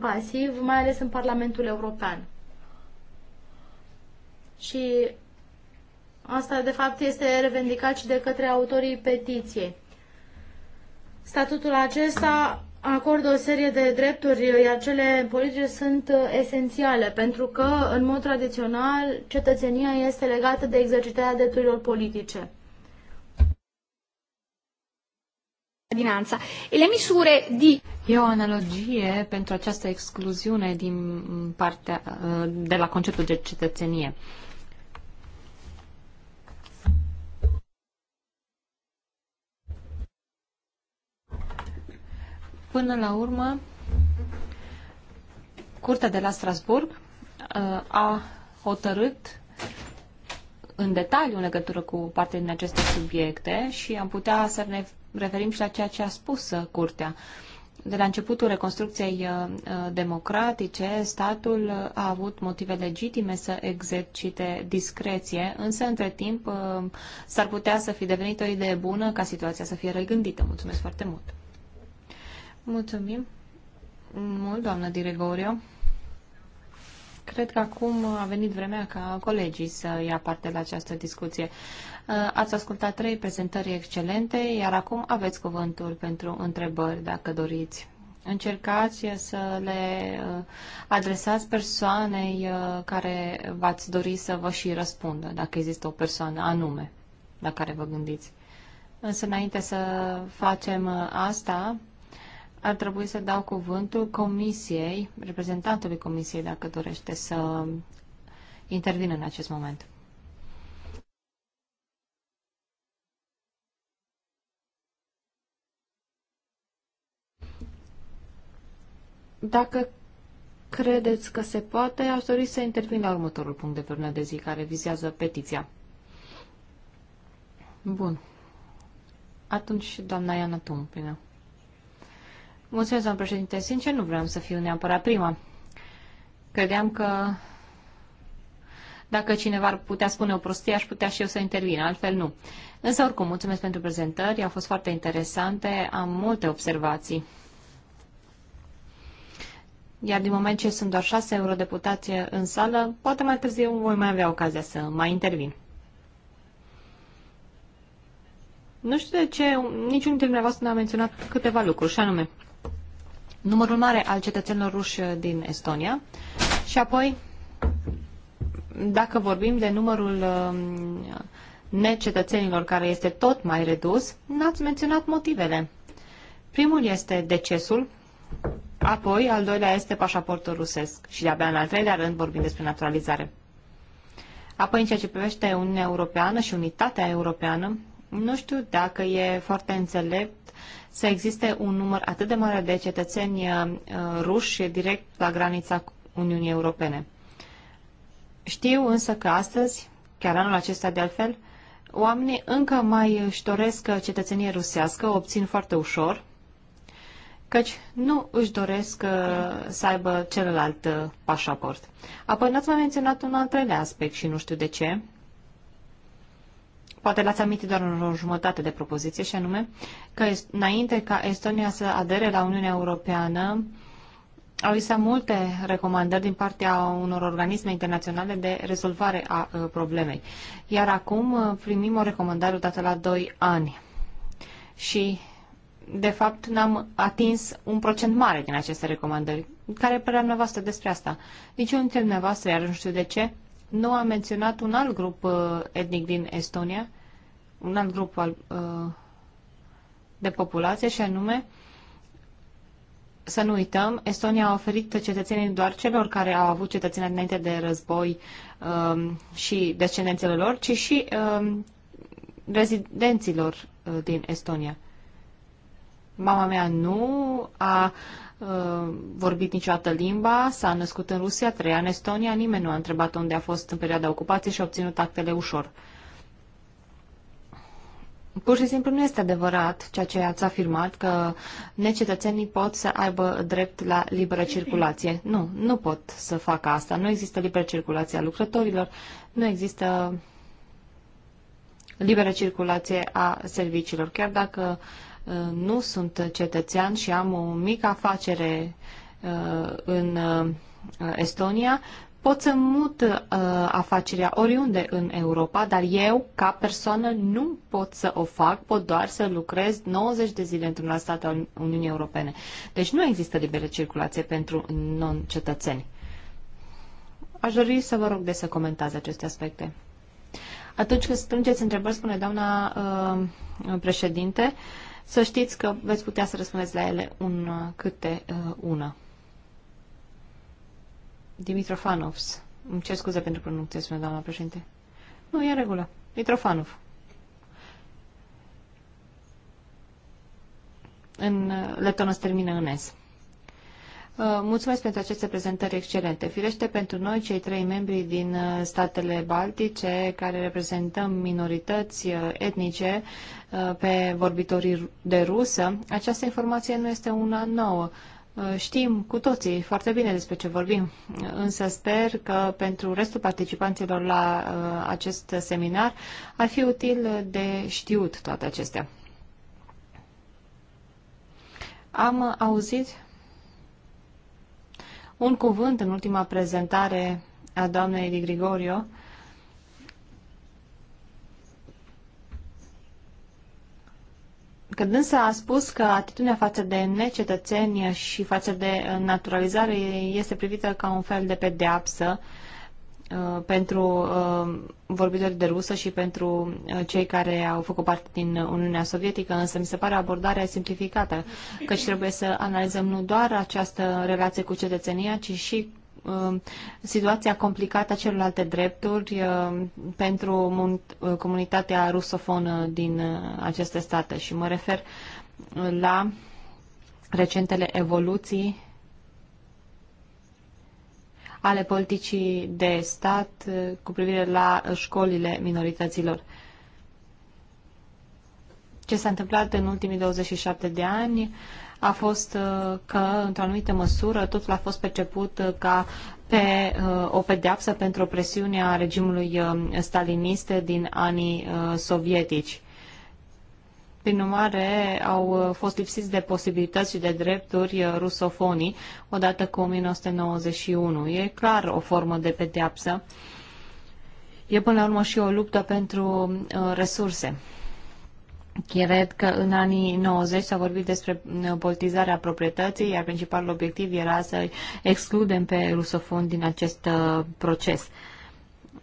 pasiv, mai ales în Parlamentul European. Și asta, de fapt, este revendicat și de către autorii petiției. Statutul acesta acordă o serie de drepturi, iar cele politice sunt uh, esențiale, pentru că, în mod tradițional, cetățenia este legată de exercitarea drepturilor politice. e misure di... E o analogie pentru această excluziune din partea, uh, de la conceptul de cetățenie. Până la urmă, Curtea de la Strasburg uh, a hotărât în detaliu în legătură cu parte din aceste subiecte și am putea să ne referim și la ceea ce a spus uh, Curtea. De la începutul reconstrucției uh, democratice, statul a avut motive legitime să exercite discreție, însă între timp s-ar putea să fi devenit o idee bună ca situația să fie regândită. Mulțumesc foarte mult! Mulțumim mult, doamnă Diregorio. Cred că acum a venit vremea ca colegii să ia parte la această discuție. Uh, ați ascultat trei prezentări excelente, iar acum aveți cuvântul pentru întrebări, dacă doriți. Încercați să le uh, adresați persoanei uh, care v-ați dori să vă și răspundă, dacă există o persoană anume la care vă gândiți. Însă înainte să facem asta, ar trebui să dau cuvântul comisiei, reprezentantului comisiei, dacă dorește să intervină în acest moment. Dacă credeți că se poate, aș dori să intervin la următorul punct de până de zi care vizează petiția. Bun. Atunci, doamna Iana Tumpină. Mulțumesc, doamnă președinte. Sincer, nu vreau să fiu neapărat prima. Credeam că dacă cineva ar putea spune o prostie, aș putea și eu să intervin, altfel nu. Însă, oricum, mulțumesc pentru prezentări, au fost foarte interesante, am multe observații. Iar din moment ce sunt doar șase eurodeputați în sală, poate mai târziu voi mai avea ocazia să mai intervin. Nu știu de ce niciunul dintre dumneavoastră nu a menționat câteva lucruri, și anume, numărul mare al cetățenilor ruși din Estonia și apoi, dacă vorbim de numărul um, necetățenilor care este tot mai redus, n-ați menționat motivele. Primul este decesul, apoi al doilea este pașaportul rusesc și de-abia în al treilea rând vorbim despre naturalizare. Apoi, în ceea ce privește Uniunea Europeană și unitatea europeană, nu știu dacă e foarte înțelept să existe un număr atât de mare de cetățeni uh, ruși direct la granița Uniunii Europene. Știu însă că astăzi, chiar anul acesta de altfel, oamenii încă mai își doresc cetățenie rusească, o obțin foarte ușor, căci nu își doresc uh, să aibă celălalt uh, pașaport. Apoi n-ați mai menționat un al treilea aspect și nu știu de ce, Poate l-ați amintit doar o jumătate de propoziție și anume că înainte ca Estonia să adere la Uniunea Europeană, au existat multe recomandări din partea unor organisme internaționale de rezolvare a ă, problemei. Iar acum ă, primim o recomandare dată la 2 ani. Și, de fapt, n-am atins un procent mare din aceste recomandări. Care e părerea noastră despre asta? Niciunul dintre dumneavoastră, iar nu știu de ce, nu a menționat un alt grup ă, etnic din Estonia, un alt grup al, uh, de populație și anume să nu uităm, Estonia a oferit cetățenii doar celor care au avut cetățenia înainte de război um, și descendenților lor, ci și um, rezidenților uh, din Estonia. Mama mea nu a uh, vorbit niciodată limba, s-a născut în Rusia, trăia în Estonia, nimeni nu a întrebat unde a fost în perioada ocupației și a obținut actele ușor. Uh, Pur și simplu nu este adevărat ceea ce ați afirmat că necetățenii pot să aibă drept la liberă circulație. Nu, nu pot să facă asta. Nu există liberă circulație a lucrătorilor, nu există liberă circulație a serviciilor. Chiar dacă uh, nu sunt cetățean și am o mică afacere uh, în uh, Estonia, pot să mut uh, afacerea oriunde în Europa, dar eu, ca persoană, nu pot să o fac, pot doar să lucrez 90 de zile într-un alt stat al Uniunii Europene. Deci nu există liberă circulație pentru non-cetățeni. Aș dori să vă rog de să comentați aceste aspecte. Atunci când strângeți întrebări, spune doamna uh, președinte, să știți că veți putea să răspundeți la ele un câte uh, una. Dimitrofanovs. Îmi cer scuze pentru pronunție, spune doamna președinte. Nu, e în regulă. Mitrofanov. În uh, letonă se termină în S. Uh, mulțumesc pentru aceste prezentări excelente. Firește pentru noi, cei trei membri din uh, statele baltice, care reprezentăm minorități etnice pe vorbitorii de rusă, această informație nu este una nouă. Uh, știm cu toții foarte bine despre ce vorbim, uh, însă sper că pentru restul participanților la uh, acest seminar ar fi util de știut toate acestea. Am auzit un cuvânt în ultima prezentare a doamnei Di Grigorio, Când însă a spus că atitudinea față de necetățeni și față de uh, naturalizare este privită ca un fel de pedeapsă uh, pentru uh, vorbitori de rusă și pentru cei care au făcut parte din Uniunea Sovietică, însă mi se pare abordarea simplificată, căci trebuie să analizăm nu doar această relație cu cetățenia, ci și Um, situația complicată a celorlalte drepturi um, pentru uh, comunitatea rusofonă din uh, aceste state și mă refer uh, la recentele evoluții ale politicii de stat cu privire la școlile minorităților. Ce s-a întâmplat în ultimii 27 de ani a fost uh, că, într-o anumită măsură, totul a fost perceput uh, ca pe uh, o pedeapsă pentru opresiunea regimului stalinist din anii sovietici. Prin urmare, au fost lipsiți de posibilități și de drepturi rusofonii odată cu 1991. E clar o formă de pedeapsă. E până la urmă și o luptă pentru resurse. Cred că în anii 90 s-a vorbit despre uh, politizarea proprietății, iar principalul obiectiv era să excludem pe rusofon din acest uh, proces.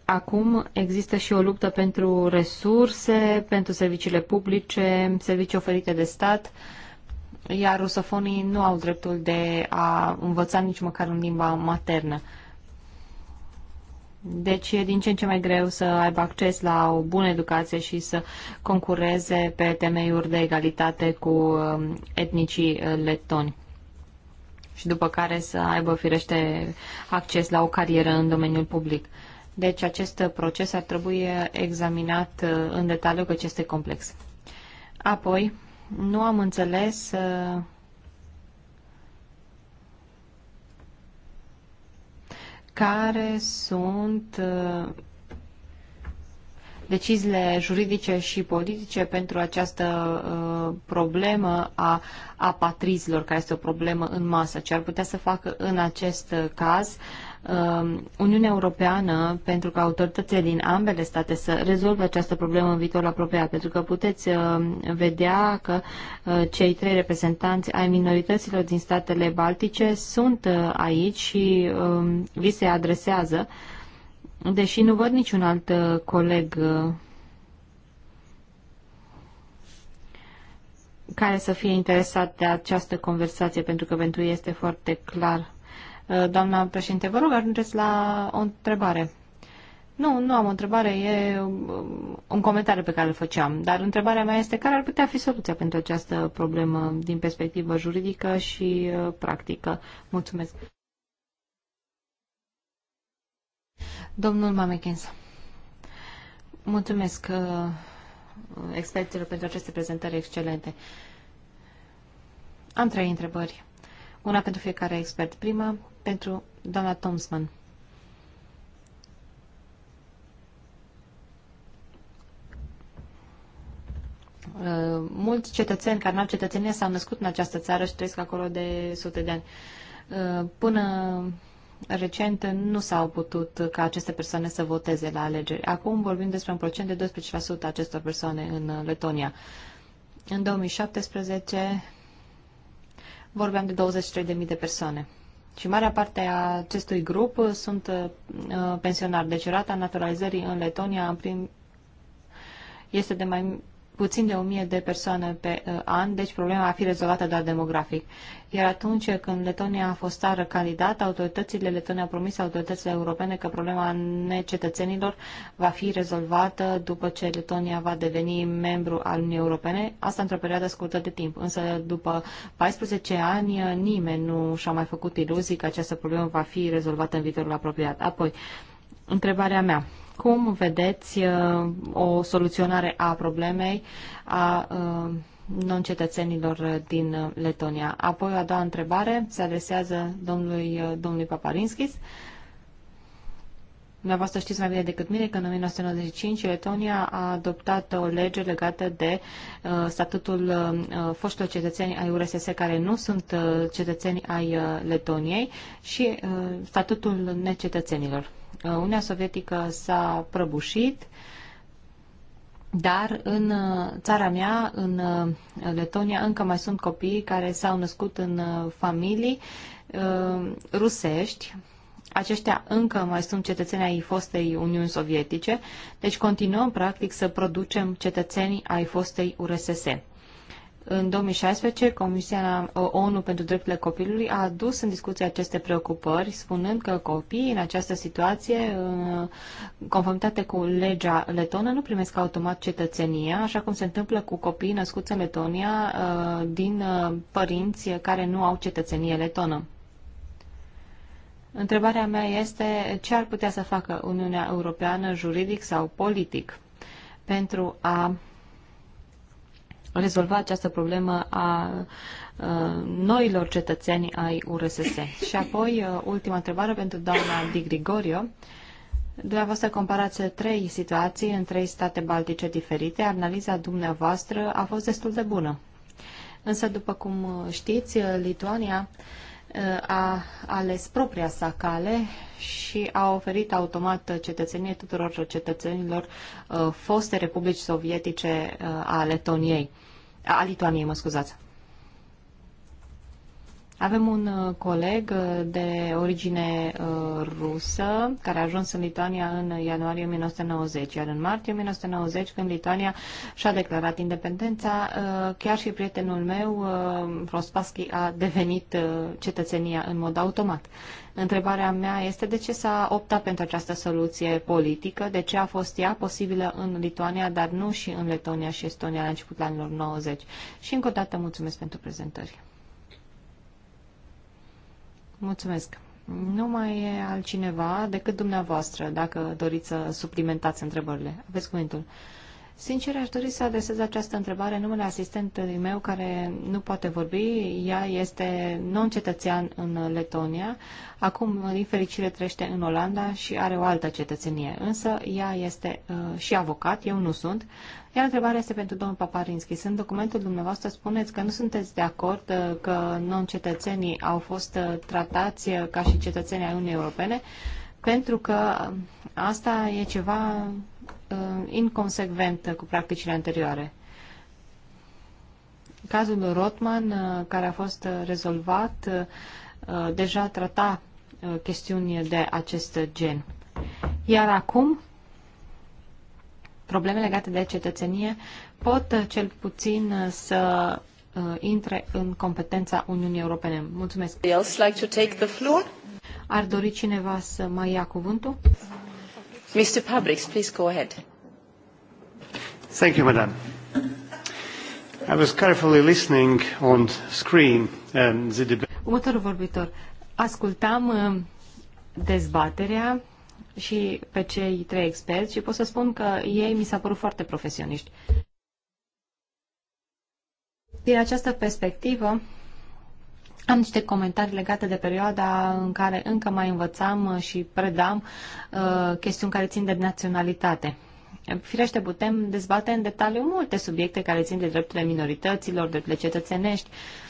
Acum există și o luptă pentru resurse, pentru serviciile publice, servicii oferite de stat, iar rusofonii nu au dreptul de a învăța nici măcar în limba maternă. Deci e din ce în ce mai greu să aibă acces la o bună educație și să concureze pe temeiuri de egalitate cu um, etnicii uh, letoni și după care să aibă firește acces la o carieră în domeniul public. Deci acest proces ar trebui examinat uh, în detaliu că este complex. Apoi, nu am înțeles uh, care sunt uh, deciziile juridice și politice pentru această uh, problemă a apatrizilor, care este o problemă în masă. Ce ar putea să facă în acest caz uh, Um, Uniunea Europeană pentru că autoritățile din ambele state să rezolve această problemă în viitorul apropiat, pentru că puteți um, vedea că uh, cei trei reprezentanți ai minorităților din statele baltice sunt uh, aici și um, vi se adresează, deși nu văd niciun alt uh, coleg care să fie interesat de această conversație, pentru că pentru ei este foarte clar Eh, doamna președinte, vă rog, ajungeți la o întrebare. Nu, nu am o întrebare, e um, un comentariu pe care îl făceam, dar întrebarea mea este care ar putea fi soluția pentru această problemă din perspectivă juridică și uh, practică. Mulțumesc. Domnul Mamechens, mulțumesc uh, experților pentru aceste prezentări excelente. Am trei întrebări, una pentru fiecare expert. Prima, pentru doamna Thompson. Uh, mulți cetățeni care nu au cetățenie s-au născut în această țară și trăiesc acolo de sute de ani. Uh, până recent nu s-au putut ca aceste persoane să voteze la alegeri. Acum vorbim despre un procent de 12% acestor persoane în Letonia. În 2017 vorbeam de 23.000 de persoane. Și marea parte a acestui grup sunt uh, pensionari. Deci rata naturalizării în Letonia în prim, este de mai puțin de 1000 de persoane pe uh, an, deci problema va fi rezolvată doar demografic. Iar atunci când Letonia a fost țară candidată, autoritățile Letonia au promis autoritățile europene că problema necetățenilor va fi rezolvată după ce Letonia va deveni membru al Uniunii Europene, asta într-o perioadă scurtă de timp. Însă după 14 ani nimeni nu și-a mai făcut iluzii că această problemă va fi rezolvată în viitorul apropiat. Apoi, întrebarea mea cum vedeți uh, o soluționare a problemei a uh, non-cetățenilor din Letonia? Apoi, a doua întrebare se adresează domnului, uh, domnului Paparinskis. Uh, Dumneavoastră știți mai bine decât mine că în 1995 Letonia a adoptat o lege legată de uh, statutul uh, foștilor cetățeni ai URSS care nu sunt uh, cetățeni ai uh, Letoniei și uh, statutul necetățenilor. Uh, Uniunea Sovietică s-a prăbușit, dar în uh, țara mea, în uh, Letonia, încă mai sunt copii care s-au născut în uh, familii uh, rusești, aceștia încă mai sunt cetățeni ai fostei Uniuni Sovietice, deci continuăm practic să producem cetățenii ai fostei URSS. În 2016, Comisia ONU pentru Drepturile Copilului a adus în discuție aceste preocupări, spunând că copiii în această situație, în conformitate cu legea letonă, nu primesc automat cetățenia, așa cum se întâmplă cu copiii născuți în Letonia uh, din uh, părinți care nu au cetățenie letonă. Întrebarea mea este ce ar putea să facă Uniunea Europeană juridic sau politic pentru a rezolva această problemă a noilor cetățeni ai URSS. Și apoi, ultima întrebare pentru doamna Di Grigorio. Dumneavoastră comparați trei situații în trei state baltice diferite. Analiza dumneavoastră a fost destul de bună. Însă, după cum știți, Lituania Uh, a ales propria sa cale și a oferit automat cetățenie tuturor cetățenilor uh, foste republici sovietice uh, a Letoniei, a Lituaniei, mă scuzați. Avem un uh, coleg uh, de origine uh, rusă care a ajuns în Lituania în ianuarie 1990, iar în martie 1990, când Lituania și-a declarat independența, chiar și prietenul meu, Frospaschi, a devenit cetățenia în mod automat. Întrebarea mea este de ce s-a optat pentru această soluție politică, de ce a fost ea posibilă în Lituania, dar nu și în Letonia și Estonia la începutul anilor 90. Și încă o dată mulțumesc pentru prezentări. Mulțumesc. Nu mai e altcineva decât dumneavoastră, dacă doriți să suplimentați întrebările. Aveți cuvântul. Sincer, aș dori să adresez această întrebare numele asistentului meu care nu poate vorbi. Ea este non-cetățean în Letonia. Acum, din fericire, trește în Olanda și are o altă cetățenie. Însă, ea este uh, și avocat, eu nu sunt, iar întrebarea este pentru domnul Paparinski. Sunt documentul dumneavoastră spuneți că nu sunteți de acord uh, că non-cetățenii au fost uh, tratați uh, ca și cetățenii ai Uniunii Europene, pentru că asta e ceva inconsecvent cu practicile anterioare. Cazul Rotman, care a fost rezolvat, deja trata chestiuni de acest gen. Iar acum probleme legate de cetățenie pot uh, cel puțin uh, să uh, intre în competența Uniunii Europene. Mulțumesc. like to take the floor? Ar dori cineva să mai ia cuvântul? Mr. Pabrix, please go ahead. Thank you, madam. I was carefully listening on screen um, the debate. Următorul vorbitor. Ascultam dezbaterea și pe cei trei experți și pot să spun că ei mi s-au părut foarte profesioniști. Din această perspectivă, am niște comentarii legate de perioada în care încă mai învățam și predam uh, chestiuni care țin de naționalitate. Firește, putem dezbate în detaliu multe subiecte care țin de drepturile minorităților, drepturile cetățenești, uh,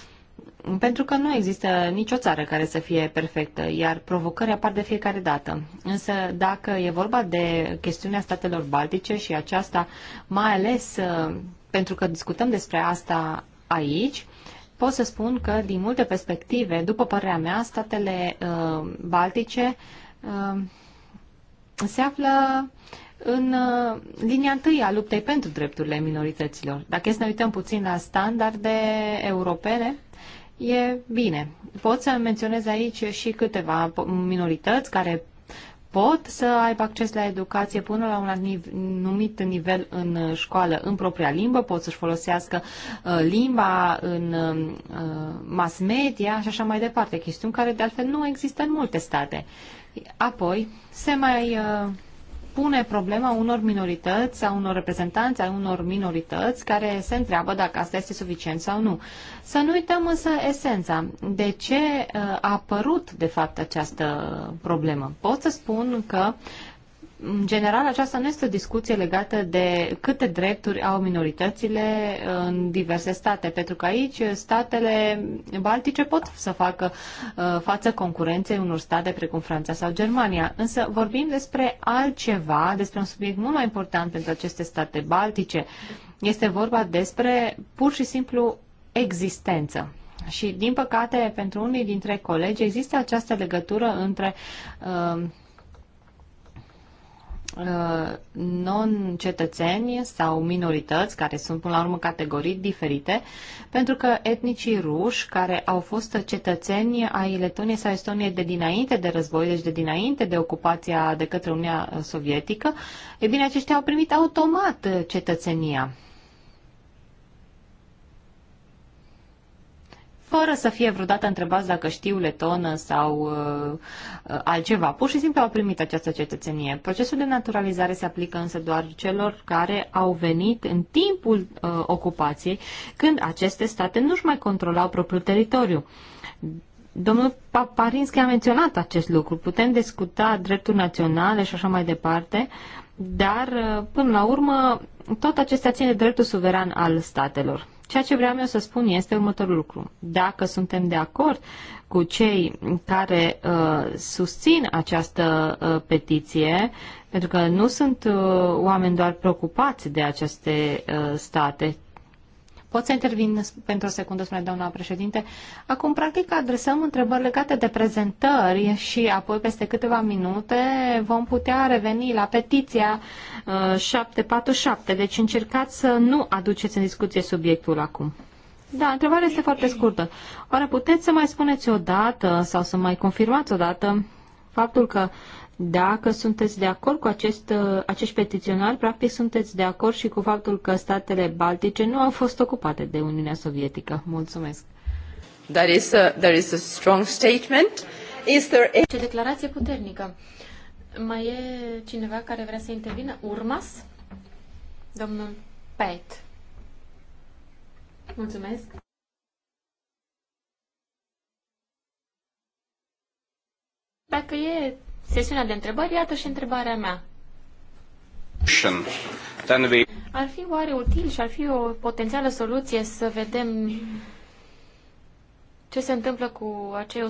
pentru că nu există nicio țară care să fie perfectă, iar provocări apar de fiecare dată. Însă dacă e vorba de chestiunea statelor baltice și aceasta, mai ales uh, pentru că discutăm despre asta aici, pot să spun că din multe perspective, după părerea mea, statele uh, baltice uh, se află în uh, linia întâi a luptei pentru drepturile minorităților. Dacă e să ne uităm puțin la standarde europene, e bine. Pot să menționez aici și câteva minorități care pot să aibă acces la educație până la un anumit nivel în școală, în propria limbă, pot să-și folosească uh, limba în uh, mass media și așa mai departe, chestiuni care de altfel nu există în multe state. Apoi, se mai uh, pune problema unor minorități sau unor reprezentanți a unor minorități care se întreabă dacă asta este suficient sau nu. Să nu uităm însă esența. De ce uh, a apărut de fapt această problemă? Pot să spun că în general, aceasta nu este o discuție legată de câte drepturi au minoritățile în diverse state, pentru că aici statele baltice pot să facă uh, față concurenței unor state precum Franța sau Germania. Însă vorbim despre altceva, despre un subiect mult mai important pentru aceste state baltice. Este vorba despre pur și simplu existență. Și, din păcate, pentru unii dintre colegi există această legătură între uh, Uh, non-cetățeni sau minorități, care sunt până la urmă categorii diferite, pentru că etnicii ruși care au fost cetățeni ai Letoniei sau Estoniei de dinainte de război, deci de dinainte de ocupația de către Uniunea Sovietică, e bine, aceștia au primit automat cetățenia. fără să fie vreodată întrebați dacă știu letonă sau uh, altceva. Pur și simplu au primit această cetățenie. Procesul de naturalizare se aplică însă doar celor care au venit în timpul uh, ocupației, când aceste state nu-și mai controlau propriul teritoriu. Domnul Paparinski a menționat acest lucru. Putem discuta drepturi naționale și așa mai departe, dar, uh, până la urmă, tot acestea ține dreptul suveran al statelor. Ceea ce vreau eu să spun este următorul lucru. Dacă suntem de acord cu cei care uh, susțin această uh, petiție, pentru că nu sunt uh, oameni doar preocupați de aceste uh, state, Pot să intervin pentru o secundă, spune doamna președinte. Acum, practic, adresăm întrebări legate de prezentări și apoi, peste câteva minute, vom putea reveni la petiția uh, 747. Deci încercați să nu aduceți în discuție subiectul acum. Da, întrebarea este foarte scurtă. Oare puteți să mai spuneți o dată sau să mai confirmați o dată faptul că dacă sunteți de acord cu acest, uh, acești petiționari, practic sunteți de acord și cu faptul că statele baltice nu au fost ocupate de Uniunea Sovietică. Mulțumesc. That is a, that is a strong statement. Is there a... Ce declarație puternică. Mai e cineva care vrea să intervină? Urmas? Domnul Pet. Mulțumesc. Dacă e sesiunea de întrebări, iată și întrebarea mea. Ar fi oare util și ar fi o potențială soluție să vedem ce se întâmplă cu acei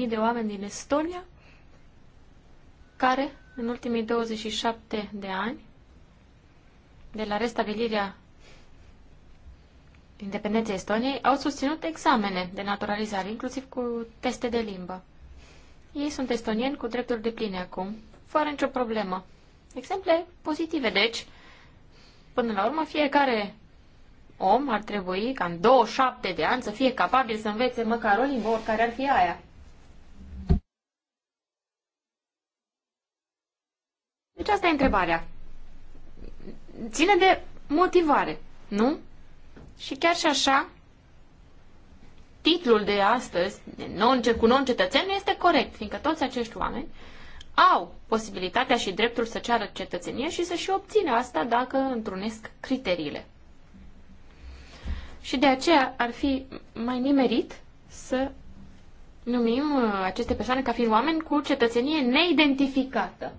161.000 de oameni din Estonia care în ultimii 27 de ani de la restabilirea independenței Estoniei au susținut examene de naturalizare, inclusiv cu teste de limbă. Ei sunt estonieni cu drepturi de pline acum, fără nicio problemă. Exemple pozitive, deci. Până la urmă, fiecare om ar trebui, ca în 27 de ani, să fie capabil să învețe măcar o limbă, oricare ar fi aia. Deci asta e întrebarea. Ține de motivare, nu? Și chiar și așa, titlul de astăzi, de non, cu non-cetățeni, nu este corect, fiindcă toți acești oameni au posibilitatea și dreptul să ceară cetățenie și să și obțină asta dacă întrunesc criteriile. Și de aceea ar fi mai nimerit să numim uh, aceste persoane ca fiind oameni cu cetățenie neidentificată.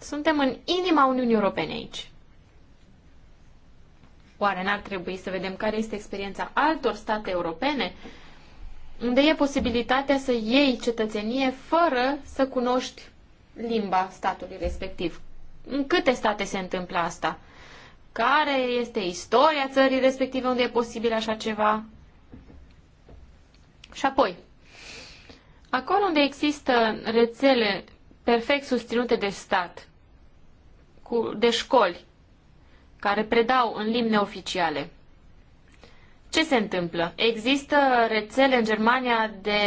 Suntem în inima Uniunii Europene aici. Oare n-ar trebui să vedem care este experiența altor state europene unde e posibilitatea să iei cetățenie fără să cunoști limba statului respectiv? În câte state se întâmplă asta? Care este istoria țării respective unde e posibil așa ceva? Și apoi, acolo unde există rețele perfect susținute de stat, cu, de școli, care predau în limbi neoficiale. Ce se întâmplă? Există rețele în Germania de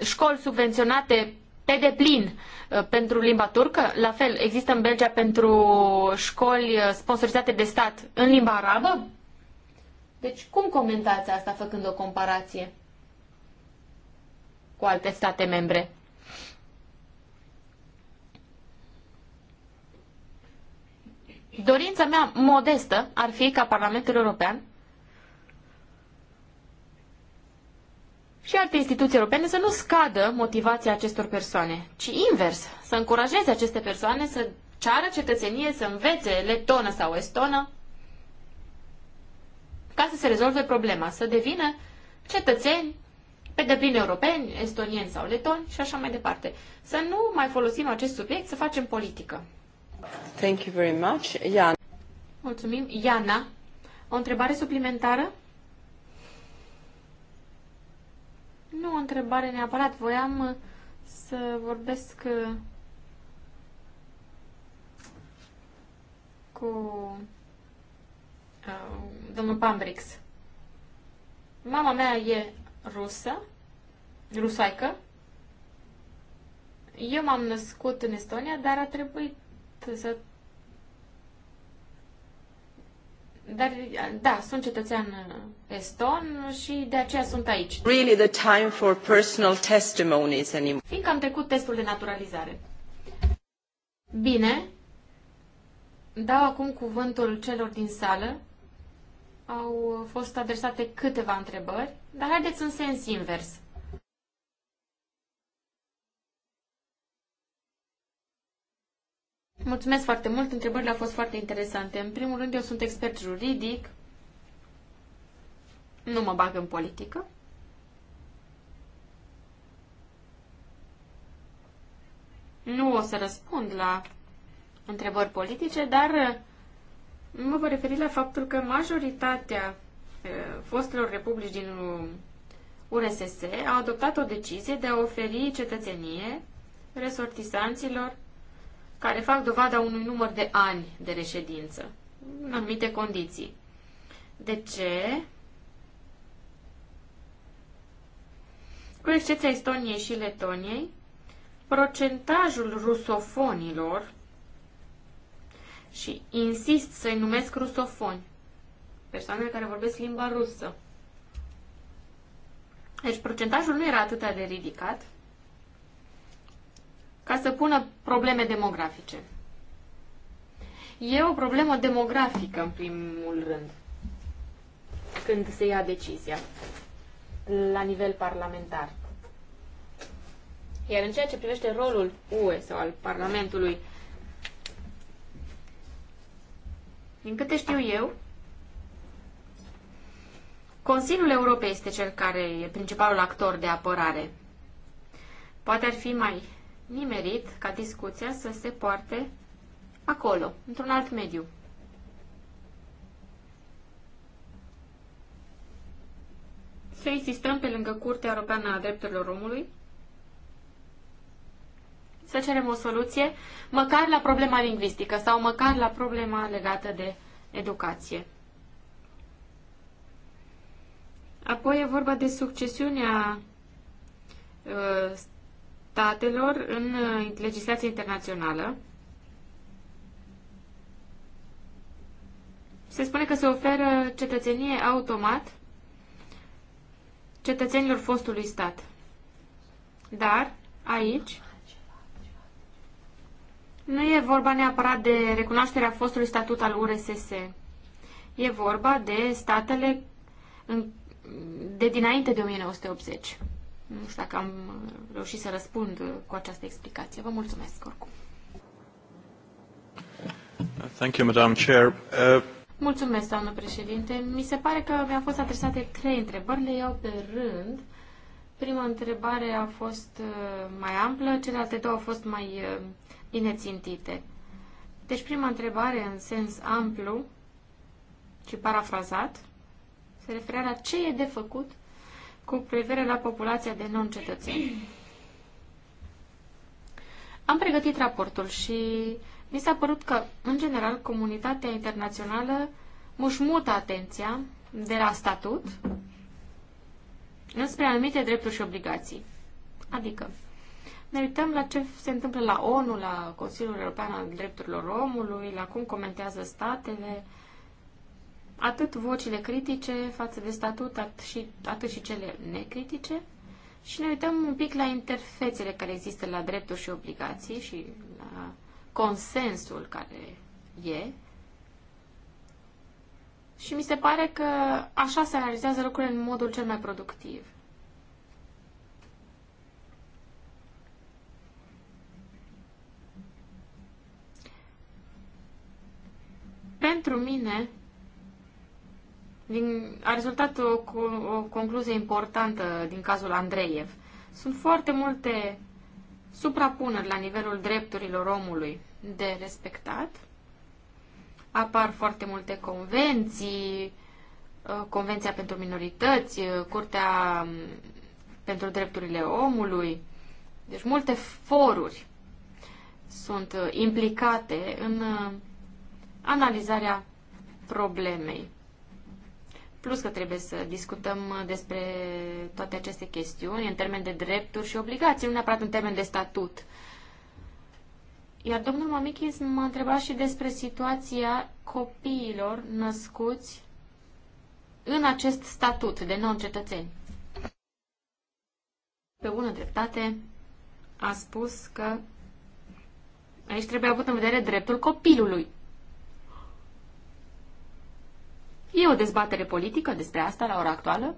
școli subvenționate pe deplin uh, pentru limba turcă. La fel, există în Belgia pentru școli uh, sponsorizate de stat în limba arabă. Deci, cum comentați asta făcând o comparație cu alte state membre? Dorința mea modestă ar fi ca Parlamentul European și alte instituții europene să nu scadă motivația acestor persoane, ci invers, să încurajeze aceste persoane să ceară cetățenie, să învețe letonă sau estonă, ca să se rezolve problema, să devină cetățeni pe deplin europeni, estonieni sau letoni și așa mai departe. Să nu mai folosim acest subiect, să facem politică. Thank you very much. Iana. Mulțumim. Iana, o întrebare suplimentară? Nu o întrebare neapărat. Voiam uh, să vorbesc uh, cu uh, domnul Pambrix. Mama mea e rusă, rusaică. Eu m-am născut în Estonia, dar a trebuit să... Dar, da, sunt cetățean eston și de aceea sunt aici. Really the time for personal testimonies anymore. Fiindcă am trecut testul de naturalizare. Bine, dau acum cuvântul celor din sală. Au fost adresate câteva întrebări, dar haideți în sens invers. Mulțumesc foarte mult. Întrebările au fost foarte interesante. În primul rând, eu sunt expert juridic. Nu mă bag în politică. Nu o să răspund la întrebări politice, dar uh, mă voi referi la faptul că majoritatea uh, fostelor republici din URSS au adoptat o decizie de a oferi cetățenie resortisanților care fac dovada unui număr de ani de reședință, în anumite condiții. De ce? Cu excepția Estoniei și Letoniei, procentajul rusofonilor, și insist să-i numesc rusofoni, persoanele care vorbesc limba rusă. Deci procentajul nu era atât de ridicat, ca să pună probleme demografice. E o problemă demografică, în primul rând, când se ia decizia la nivel parlamentar. Iar în ceea ce privește rolul UE sau al Parlamentului, din câte știu eu, Consiliul Europei este cel care e principalul actor de apărare. Poate ar fi mai nimerit ca discuția să se poarte acolo, într-un alt mediu. Să insistăm pe lângă Curtea Europeană a Drepturilor Omului, să cerem o soluție, măcar la problema lingvistică sau măcar la problema legată de educație. Apoi e vorba de succesiunea uh, statelor în uh, legislația internațională. Se spune că se oferă cetățenie automat cetățenilor fostului stat. Dar, aici, nu e vorba neapărat de recunoașterea fostului statut al URSS. E vorba de statele de dinainte de 1980. Nu știu dacă am reușit să răspund cu această explicație. Vă mulțumesc oricum. Thank you, Madam Chair. Uh... Mulțumesc, doamnă președinte. Mi se pare că mi-au fost adresate trei întrebări, le iau pe rând. Prima întrebare a fost uh, mai amplă, celelalte două au fost mai bine uh, țintite. Deci prima întrebare în sens amplu și parafrazat se referea la ce e de făcut cu privire la populația de non-cetățeni. Am pregătit raportul și mi s-a părut că, în general, comunitatea internațională mușmută atenția de la statut înspre anumite drepturi și obligații. Adică, ne uităm la ce se întâmplă la ONU, la Consiliul European al Drepturilor Omului, la cum comentează statele, uh, atât vocile critice față de statut, atât și, atât și cele necritice, și ne uităm un pic la interfețele care există la drepturi și obligații și la consensul care e. Și mi se pare că așa se realizează lucrurile în modul cel mai productiv. Pentru mine, din, a rezultat o, o concluzie importantă din cazul Andreev. Sunt foarte multe suprapuneri la nivelul drepturilor omului de respectat. Apar foarte multe convenții, uh, Convenția pentru minorități, uh, Curtea um, pentru drepturile omului. Deci multe foruri sunt uh, implicate în analizarea problemei. Plus că trebuie să discutăm uh, despre toate aceste chestiuni în termen de drepturi și obligații, nu neapărat în termen de statut. Iar domnul Mamichis m-a întrebat și despre situația copiilor născuți în acest statut de non-cetățeni. Pe bună dreptate a spus că aici trebuie avut în vedere dreptul copilului E o dezbatere politică despre asta la ora actuală?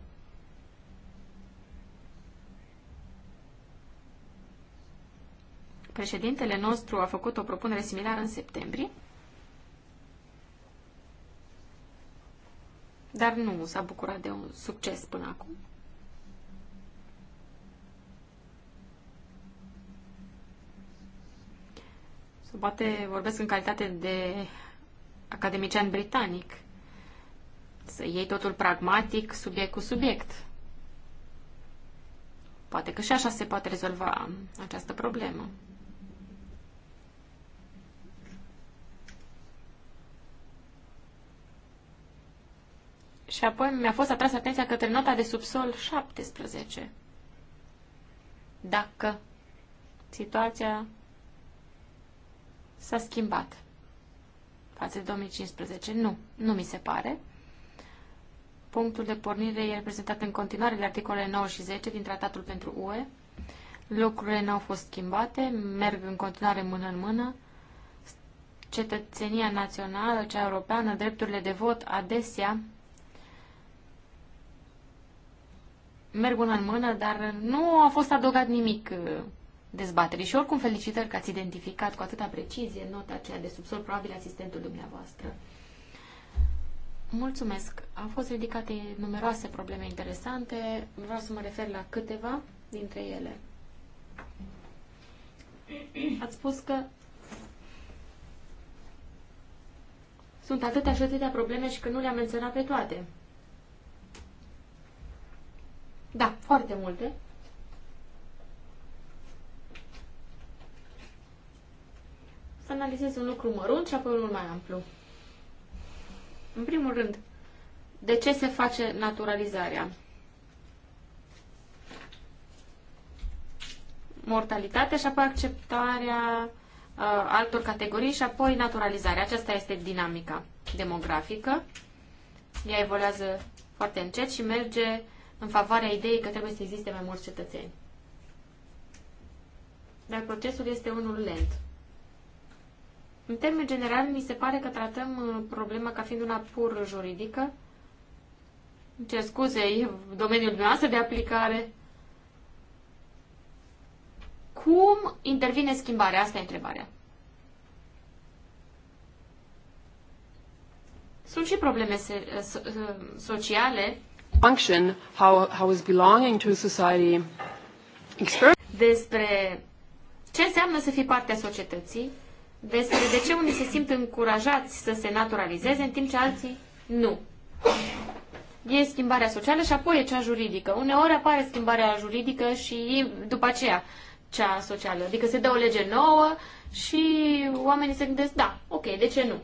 Președintele nostru a făcut o propunere similară în septembrie, dar nu s-a bucurat de un succes până acum. Sau poate vorbesc în calitate de academician britanic să iei totul pragmatic, subiect cu subiect. Poate că și așa se poate rezolva această problemă. Și apoi mi-a fost atras atenția către nota de subsol 17. Dacă situația s-a schimbat față de 2015. Nu, nu mi se pare. Punctul de pornire e reprezentat în continuare de articolele 9 și 10 din Tratatul pentru UE. Lucrurile n-au fost schimbate, merg în continuare mână în mână. Cetățenia națională, cea europeană, drepturile de vot adesea merg mână în mână, dar nu a fost adăugat nimic uh, dezbaterii. Și oricum felicitări că ați identificat cu atâta precizie nota aceea de subsol, probabil asistentul dumneavoastră. Mulțumesc. Au fost ridicate numeroase probleme interesante. Vreau să mă refer la câteva dintre ele. Ați spus că sunt atâtea și atâtea probleme și că nu le-am menționat pe toate. Da, foarte multe. Să analizez un lucru mărunt și apoi unul mai amplu. În primul rând, de ce se face naturalizarea? Mortalitatea și apoi acceptarea uh, altor categorii și apoi naturalizarea. Aceasta este dinamica demografică. Ea evoluează foarte încet și merge în favoarea ideii că trebuie să existe mai mulți cetățeni. Dar procesul este unul lent. În termen general, mi se pare că tratăm uh, problema ca fiind una pur juridică. Ce scuze, e domeniul dumneavoastră de aplicare. Cum intervine schimbarea? Asta e întrebarea. Sunt și probleme uh, uh, sociale. Function, how, how is belonging to society. Despre ce înseamnă să fii parte a societății, despre de ce unii se simt încurajați să se naturalizeze, în timp ce alții nu. E schimbarea socială și apoi e cea juridică. Uneori apare schimbarea juridică și după aceea cea socială. Adică se dă o lege nouă și oamenii se gândesc, da, ok, de ce nu?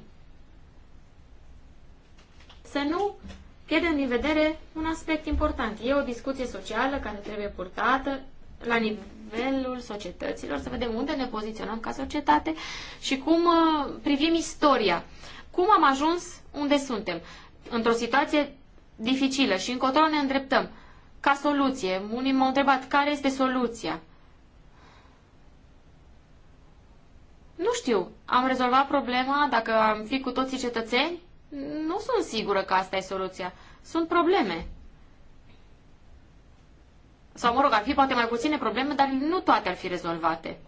Să nu pierdem din vedere un aspect important. E o discuție socială care trebuie purtată la nivel nivelul societăților, să vedem unde ne poziționăm ca societate și cum uh, privim istoria. Cum am ajuns unde suntem? Într-o situație dificilă și încotro ne îndreptăm. Ca soluție, unii m-au întrebat care este soluția. Nu știu, am rezolvat problema dacă am fi cu toții cetățeni? Nu sunt sigură că asta e soluția. Sunt probleme sau mă rog, ar fi poate mai puține probleme, dar nu toate ar fi rezolvate.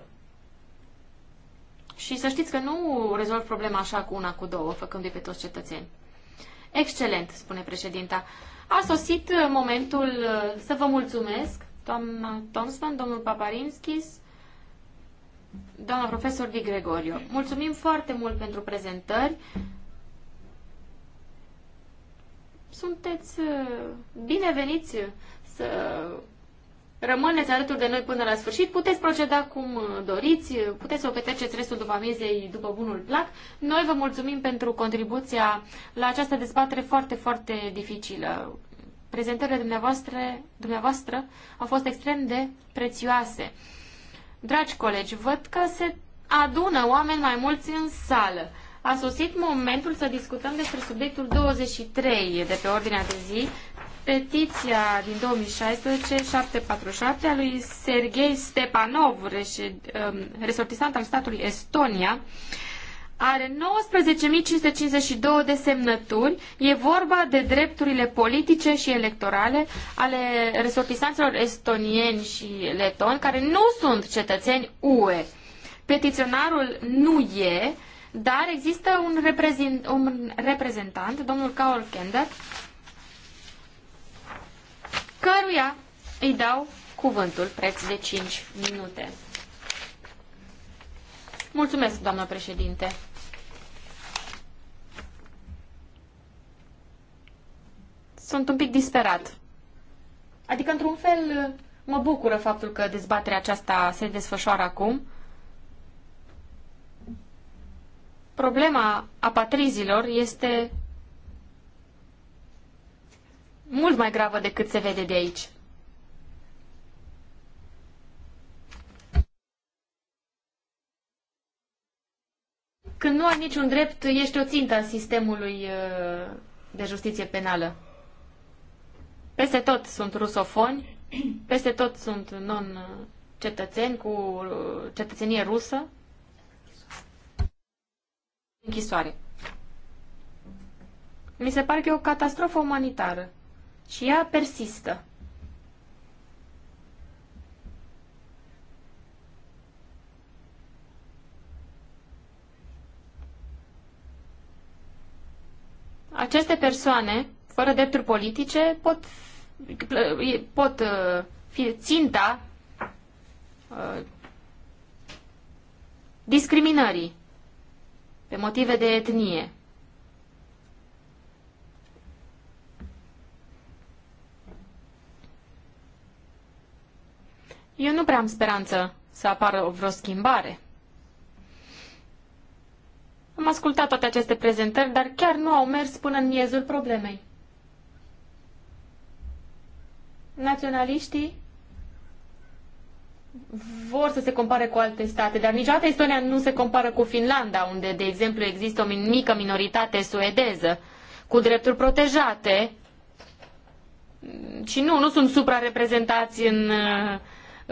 Și să știți că nu rezolv problema așa cu una, cu două, făcându-i pe toți cetățeni. Excelent, spune președinta. A sosit uh, momentul uh, să vă mulțumesc, doamna Tomsman, domnul Paparinskis, doamna profesor Di Gregorio. Mulțumim foarte mult pentru prezentări. Sunteți uh, bineveniți să Rămâneți alături de noi până la sfârșit, puteți proceda cum uh, doriți, puteți să o petreceți restul după amiezei după bunul plac. Noi vă mulțumim pentru contribuția la această dezbatere foarte, foarte dificilă. Prezentările dumneavoastră, dumneavoastră au fost extrem de prețioase. Dragi colegi, văd că se adună oameni mai mulți în sală. A sosit momentul să discutăm despre subiectul 23 de pe ordinea de zi, petiția din 2016, 747, a lui Serghei Stepanov, um, resortisant al statului Estonia, are 19.552 de semnături. E vorba de drepturile politice și electorale ale resortisanților estonieni și letoni care nu sunt cetățeni UE. Petiționarul nu e, dar există un, reprezent, un reprezentant, domnul Kaol Kender, căruia îi dau cuvântul preț de 5 minute. Mulțumesc, doamnă președinte. Sunt un pic disperat. Adică, într-un fel, mă bucură faptul că dezbaterea aceasta se desfășoară acum. Problema apatrizilor este mult mai gravă decât se vede de aici. Când nu ai niciun drept, ești o țintă a sistemului uh, de justiție penală. Peste tot sunt rusofoni, peste tot sunt non-cetățeni cu uh, cetățenie rusă. Închisoare. Mi se pare că e o catastrofă umanitară și ea persistă. Aceste persoane, fără drepturi politice, pot, pot uh, fi ținta uh, discriminării pe motive de etnie. Eu nu prea am speranță să apară o vreo schimbare. Am ascultat toate aceste prezentări, dar chiar nu au mers până în miezul problemei. Naționaliștii vor să se compare cu alte state, dar niciodată Estonia nu se compară cu Finlanda, unde, de exemplu, există o mică minoritate suedeză, cu drepturi protejate. Mm, și nu, nu sunt suprareprezentați în da.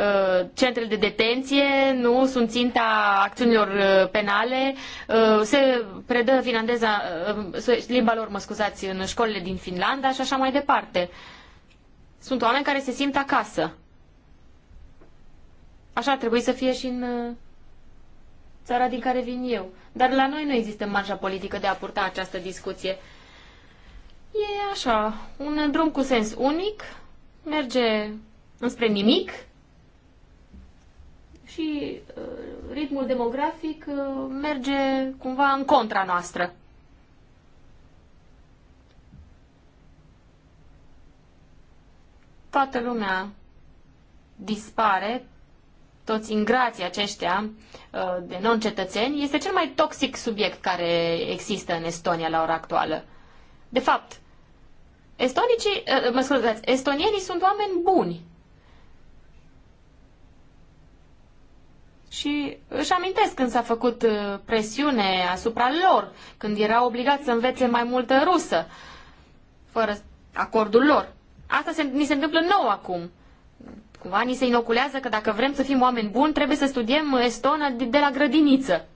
Uh, centre de detenție nu sunt ținta acțiunilor uh, penale, uh, se predă finlandeza, limba lor, mă scuzați, în școlile din Finlanda și așa mai departe. Sunt oameni care se simt acasă. Așa ar trebui să fie și în țara din care vin eu. Dar la noi nu există marja politică de a purta această discuție. E așa, un drum cu sens unic, merge înspre nimic și uh, ritmul demografic uh, merge cumva în contra noastră. Toată lumea dispare, toți ingrații aceștia uh, de non-cetățeni, este cel mai toxic subiect care există în Estonia la ora actuală. De fapt, estonicii, mă scuzați, estonienii sunt oameni buni, și își amintesc când s-a făcut uh, presiune asupra lor, când erau obligați să învețe mai multă rusă, fără acordul lor. Asta se, ni se întâmplă nou acum. Cumva ni se inoculează că dacă vrem să fim oameni buni, trebuie să studiem estonă de, de la grădiniță.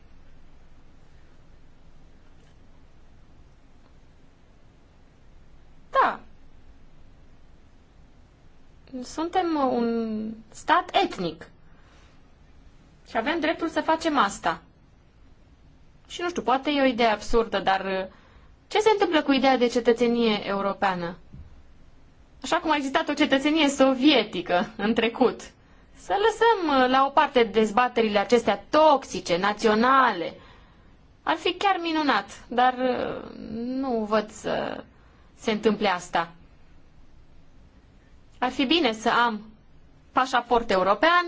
Da. Suntem un stat etnic. Și avem dreptul să facem asta. Și nu știu, poate e o idee absurdă, dar uh, ce se întâmplă cu ideea de cetățenie europeană? Așa cum a existat o cetățenie sovietică în trecut. Să lăsăm uh, la o parte dezbaterile acestea toxice, naționale. Ar fi chiar minunat, dar uh, nu văd să se întâmple asta. Ar fi bine să am pașaport european,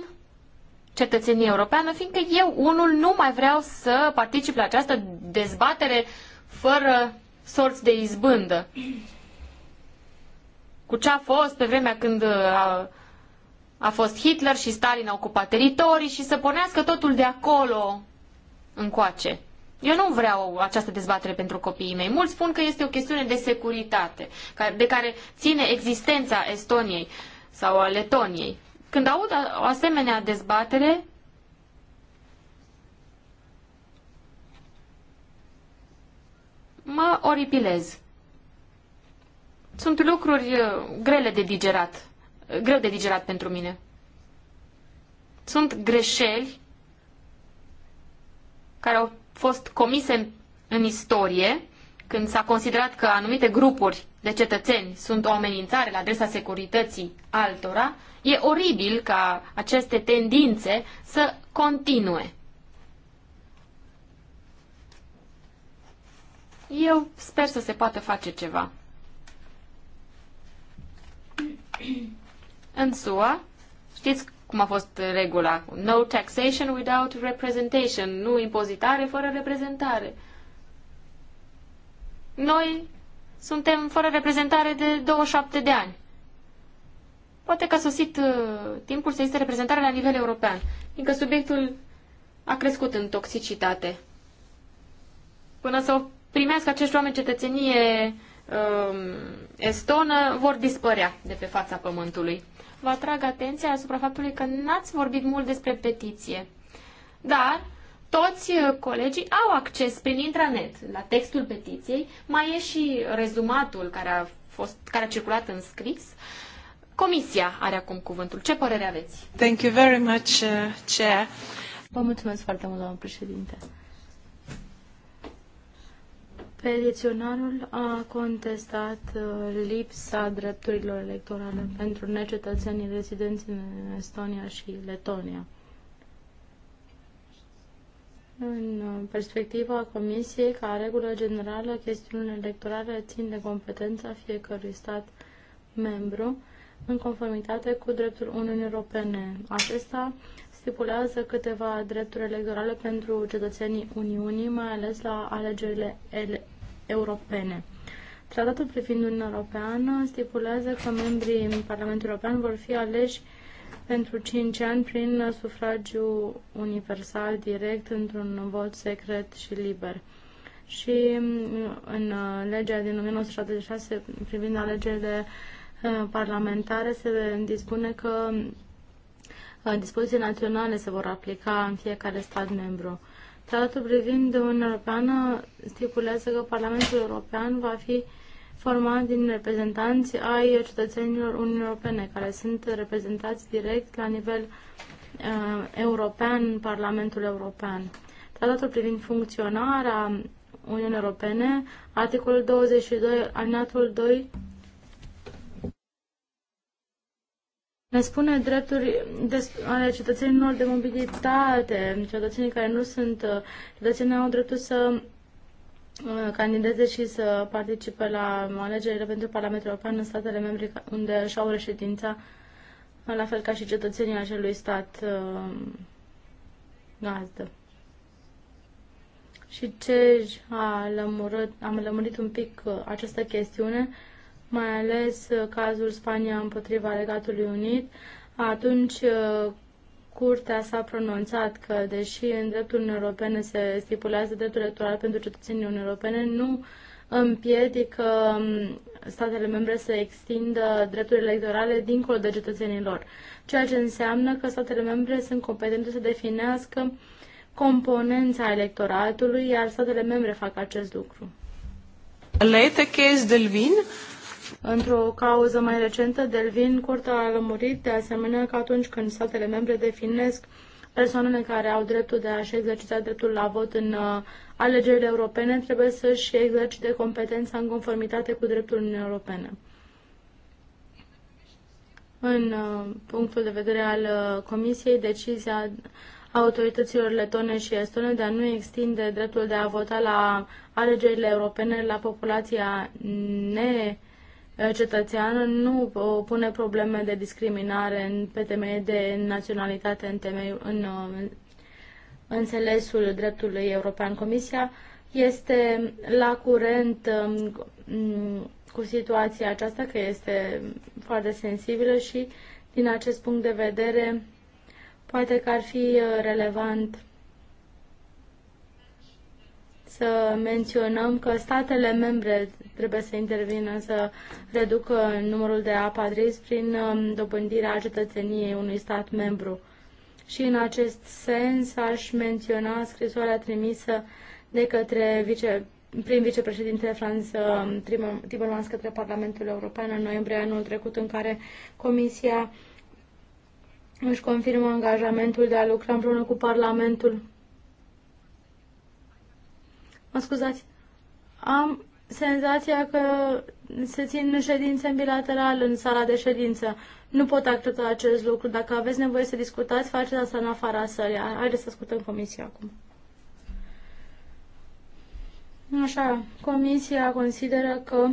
cetățenie europeană, fiindcă eu, unul, nu mai vreau să particip la această dezbatere fără sorți de izbândă. Cu ce a fost pe vremea când a, a fost Hitler și Stalin a ocupat teritorii și să pornească totul de acolo încoace. Eu nu vreau această dezbatere pentru copiii mei. Mulți spun că este o chestiune de securitate, de care ține existența Estoniei sau a Letoniei. Când aud o asemenea dezbatere, mă oripilez. Sunt lucruri uh, grele de digerat, uh, greu de digerat pentru mine. Sunt greșeli care au fost comise în istorie când s-a considerat că anumite grupuri de cetățeni sunt o amenințare la adresa securității altora, e oribil ca aceste tendințe să continue. Eu sper să se poată face ceva. În SUA, știți cum a fost regula? No taxation without representation, nu impozitare fără reprezentare. Noi suntem fără reprezentare de 27 de ani. Poate că a sosit uh, timpul să existe reprezentare la nivel european, fiindcă subiectul a crescut în toxicitate. Până să primească acești oameni cetățenie uh, estonă, vor dispărea de pe fața pământului. Vă atrag atenția asupra faptului că n-ați vorbit mult despre petiție. Dar toți uh, colegii au acces prin intranet la textul petiției, mai e și rezumatul care a, fost, care a circulat în scris. Comisia are acum cuvântul. Ce părere aveți? Thank you very much, uh, Chair. Vă mulțumesc foarte mult, doamnă președinte. Petiționarul a contestat uh, lipsa drepturilor electorale pentru necetățenii rezidenți în Estonia și Letonia. În perspectiva Comisiei, ca regulă generală, chestiunile electorale țin de competența fiecărui stat membru în conformitate cu dreptul Uniunii Europene. Acesta stipulează câteva drepturi electorale pentru cetățenii Uniunii, mai ales la alegerile ele europene. Tratatul privind Uniunea Europeană stipulează că membrii Parlamentului European vor fi aleși pentru 5 ani prin sufragiu universal direct într-un vot secret și liber. Și mm, în uh, legea din 1976 privind alegerile uh, parlamentare se dispune că uh, dispoziții naționale se vor aplica în fiecare stat membru. Tratatul privind Uniunea Europeană stipulează că Parlamentul European va fi uh, format din reprezentanți ai cetățenilor Uniunii Europene, care sunt reprezentați direct la nivel uh, european în Parlamentul European. Tratatul privind funcționarea Uniunii Europene, articolul 22, alineatul 2, ne spune drepturi ale cetățenilor de mobilitate. Cetățenii care nu sunt uh, cetățenii au dreptul să Uh, candideze și să participe la alegerile pentru Parlamentul European în statele membre unde își au reședința, la fel ca și cetățenii acelui stat gazdă. Uh, și ce a lămurit, am lămurit un pic uh, această chestiune, mai ales cazul Spania împotriva Legatului Unit, atunci Curtea s-a pronunțat că, deși în dreptul Uniunii Europene se stipulează dreptul electoral pentru cetățenii Uniunii Europene, nu împiedică um, statele membre să extindă drepturile electorale dincolo de cetățenii lor. ceea ce înseamnă că statele membre sunt competente să definească componența electoratului, iar statele membre fac acest lucru. Lei case del vin, Într-o cauză mai recentă, Delvin, Curtea a lămurit de asemenea că atunci când statele membre definesc persoanele care au dreptul de a-și exercita dreptul la vot în uh, alegerile europene, trebuie să-și exercite competența în conformitate cu dreptul Uniunii Europene. În uh, punctul de vedere al uh, Comisiei, decizia autorităților letone și estone de a nu extinde dreptul de a vota la alegerile europene la populația ne Eh, cetățean nu pune probleme de discriminare în, pe temeie de naționalitate în, temei, în, uh, în înțelesul dreptului european. Comisia este la curent um, mm, cu situația aceasta, că este foarte sensibilă și din acest punct de vedere poate că ar fi uh, relevant să menționăm că statele membre trebuie să intervină să reducă numărul de apatrizi prin um, dobândirea cetățeniei unui stat membru. Și în acest sens aș menționa scrisoarea trimisă de către vice, prin vicepreședintele Franz um, Timmermans către Parlamentul European în noiembrie anul trecut, în care Comisia își confirmă angajamentul de a lucra împreună cu Parlamentul Mă scuzați, am senzația că se țin ședințe bilaterale bilateral în sala de ședință. Nu pot accepta acest lucru. Dacă aveți nevoie să discutați, faceți asta în afara sălii. Haideți să ascultăm comisia acum. Așa, comisia consideră că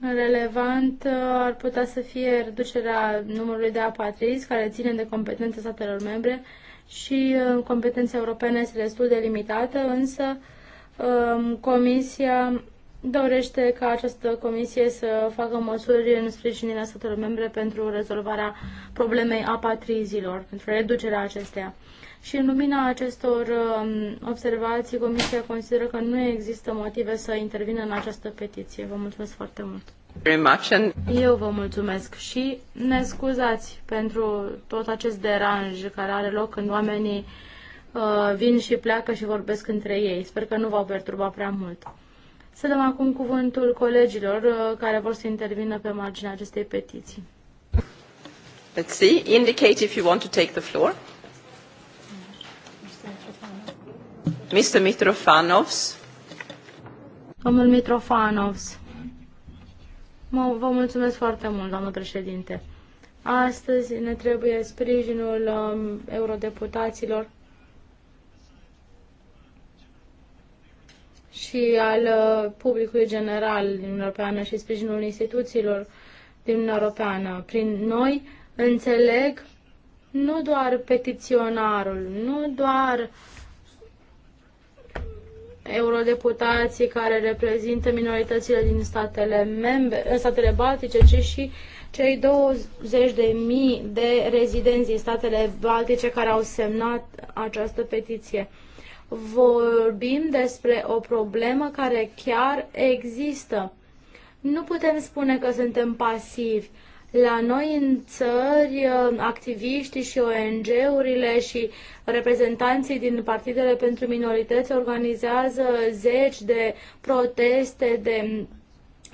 relevant uh, ar putea să fie reducerea numărului de apatrizi care ține de competențe statelor membre și uh, competența europeană este destul de limitată, însă um, Comisia dorește ca această comisie să facă măsuri în sprijinirea statelor membre pentru rezolvarea problemei apatrizilor, pentru reducerea acesteia. Și în lumina acestor um, observații, Comisia consideră că nu există motive să intervină în această petiție. Vă mulțumesc foarte mult! Eu vă mulțumesc și ne scuzați pentru tot acest deranj care are loc când oamenii uh, vin și pleacă și vorbesc între ei. Sper că nu v-au perturbat prea mult. Să dăm acum cuvântul colegilor uh, care vor să intervină pe marginea acestei petiții. Let's see. Indicate if you want to take the floor. Mr. Mitrofanovs. Domnul Mitrofanovs. Mă, vă mulțumesc foarte mult, doamnă președinte. Astăzi ne trebuie sprijinul um, eurodeputaților și al uh, publicului general din Uniunea Europeană și sprijinul instituțiilor din Uniunea Europeană. Prin noi înțeleg nu doar petiționarul, nu doar uh, eurodeputații care reprezintă minoritățile din statele, membre, statele baltice, ci și cei 20.000 de rezidenți din statele baltice care au semnat această petiție. Vorbim despre o problemă care chiar există. Nu putem spune că suntem pasivi la noi în țări, uh, activiștii și ONG-urile și reprezentanții din partidele pentru minorități organizează zeci de proteste, de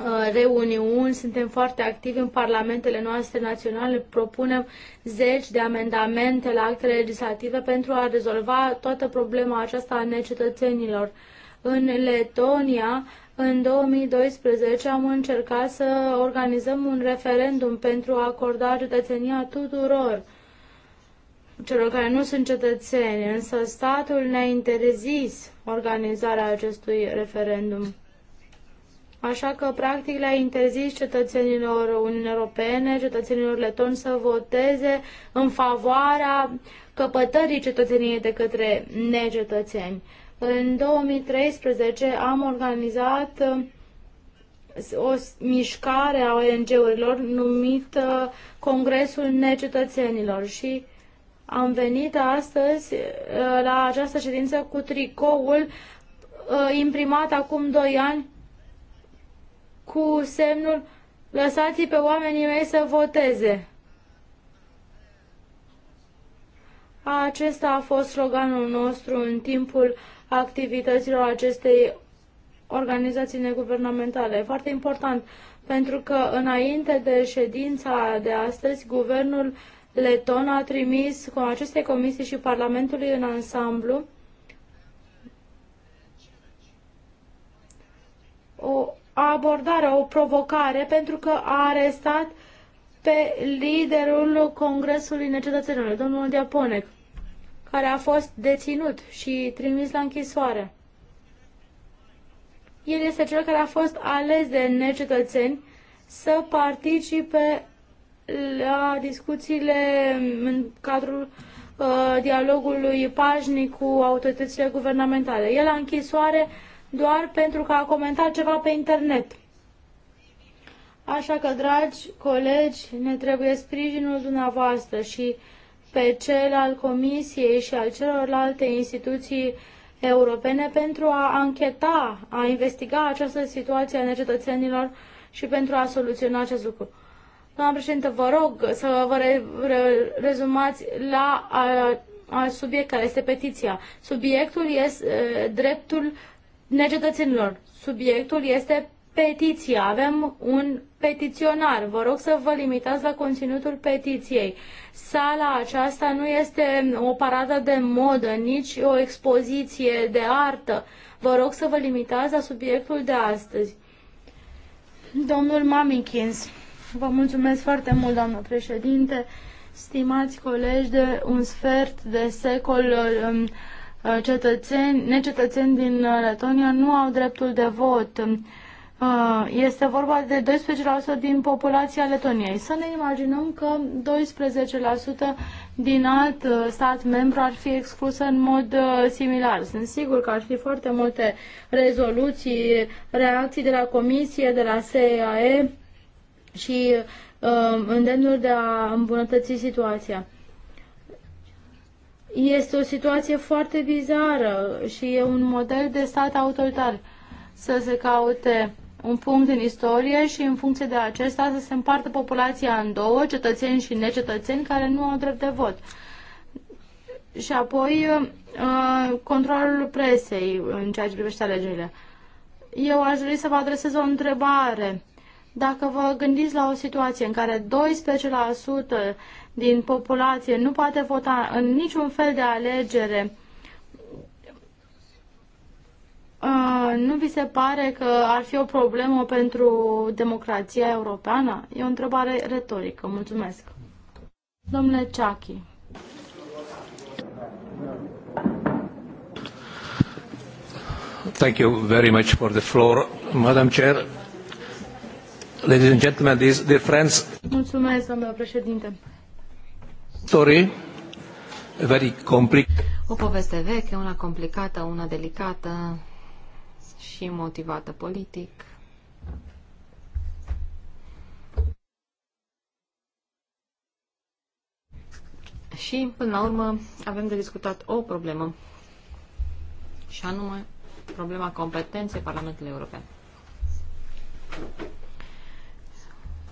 uh, reuniuni, suntem foarte activi în parlamentele noastre naționale, propunem zeci de amendamente la actele legislative pentru a rezolva toată problema aceasta a necetățenilor. În Letonia, în 2012 am încercat să organizăm un referendum pentru a acorda cetățenia tuturor celor care nu sunt cetățeni, însă statul ne-a interzis organizarea acestui referendum. Așa că, practic, le-a interzis cetățenilor Uniunii Europene, cetățenilor letoni să voteze în favoarea căpătării cetățeniei de către necetățeni. În 2013 am organizat uh, o mișcare a ONG-urilor numită Congresul Necetățenilor și am venit astăzi uh, la această ședință cu tricoul uh, imprimat acum 2 ani cu semnul Lăsați pe oamenii mei să voteze. Acesta a fost sloganul nostru în timpul uh, activităților acestei organizații neguvernamentale. foarte important pentru că înainte de ședința de astăzi, guvernul leton a trimis cu aceste comisii și Parlamentului în ansamblu o abordare, o provocare, pentru că a arestat pe liderul Congresului Necetățenilor, domnul Diaponec care a fost deținut și trimis la închisoare. El este cel care a fost ales de necetățeni să participe la discuțiile în cadrul uh, dialogului pașnic cu autoritățile guvernamentale. El a închisoare doar pentru că a comentat ceva pe internet. Așa că, dragi colegi, ne trebuie sprijinul dumneavoastră și uh, pe cel al Comisiei și al celorlalte instituții europene pentru a ancheta, a investiga această situație a necetățenilor și pentru a soluționa acest lucru. Doamna președinte, vă rog să vă re- re- rezumați la a, a subiect care este petiția. Subiectul este e, eh, dreptul necetățenilor. Subiectul este Petiție, avem un petiționar. Vă rog să vă limitați la conținutul petiției. Sala aceasta nu este o paradă de modă, nici o expoziție de artă. Vă rog să vă limitați la subiectul de astăzi. Domnul Mamikins, vă mulțumesc foarte mult, doamnă președinte, stimați colegi de un sfert de secol um, cetățeni, necetățeni din Letonia nu au dreptul de vot. Ah, este vorba de 12% din populația Letoniei. Să ne imaginăm că 12% din alt uh, stat membru ar fi exclusă în mod uh, similar. Sunt sigur că ar fi foarte multe rezoluții, reacții de la Comisie, de la SEAE și uh, îndemnul de a îmbunătăți situația. Este o situație foarte bizară și e un model de stat autoritar să se caute un punct în istorie și în funcție de acesta să se împartă populația în două, cetățeni și necetățeni care nu au drept de vot. Și apoi uh, controlul presei în ceea ce privește alegerile. Eu aș dori să vă adresez o întrebare. Dacă vă gândiți la o situație în care 12% din populație nu poate vota în niciun fel de alegere, Ah, nu vi se pare că ar fi o problemă pentru democrația europeană? E o întrebare retorică. Mulțumesc. Domnule Ceachi. Thank you very much for the floor, Madam Chair. Ladies and gentlemen, these dear friends. Mulțumesc, domnule președinte. Story, very complicated. O poveste veche, una complicată, una delicată, și motivată politic. Și, până la urmă, avem de discutat o problemă, și anume problema competenței Parlamentului European.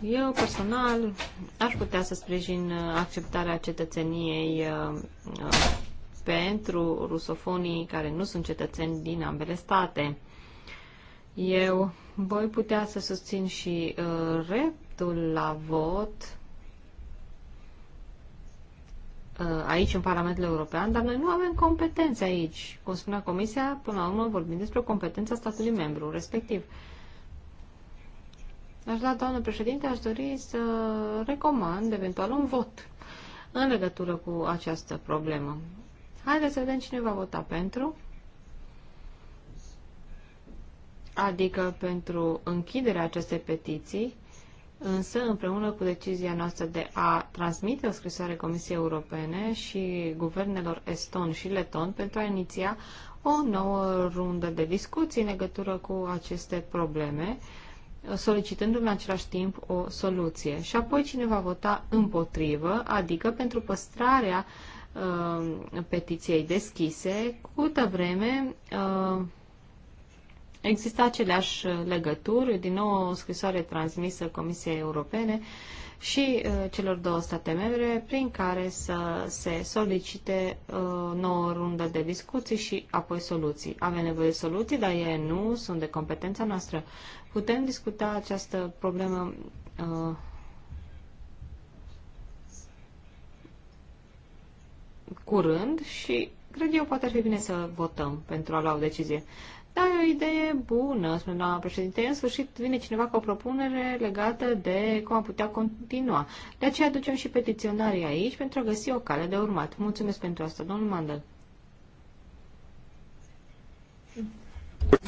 Eu, personal, aș putea să sprijin acceptarea cetățeniei uh, uh, pentru rusofonii care nu sunt cetățeni din ambele state. Eu voi putea să susțin și uh, dreptul la vot uh, aici în Parlamentul European, dar noi nu avem competențe aici. Cum spunea Comisia, până la urmă vorbim despre competența statului membru, respectiv. Aș da, doamnă președinte, aș dori să recomand eventual un vot în legătură cu această problemă. Haideți să vedem cine va vota pentru. adică pentru închiderea acestei petiții, însă împreună cu decizia noastră de a transmite o scrisoare Comisiei Europene și guvernelor eston și leton pentru a iniția o nouă rundă de discuții în legătură cu aceste probleme, solicitându-mi în același timp o soluție. Și apoi cine va vota împotrivă, adică pentru păstrarea uh, petiției deschise, câtă vreme uh, Există aceleași uh, legături, din nou o scrisoare transmisă Comisiei Europene și uh, celor două state membre, prin care să se solicite uh, nouă rundă de discuții și apoi soluții. Avem nevoie de soluții, dar ele nu sunt de competența noastră. Putem discuta această problemă uh, curând și cred eu poate ar fi bine să votăm pentru a lua o decizie. Da, e o idee bună, spune doamna președinte. În sfârșit vine cineva cu o propunere legată de cum a putea continua. De aceea aducem și petiționarii aici pentru a găsi o cale de urmat. Mulțumesc pentru asta, domnul Mandel.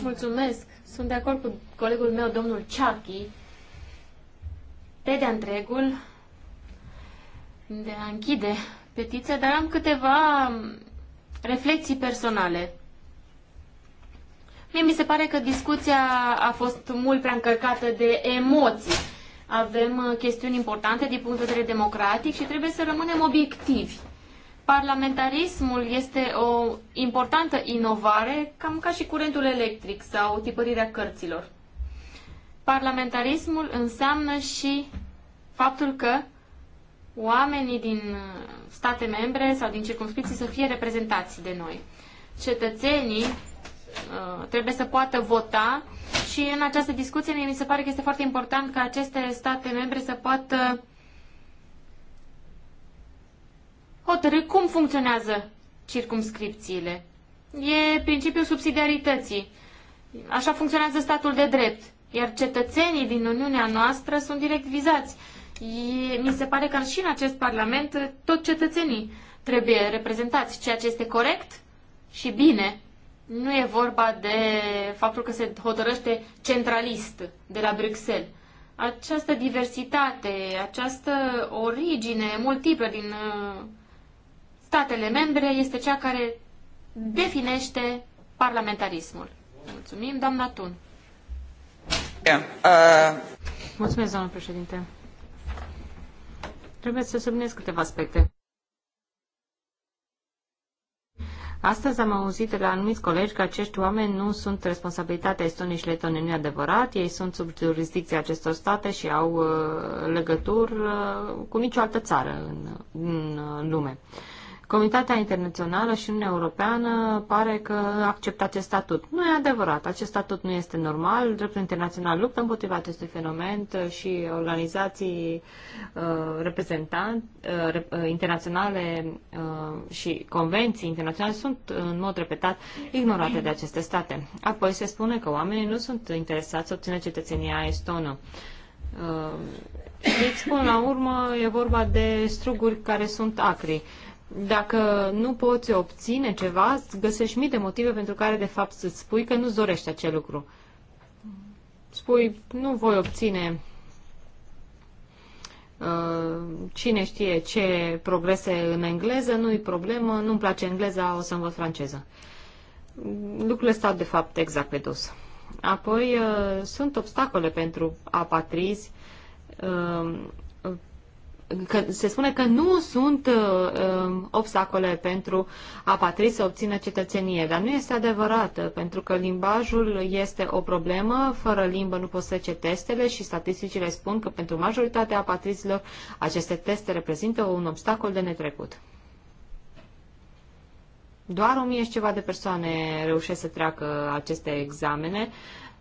Mulțumesc. Sunt de acord cu colegul meu, domnul Ciachi, pe de-a întregul de a închide petiția, dar am câteva reflexii personale. Mie mi se pare că discuția a fost mult prea încărcată de emoții. Avem uh, chestiuni importante din punct de vedere democratic și trebuie să rămânem obiectivi. Parlamentarismul este o importantă inovare, cam ca și curentul electric sau tipărirea cărților. Parlamentarismul înseamnă și faptul că oamenii din uh, state membre sau din circunscripții să fie reprezentați de noi. Cetățenii Uh, trebuie să poată vota și în această discuție mie mi se pare că este foarte important ca aceste state membre să poată hotărâ cum funcționează circumscripțiile. E principiul subsidiarității. Așa funcționează statul de drept. Iar cetățenii din Uniunea noastră sunt direct vizați. E, mi se pare că și în acest Parlament tot cetățenii trebuie reprezentați, ceea ce este corect și bine nu e vorba de faptul că se hotărăște centralist de la Bruxelles. Această diversitate, această origine multiplă din uh, statele membre este cea care definește parlamentarismul. Mulțumim, doamna Tun. Uh, Mulțumesc, doamnă președinte. Trebuie să subliniez câteva aspecte. Astăzi am auzit de la anumiți colegi că acești oameni nu sunt responsabilitatea Estonii și Letonii nu adevărat, ei sunt sub jurisdicția acestor state și au uh, legături uh, cu nicio altă țară în, în lume. Uh, Comunitatea internațională și Uniunea Europeană pare că acceptă acest statut. Nu e adevărat, acest statut nu este normal. Dreptul internațional luptă împotriva acestui fenomen și organizații uh, reprezentant, uh, uh, internaționale uh, și convenții internaționale sunt în mod repetat ignorate de aceste state. Apoi se spune că oamenii nu sunt interesați să obțină cetățenia estonă. Uh, deci, până la urmă, e vorba de struguri care sunt acri. Uh, dacă nu poți obține ceva, găsești mii de motive pentru care, de fapt, să spui că nu-ți dorești acel lucru. Spui, nu voi obține uh, cine știe ce progrese în engleză, nu-i problemă, nu-mi place engleza, o să învăț franceză. Lucrurile stau de fapt exact pe dos. Apoi uh, sunt obstacole pentru apatrizi uh, că se spune că nu sunt uh, um, obstacole pentru a apatrii să obțină cetățenie, dar nu este adevărat, uh, pentru că limbajul este o problemă, fără limbă nu poți trece testele și statisticile spun că pentru majoritatea apatrizilor aceste teste reprezintă un obstacol de netrecut. Doar o mie și ceva de persoane reușesc să treacă aceste examene,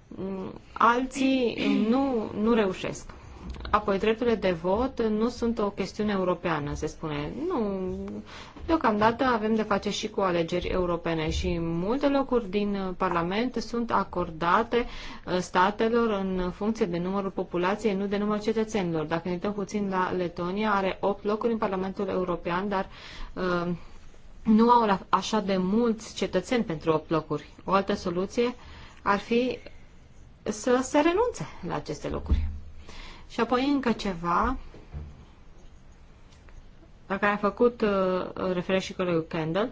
mm, alții nu, nu reușesc. Apoi, drepturile de vot nu sunt o chestiune europeană, se spune. Nu, deocamdată avem de face și cu alegeri europene și multe locuri din Parlament sunt acordate uh, statelor în funcție de numărul populației, nu de numărul cetățenilor. Dacă ne uităm puțin la Letonia, are 8 locuri în Parlamentul European, dar uh, nu au așa de mulți cetățeni pentru 8 locuri. O altă soluție ar fi să se renunțe la aceste locuri. Și apoi încă ceva la care a făcut uh, referire și colegul Kendall.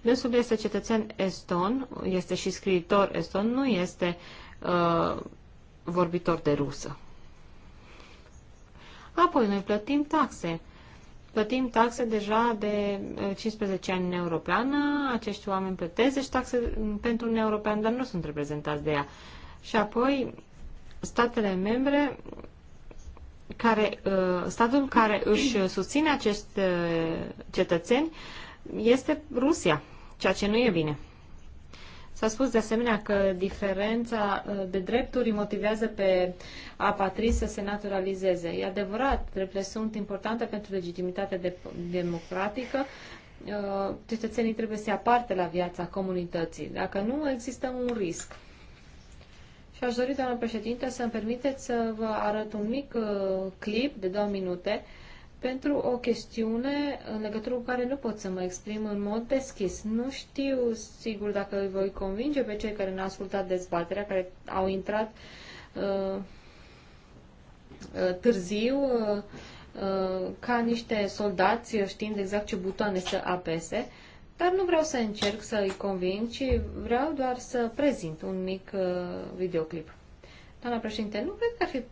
Dânsul este cetățen eston, este și scriitor eston, nu este uh, vorbitor de rusă. Apoi noi plătim taxe. Plătim taxe deja de 15 uh, ani în Europeană, acești oameni plătesc deci taxe mm, pentru un european, dar nu sunt reprezentați de ea. Și apoi statele membre care, uh, statul care își susține acești uh, cetățeni este Rusia, ceea ce nu e bine. S-a spus de asemenea că diferența uh, de drepturi motivează pe apatrii să se naturalizeze. E adevărat, drepturile sunt importante pentru legitimitatea de- democratică. Cetățenii trebuie să se aparte la viața comunității. Dacă nu, există un risc. Și aș dori, doamnă președinte, să-mi permiteți să vă arăt un mic uh, clip de două minute pentru o chestiune în legătură cu care nu pot să mă exprim în mod deschis. Nu știu sigur dacă îi voi convinge pe cei care ne-au ascultat dezbaterea, care au intrat uh, uh târziu uh, uh, ca niște soldați știind exact ce butoane să apese. Dar nu vreau să încerc să îi convin, ci vreau doar să prezint un mic uh, videoclip. Doamna președinte, nu cred că ar fi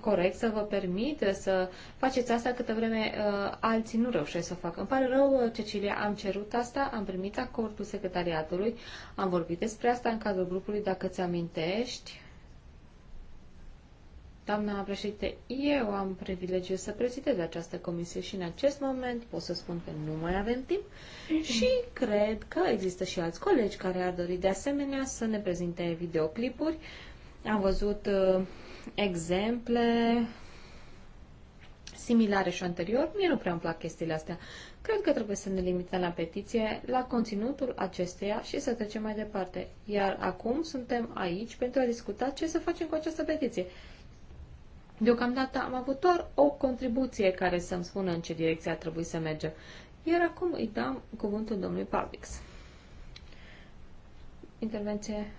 corect să vă permit să faceți asta câtă vreme uh, alții nu reușesc să o facă. Îmi pare rău, uh, Cecilia, am cerut asta, am primit acordul secretariatului, am vorbit despre asta în cadrul grupului, dacă ți amintești, Doamna președinte, eu am privilegiu să prezidez această comisie și în acest moment pot să spun că nu mai avem timp și cred că există și alți colegi care ar dori de asemenea să ne prezinte videoclipuri. Am văzut uh, exemple similare și anterior. Mie nu prea îmi plac chestiile astea. Cred că trebuie să ne limităm la petiție, la conținutul acesteia și să trecem mai departe. Iar acum suntem aici pentru a discuta ce să facem cu această petiție. Deocamdată am avut doar o contribuție care să-mi spună în ce direcție a trebuit să mergem. Iar acum îi dăm cuvântul domnului Pavlix. Intervenție.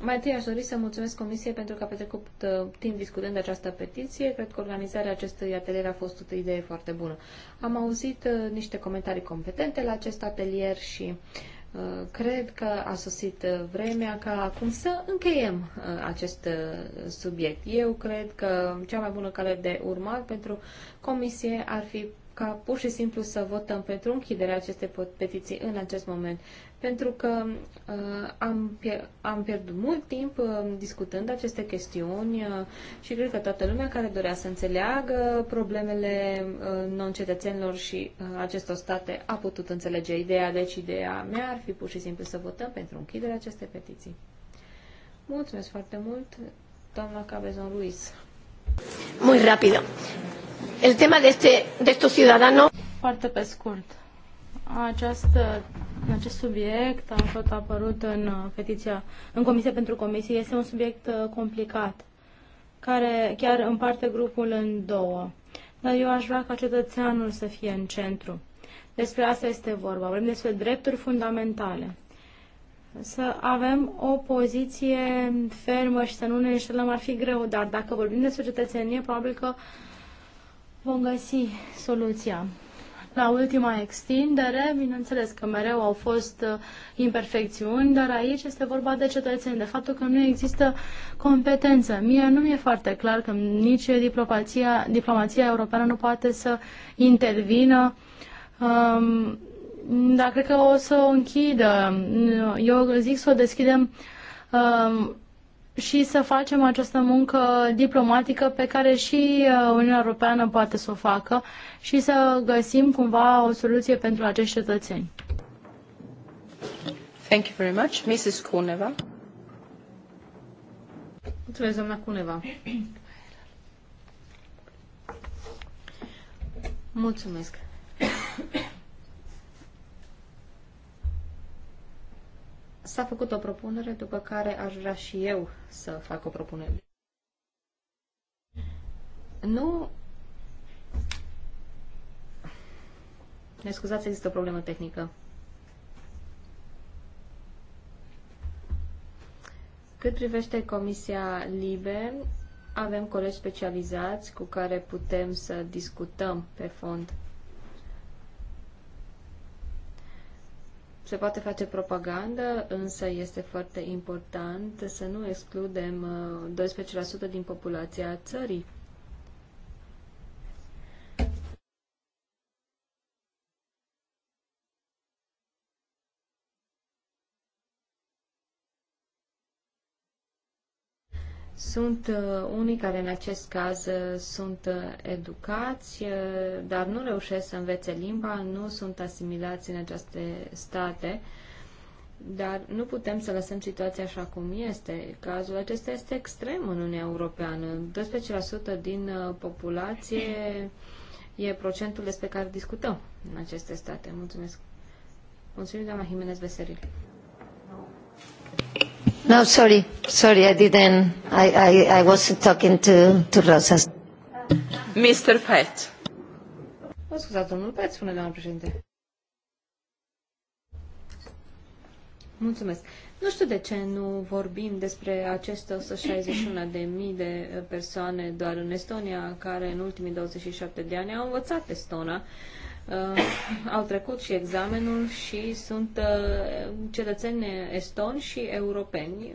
Mai întâi aș dori să mulțumesc Comisiei pentru că a petrecut uh, timp discutând această petiție. Cred că organizarea acestui atelier a fost o idee foarte bună. Am auzit uh, niște comentarii competente la acest atelier și uh, Uh, cred că a sosit uh, vremea ca acum să încheiem uh, acest subiect. Eu cred că cea mai bună cale de urmat pentru comisie ar fi ca pur și simplu să votăm pentru închiderea acestei petiții în acest moment pentru că uh, am, pier- am pierdut mult timp uh, discutând aceste chestiuni uh, și cred că toată lumea care dorea să înțeleagă problemele uh, non-cetățenilor și uh, acestor state a putut înțelege ideea, deci ideea mea ar fi pur și simplu să votăm pentru închiderea acestei petiții. Mulțumesc foarte mult, doamna Cabezon Ruiz. Muy rápido. El tema de, este, de estos ciudadanos. Foarte pe scurt această, acest subiect a tot apărut în uh, petiția, în Comisia pentru Comisie. Este un subiect uh, complicat, care chiar împarte grupul în două. Dar eu aș vrea ca cetățeanul să fie în centru. Despre asta este vorba. Vorbim despre drepturi fundamentale. Să avem o poziție fermă și să nu ne înșelăm ar fi greu, dar dacă vorbim despre cetățenie, probabil că vom găsi soluția la ultima extindere, bineînțeles că mereu au fost uh, imperfecțiuni, dar aici este vorba de cetățeni, de faptul că nu există competență. Mie nu mi-e foarte clar că nici diplomația, diplomația europeană nu poate să intervină um, dar cred că o să o închidă. Eu zic să o deschidem um, și să facem această muncă diplomatică pe care și uh, Uniunea Europeană poate să o facă și să găsim cumva o soluție pentru acești cetățeni. Thank you very much. Mrs. Kuneva. Mulțumesc, doamna Cuneva. Mulțumesc. S-a făcut o propunere după care aș vrea și eu să fac o propunere. Nu... Ne scuzați, există o problemă tehnică. Cât privește Comisia Libe, avem colegi specializați cu care putem să discutăm pe fond Se poate face propagandă, însă este foarte important să nu excludem 12% uh, din populația țării. Sunt uh, unii care în acest caz uh, sunt uh, educați, dar nu reușesc să învețe limba, nu sunt asimilați în aceste state, dar nu putem să lăsăm situația așa cum este. Cazul acesta este extrem în Uniunea Europeană. 12% din populație e procentul despre care discutăm în aceste state. Mulțumesc. Mulțumim, doamna Jimenez Veseril. No, sorry, sorry, I didn't. I, I, I was talking to, to Rosa. Mr. Pet. Mă scuzați, domnul Pet, spune doamna președinte. Mulțumesc. Nu știu de ce nu vorbim despre aceste 161 de mii de persoane doar în Estonia, care în ultimii 27 de ani au învățat estona uh, au trecut și examenul și sunt uh, cetățeni estoni și europeni uh,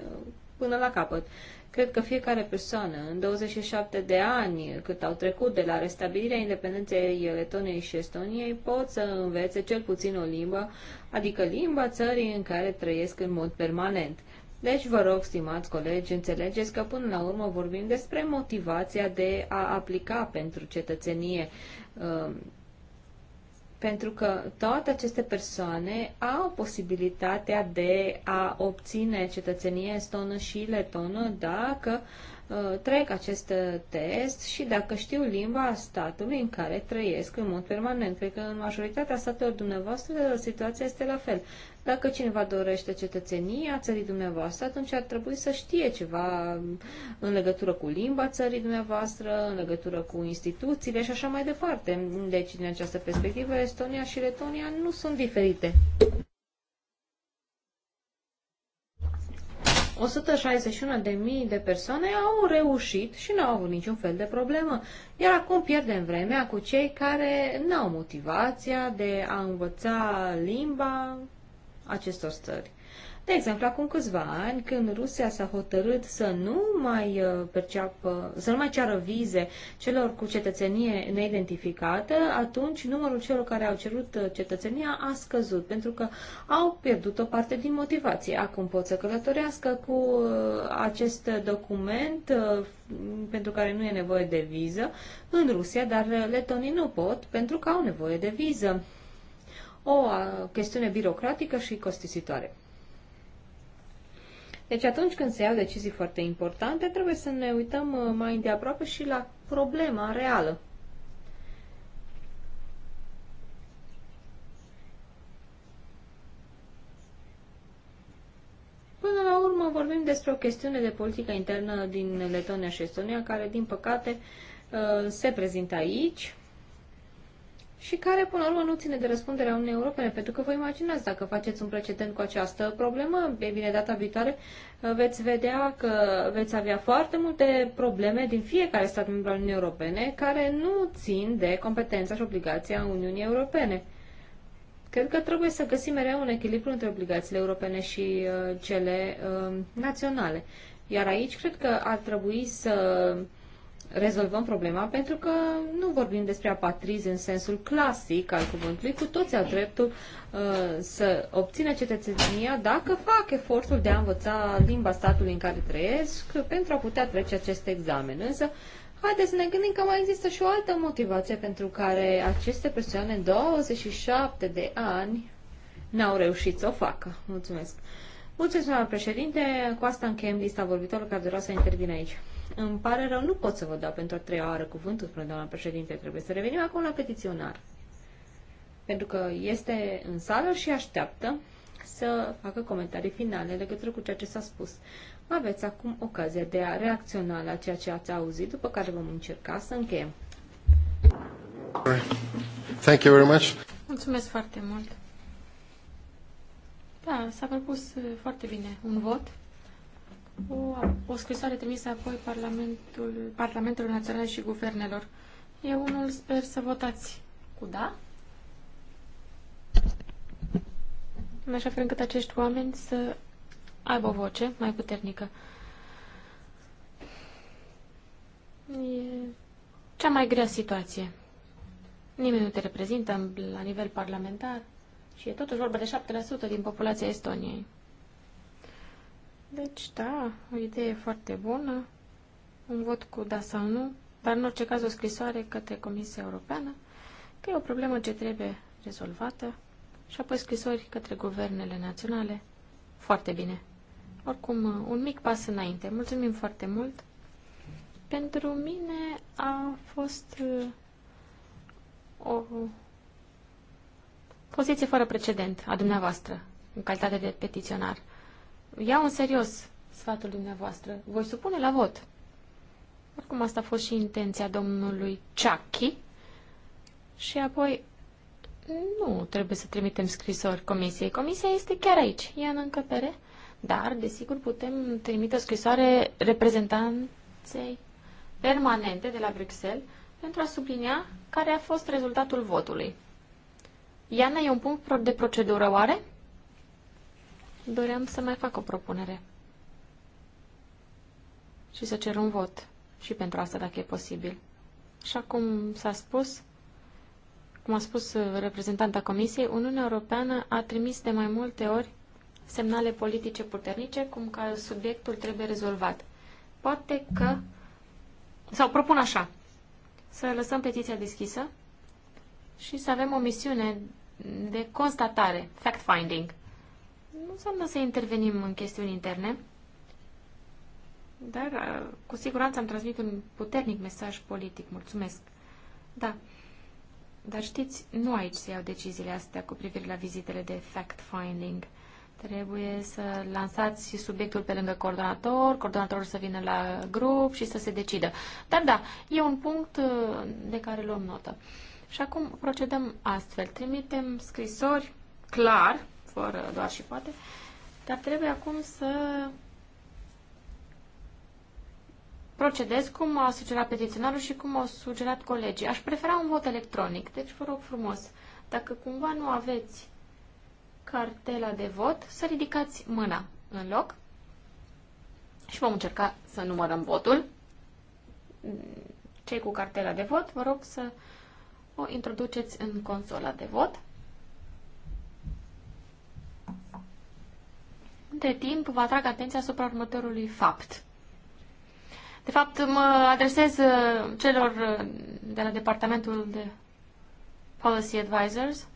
până la capăt. Cred că fiecare persoană, în 27 de ani cât au trecut de la restabilirea independenței Letoniei și Estoniei, pot să învețe cel puțin o limbă, adică limba țării în care trăiesc în mod permanent. Deci, vă rog, stimați colegi, înțelegeți că până la urmă vorbim despre motivația de a aplica pentru cetățenie uh, pentru că toate aceste persoane au posibilitatea de a obține cetățenie estonă și letonă dacă uh, trec acest test și dacă știu limba statului în care trăiesc în mod permanent. Cred că în majoritatea statelor dumneavoastră situația este la fel. Dacă cineva dorește cetățenia țării dumneavoastră, atunci ar trebui să știe ceva în legătură cu limba țării dumneavoastră, în legătură cu instituțiile și așa mai departe. Deci, din această perspectivă, Estonia și Letonia nu sunt diferite. 161.000 de persoane au reușit și nu au avut niciun fel de problemă. Iar acum pierdem vremea cu cei care n-au motivația de a învăța limba acestor stări. De exemplu, acum câțiva ani, când Rusia s-a hotărât să nu mai uh, perceapă, să nu mai ceară vize celor cu cetățenie neidentificată, atunci numărul celor care au cerut uh, cetățenia a scăzut, pentru că au pierdut o parte din motivație. Acum pot să călătorească cu uh, acest document pentru care nu e nevoie de viză în Rusia, dar letonii nu pot pentru că au nevoie de viză o chestiune birocratică și costisitoare. Deci atunci când se iau decizii foarte importante, trebuie să ne uităm uh, mai îndeaproape și la problema reală. Până la urmă vorbim despre o chestiune de politică internă din Letonia și Estonia, care din păcate uh, se prezintă aici, și care, până la urmă, nu ține de răspunderea Uniunii Europene, pentru că vă imaginați, dacă faceți un precedent cu această problemă, e bine, data viitoare uh, veți vedea că veți avea foarte multe probleme din fiecare stat membru al Uniunii Europene care nu țin de competența și obligația Uniunii Europene. Cred că trebuie să găsim mereu un echilibru între obligațiile europene și uh, cele uh, naționale. Iar aici cred că ar trebui să uh, rezolvăm problema pentru că nu vorbim despre apatrizi în sensul clasic al cuvântului, cu toți au dreptul uh, să obțină cetățenia dacă fac efortul de a învăța limba statului în care trăiesc pentru a putea trece acest examen. Însă, haideți să ne gândim că mai există și o altă motivație pentru care aceste persoane 27 de ani n-au reușit să o facă. Mulțumesc! Mulțumesc, doamna președinte. Cu asta încheiem lista vorbitorilor care doreau să intervină aici. Îmi pare rău, nu pot să vă dau pentru a treia oară cuvântul, spune doamna președinte, trebuie să revenim acum la petiționar. Pentru că este în sală și așteaptă să facă comentarii finale legătură cu ceea ce s-a spus. Aveți acum ocazia de a reacționa la ceea ce ați auzit, după care vom încerca să încheiem. Thank you very much. Mulțumesc foarte mult. Da, s-a propus uh, foarte bine un vot o, o scrisoare trimisă apoi Parlamentul, Parlamentul Național și Guvernelor. Eu unul sper să votați cu da, în așa fel încât acești oameni să aibă o voce mai puternică. E cea mai grea situație. Nimeni nu te reprezintă la nivel parlamentar și e totuși vorba de 7% din populația Estoniei. Deci, da, o idee foarte bună, un vot cu da sau nu, dar în orice caz o scrisoare către Comisia Europeană, că e o problemă ce trebuie rezolvată, și apoi scrisori către guvernele naționale. Foarte bine. Oricum, un mic pas înainte. Mulțumim foarte mult. Pentru mine a fost uh, o poziție fără precedent a dumneavoastră în calitate de petiționar iau în serios sfatul dumneavoastră. Voi supune la vot. Oricum asta a fost și intenția domnului Chucky. Și apoi nu trebuie să trimitem scrisori comisiei. Comisia este chiar aici, ea în încăpere. Dar, desigur, putem trimite o scrisoare reprezentanței permanente de la Bruxelles pentru a sublinia care a fost rezultatul votului. Iana, e un punct de procedură, oare? doream să mai fac o propunere și să cer un vot și pentru asta, dacă e posibil. Și acum s-a spus, cum a spus uh, reprezentanta Comisiei, Uniunea Europeană a trimis de mai multe ori semnale politice puternice, cum că subiectul trebuie rezolvat. Poate că, sau propun așa, să lăsăm petiția deschisă și să avem o misiune de constatare, fact-finding, nu înseamnă să intervenim în chestiuni interne, dar uh, cu siguranță am transmit un puternic mesaj politic. Mulțumesc. Da. Dar știți, nu aici se iau deciziile astea cu privire la vizitele de fact-finding. Trebuie să lansați subiectul pe lângă coordonator, coordonatorul să vină la grup și să se decidă. Dar da, e un punct uh, de care luăm notă. Și acum procedăm astfel. Trimitem scrisori clar fără doar și poate, dar trebuie acum să procedez cum a sugerat petiționarul și cum au sugerat colegii. Aș prefera un vot electronic, deci vă rog frumos, dacă cumva nu aveți cartela de vot, să ridicați mâna în loc și vom încerca să numărăm votul. Cei cu cartela de vot, vă rog să o introduceți în consola de vot. Între timp, vă atrag atenția asupra următorului fapt. De fapt, mă adresez uh, celor uh, de la departamentul de Policy Advisors.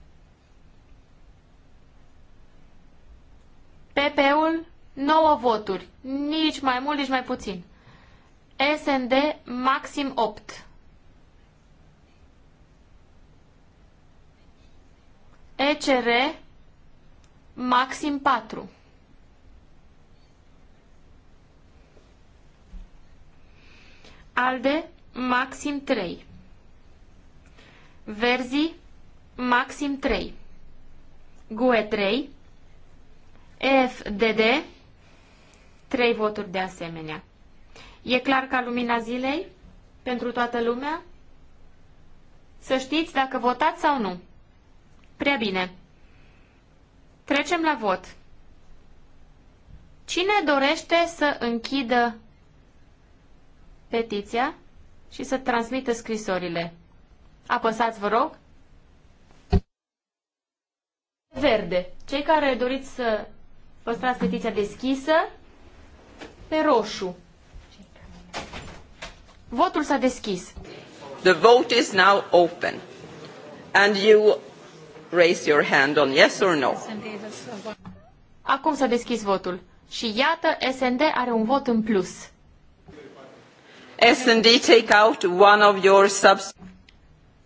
PP-ul, 9 voturi. Nici mai mult, nici mai puțin. SND, maxim 8. ECR, maxim 4. ALDE, maxim 3. Verzi, maxim 3. GUE 3. EFDD, 3 voturi de asemenea. E clar ca lumina zilei? Pentru toată lumea? Să știți dacă votați sau nu. Prea bine. Trecem la vot. Cine dorește să închidă petiția și să transmită scrisorile. Apăsați, vă rog. Verde. Cei care doriți să păstrați petiția deschisă, pe roșu. Votul s-a deschis. The vote is now open. And you raise your hand on yes or no. Acum s-a deschis votul. Și iată, SND are un vot în plus. S&D take out one of your subs...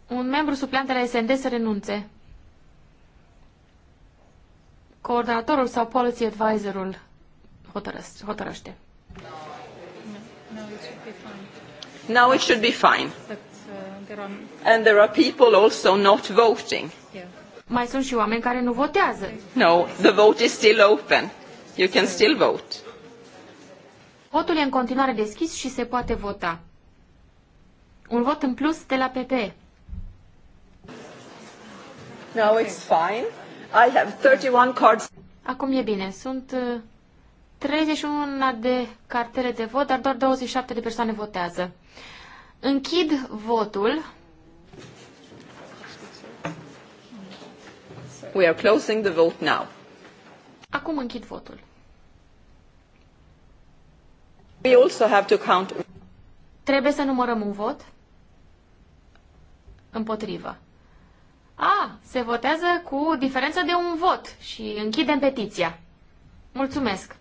Un membru suplant al SND să renunțe. Coordonatorul sau policy advisorul hotărăște. Now it should be fine. And there are people also not voting. Mai sunt și oameni care nu votează. No, the vote is still open. You can still vote. Votul e în continuare deschis și se poate vota. Un vot în plus de la PP. No, it's fine. I have 31 cards. Acum e bine. Sunt 31 uh, de cartele de vot, dar doar 27 de persoane votează. Închid votul. We are closing the vote now. Acum închid votul. We also have to count. Trebuie să numărăm un vot? Împotrivă. A, se votează cu diferență de un vot și închidem petiția. Mulțumesc!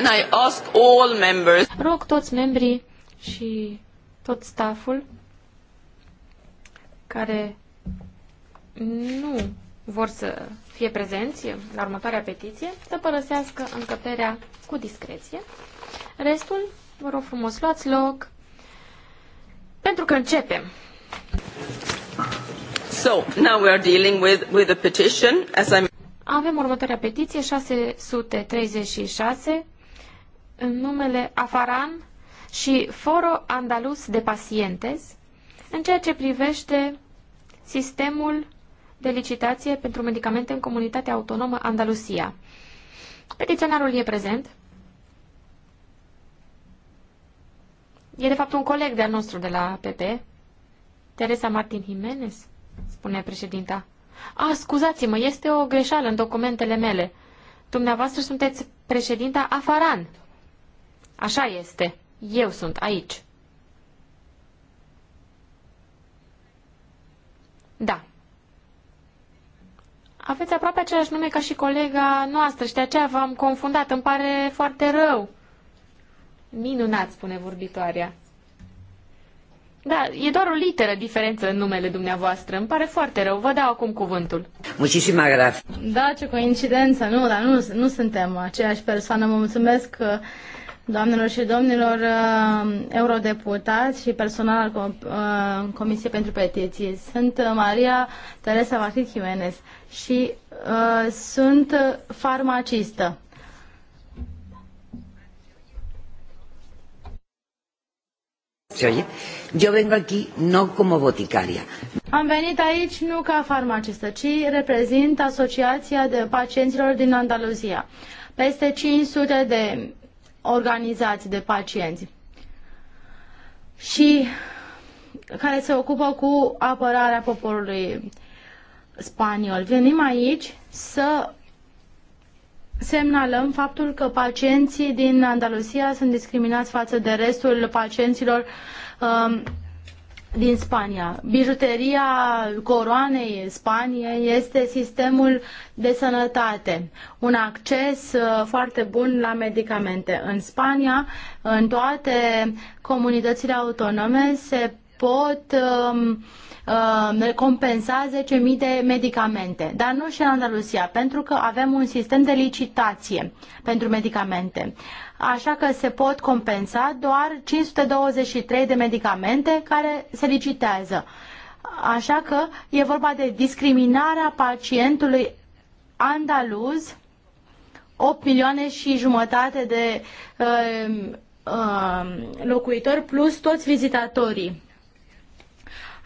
Can I ask all members? Rog toți membrii și tot stafful care nu vor să fie prezenți la următoarea petiție să părăsească încăperea cu discreție. Restul, vă rog frumos, luați loc pentru că începem. So, now we are dealing with, with the petition, as I'm... Avem următoarea petiție 636 în numele Afaran și Foro Andalus de Pacientes în ceea ce privește sistemul de licitație pentru medicamente în comunitatea autonomă Andalusia. Petiționarul e prezent. E de fapt un coleg de-al nostru de la PP, Teresa Martin Jimenez, spune președinta. A, scuzați-mă, este o greșeală în documentele mele. Dumneavoastră sunteți președinta Afaran. Așa este. Eu sunt aici. Da. Aveți aproape același nume ca și colega noastră și de aceea v-am confundat. Îmi pare foarte rău. Minunat, spune vorbitoarea. Da, e doar o literă diferență în numele dumneavoastră. Îmi pare foarte rău. Vă dau acum cuvântul. Muchísima Da, ce coincidență. Nu, dar nu, nu suntem aceeași persoană. Mă mulțumesc că Doamnelor și domnilor uh, eurodeputați și personal al uh, Comisiei pentru Petiții, sunt uh, Maria Teresa Martit Jimenez și uh, sunt farmacistă. Se oye? Yo vengo aquí no como boticaria. Am venit aici nu ca farmacistă, ci reprezint Asociația de Pacienților din Andaluzia. Peste 500 de organizați de pacienți și care se ocupă cu apărarea poporului spaniol. Venim aici să semnalăm faptul că pacienții din Andalusia sunt discriminați față de restul pacienților um, din Spania. Bijuteria coroanei Spaniei este sistemul de sănătate, un acces uh, foarte bun la medicamente. În Spania, în toate comunitățile autonome se pot um, um, recompensa 10.000 de medicamente, dar nu și în Andalusia, pentru că avem un sistem de licitație pentru medicamente. Așa că se pot compensa doar 523 de medicamente care se licitează. Așa că e vorba de discriminarea pacientului andaluz, 8 milioane și jumătate de uh, locuitori plus toți vizitatorii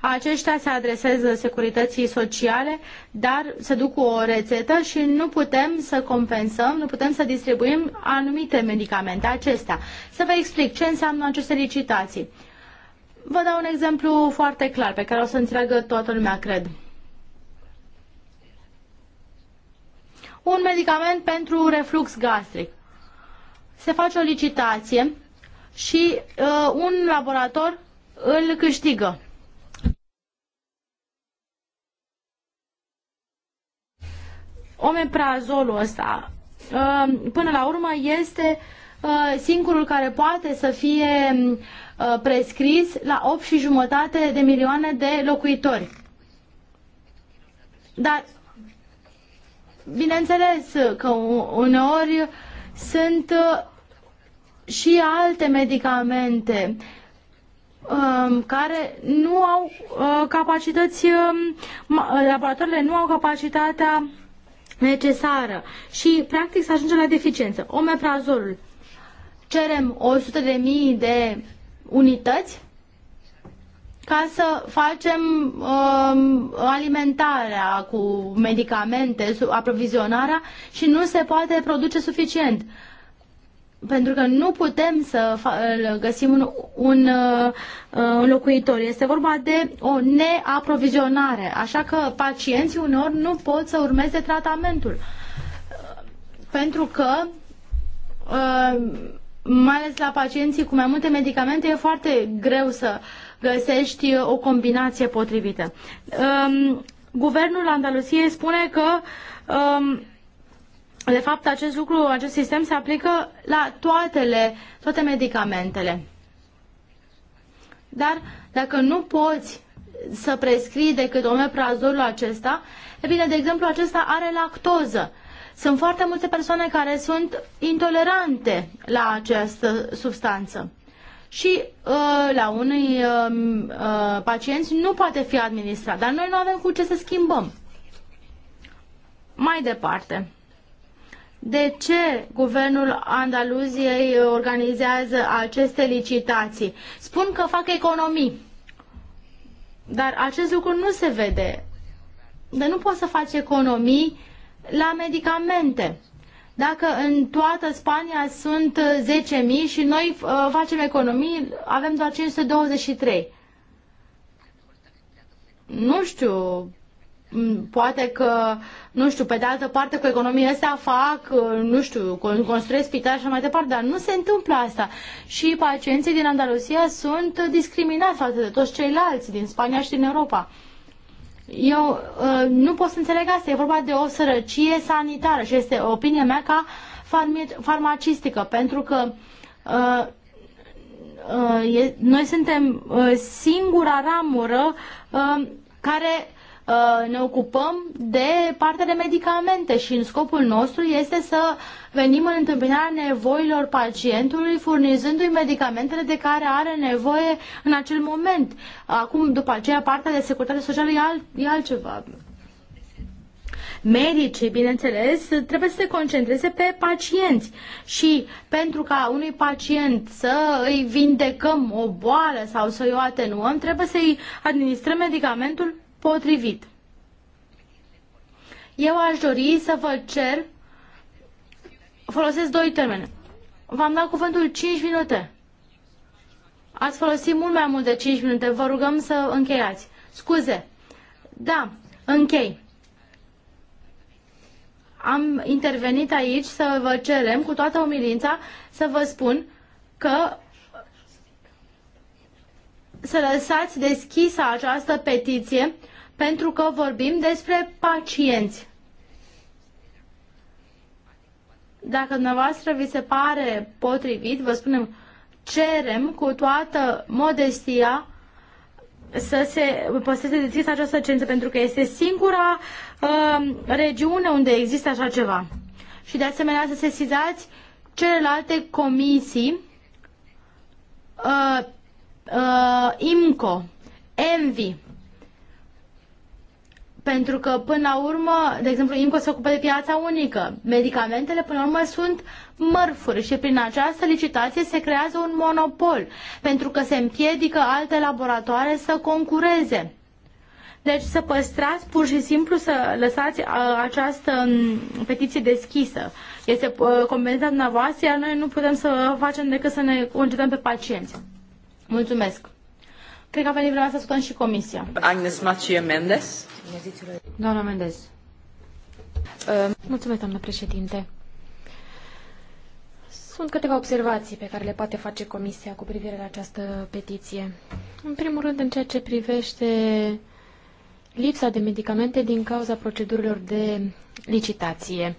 aceștia se adresează securității sociale, dar se duc cu o rețetă și nu putem să compensăm, nu putem să distribuim anumite medicamente acestea. Să vă explic ce înseamnă aceste licitații. Vă dau un exemplu foarte clar pe care o să înțeleagă toată lumea, cred. Un medicament pentru reflux gastric. Se face o licitație și uh, un laborator îl câștigă omeprazolul ăsta, uh, până la urmă, este uh, singurul care poate să fie uh, prescris la 8 și jumătate de milioane de locuitori. Dar, bineînțeles că uneori sunt și alte medicamente um, care nu au capacități, um, laboratoarele nu au capacitatea necesară și practic să ajungem la deficiență. Omeprazolul. Cerem 100.000 de unități ca să facem um, alimentarea cu medicamente, aprovizionarea și nu se poate produce suficient. Uh, pentru că nu putem să găsim un, un, uh, un locuitor. Este vorba de o neaprovizionare, așa că pacienții uneori nu pot să urmeze tratamentul. Pentru că uh, mai ales la pacienții cu mai multe medicamente e foarte greu să găsești o combinație potrivită. Um, guvernul Andalusiei spune că um, de fapt, acest lucru, acest sistem se aplică la toatele, toate medicamentele. Dar dacă nu poți să prescrii decât omeprazolul acesta, e bine, de exemplu, acesta are lactoză. Sunt foarte multe persoane care sunt intolerante la această substanță. Și uh, la unui uh, ă, uh, ă, pacienți nu poate fi administrat, dar noi nu avem cu ce să schimbăm. Mai departe de ce guvernul Andaluziei organizează aceste licitații. Spun că fac economii, dar acest lucru nu se vede. De nu poți să faci economii la medicamente. Dacă în toată Spania sunt 10.000 și noi uh, facem economii, avem doar 523. Nu știu, Mm, poate că, nu știu, pe de altă parte cu economia asta fac, uh, nu știu, construiesc spitale și mai departe, dar nu se întâmplă asta. Și pacienții din Andalusia sunt discriminați față de toți ceilalți din Spania și din Europa. Eu uh, nu pot să înțeleg asta. E vorba de o sărăcie sanitară și este opinia mea ca farmacistică, pentru că uh, uh, e, noi suntem uh, singura ramură uh, care Uh, ne ocupăm de partea de medicamente și scopul nostru este să venim în întâmpinarea nevoilor pacientului furnizându-i medicamentele de care are nevoie în acel moment. Acum, după aceea, partea de securitate socială e, alt, e altceva. Medicii, bineînțeles, trebuie să se concentreze pe pacienți și pentru ca unui pacient să îi vindecăm o boală sau să-i o atenuăm, trebuie să-i administrăm medicamentul potrivit. Eu aș dori să vă cer, folosesc doi termeni. V-am dat cuvântul 5 minute. Ați folosit mult mai mult de 5 minute. Vă rugăm să încheiați. Scuze. Da, închei. Am intervenit aici să vă cerem cu toată umilința să vă spun că să lăsați deschisă această petiție pentru că vorbim despre pacienți. Dacă dumneavoastră vi se pare potrivit, vă spunem, cerem cu toată modestia să se păstreze deschisă această cerință, pentru că este singura uh, regiune unde există așa ceva. Și de asemenea să sesizați celelalte comisii uh, uh, IMCO, ENVI, pentru că, până la urmă, de exemplu, IMCO se ocupă de piața unică. Medicamentele, până la urmă, sunt mărfuri și prin această licitație se creează un monopol, pentru că se împiedică alte laboratoare să concureze. Deci să păstrați pur și simplu să lăsați această petiție deschisă. Este competența dumneavoastră, iar noi nu putem să facem decât să ne concentrăm pe pacienți. Mulțumesc! Cred că a venit vremea să ascultăm și comisia. Agnes Macie Mendes. Doamna Mendes. Uh. Mulțumesc, doamnă președinte. Sunt câteva observații pe care le poate face comisia cu privire la această petiție. În primul rând, în ceea ce privește lipsa de medicamente din cauza procedurilor de licitație.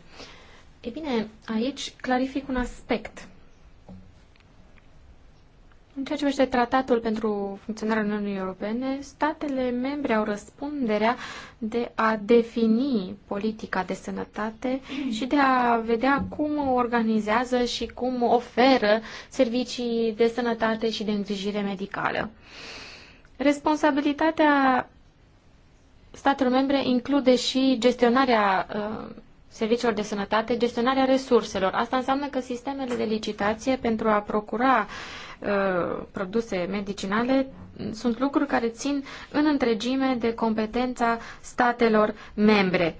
E bine, aici clarific un aspect. În ceea ce privește tratatul pentru funcționarea Uniunii Europene, statele membre au răspunderea de a defini politica de sănătate și de a vedea cum organizează și cum oferă servicii de sănătate și de îngrijire medicală. Responsabilitatea statelor membre include și gestionarea uh, serviciilor de sănătate, gestionarea resurselor. Asta înseamnă că sistemele de licitație pentru a procura uh, Uh, produse medicinale sunt lucruri care țin în întregime de competența statelor membre.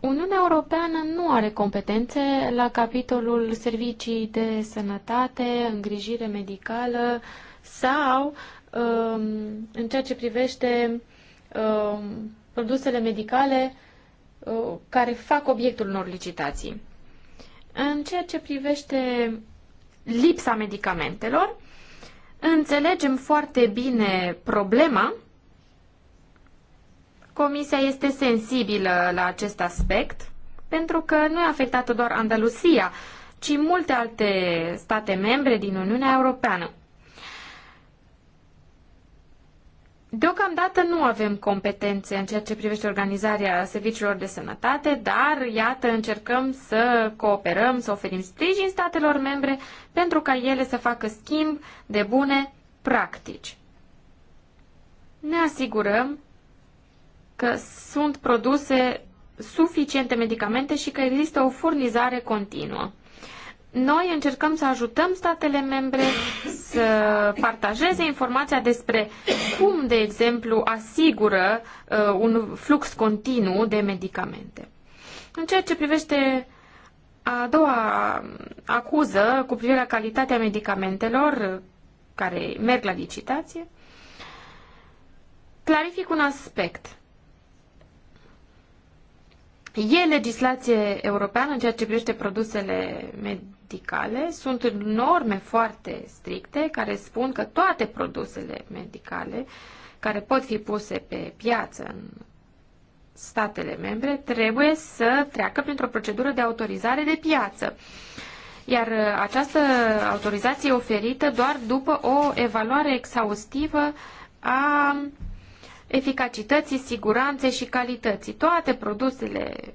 Uniunea Europeană nu are competențe la capitolul servicii de sănătate, îngrijire medicală sau um, în ceea ce privește um, produsele medicale uh, care fac obiectul unor licitații. În ceea ce privește lipsa medicamentelor, înțelegem foarte bine problema. Comisia este sensibilă la acest aspect, pentru că nu e afectată doar Andalusia, ci multe alte state membre din Uniunea Europeană. Deocamdată nu avem competențe în ceea ce privește organizarea serviciilor de sănătate, dar iată încercăm să cooperăm, să oferim sprijin statelor membre pentru ca ele să facă schimb de bune practici. Ne asigurăm că sunt produse suficiente medicamente și că există o furnizare continuă noi încercăm să ajutăm statele membre să partajeze informația despre cum, de exemplu, asigură uh, un flux continuu de medicamente. În ceea ce privește a doua acuză cu privire la calitatea medicamentelor uh, care merg la licitație, clarific un aspect. E legislație europeană în ceea ce privește produsele medicamentelor medicale sunt norme foarte stricte care spun că toate produsele medicale care pot fi puse pe piață în statele membre trebuie să treacă printr-o procedură de autorizare de piață. Iar uh, această autorizație e oferită doar după o evaluare exhaustivă a eficacității, siguranței și calității. Toate produsele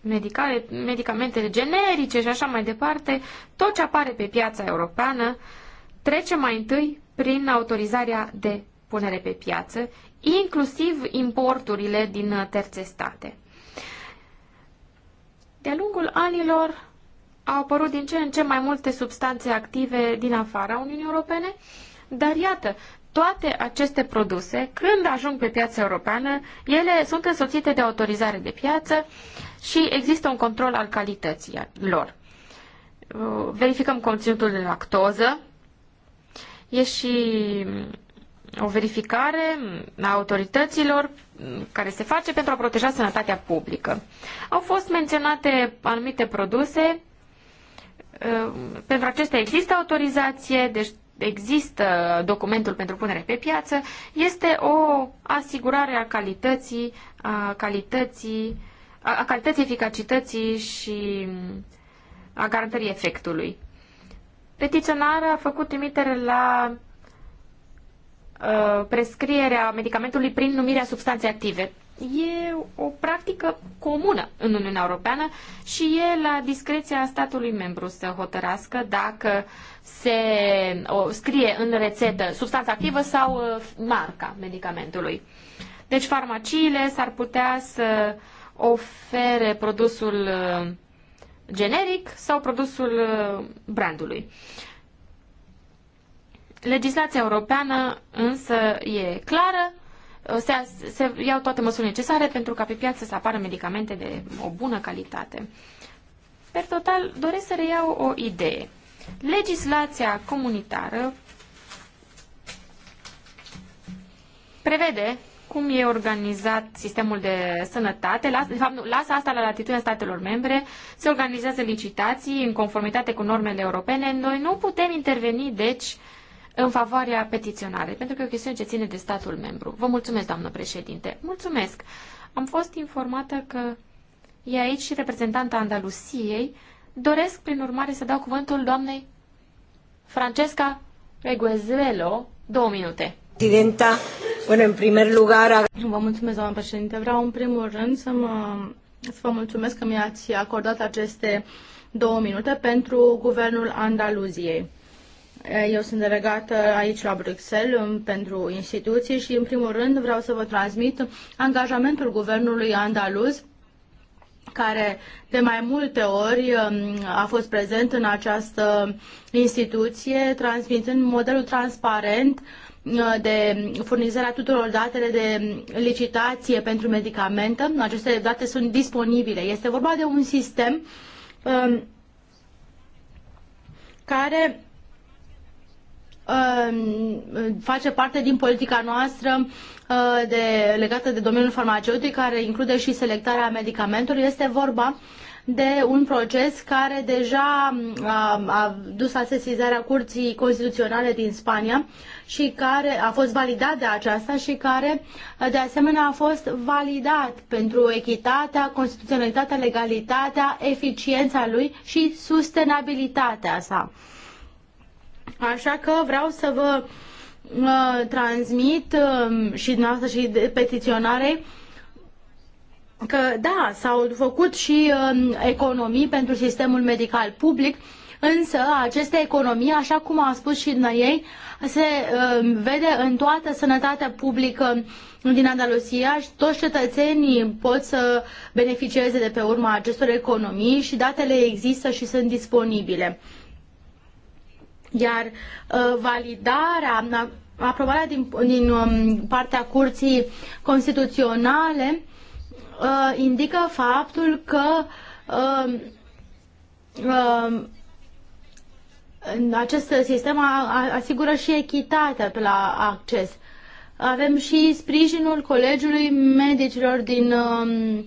medicale, medicamentele generice și așa mai departe, tot ce apare pe piața europeană trece mai întâi prin autorizarea de punere pe piață, inclusiv importurile din uh, terțe state. De-a lungul anilor au apărut din ce în ce mai multe substanțe active din afara Uniunii Europene, dar iată, toate aceste produse, când ajung pe piața europeană, ele sunt însoțite de autorizare de piață, și există un control al calității lor. Uh, verificăm conținutul de lactoză, e și mm, o verificare a autorităților mm, care se face pentru a proteja sănătatea publică. Au fost menționate anumite produse, uh, pentru acestea există autorizație, deci există documentul pentru punere pe piață, este o asigurare a calității, a calității a, calității eficacității și a garantării efectului. Petiționar a făcut trimitere la uh, prescrierea medicamentului prin numirea substanței active. E o practică comună în Uniunea Europeană și e la discreția statului membru să hotărască dacă se o scrie în rețetă substanța activă sau uh, marca medicamentului. Deci farmaciile s-ar putea să uh, ofere produsul uh, generic sau produsul uh, brandului. Legislația europeană însă e clară, uh, se, se iau toate măsurile necesare pentru ca pe piață să apară medicamente de o bună calitate. Per total, doresc să reiau o idee. Legislația comunitară prevede cum e organizat sistemul de sănătate, las, de fapt, nu, lasă asta la latitudinea statelor membre, se organizează licitații în conformitate cu normele europene. Noi nu putem interveni, deci, în favoarea petiționarei, pentru că e o chestiune ce ține de statul membru. Vă mulțumesc, doamnă președinte. Mulțumesc. Am fost informată că e aici și reprezentanta Andalusiei. Doresc, prin urmare, să dau cuvântul doamnei Francesca Reguezuelo. două minute presidenta. Bueno, în primer lugar... Vă mulțumesc, doamna președinte. Vreau în primul rând să, mă, să vă mulțumesc că mi-ați acordat aceste două minute pentru Guvernul Andaluziei. Eu sunt delegată aici la Bruxelles pentru instituții și, în primul rând, vreau să vă transmit angajamentul Guvernului Andaluz care de mai multe ori um, a fost prezent în această instituție, transmitând modelul transparent uh, de furnizarea tuturor datele de licitație pentru medicamente. Aceste date sunt disponibile. Este vorba de un sistem um, care um, face parte din politica noastră uh, de, legată de domeniul farmaceutic, care include și selectarea medicamentelor. Este vorba de un proces care deja mm, a, a dus la sesizarea Curții Constituționale din Spania și care a fost validat de aceasta și care de asemenea a fost validat pentru echitatea, constituționalitatea, legalitatea, eficiența lui și sustenabilitatea sa. Așa că vreau să vă uh, transmit uh, și dumneavoastră și petiționare uh, că da, s-au făcut și um, economii pentru sistemul medical public, însă aceste economii, așa cum a spus și ei, se um, vede în toată sănătatea publică din Andalusia și toți cetățenii pot să beneficieze de pe urma acestor economii și datele există și sunt disponibile. Iar uh, validarea, aprobarea din, din um, partea Curții Constituționale uh, indică faptul că uh, uh, acest sistem asigură și echitatea pe la acces. Avem și sprijinul Colegiului Medicilor din um, uh,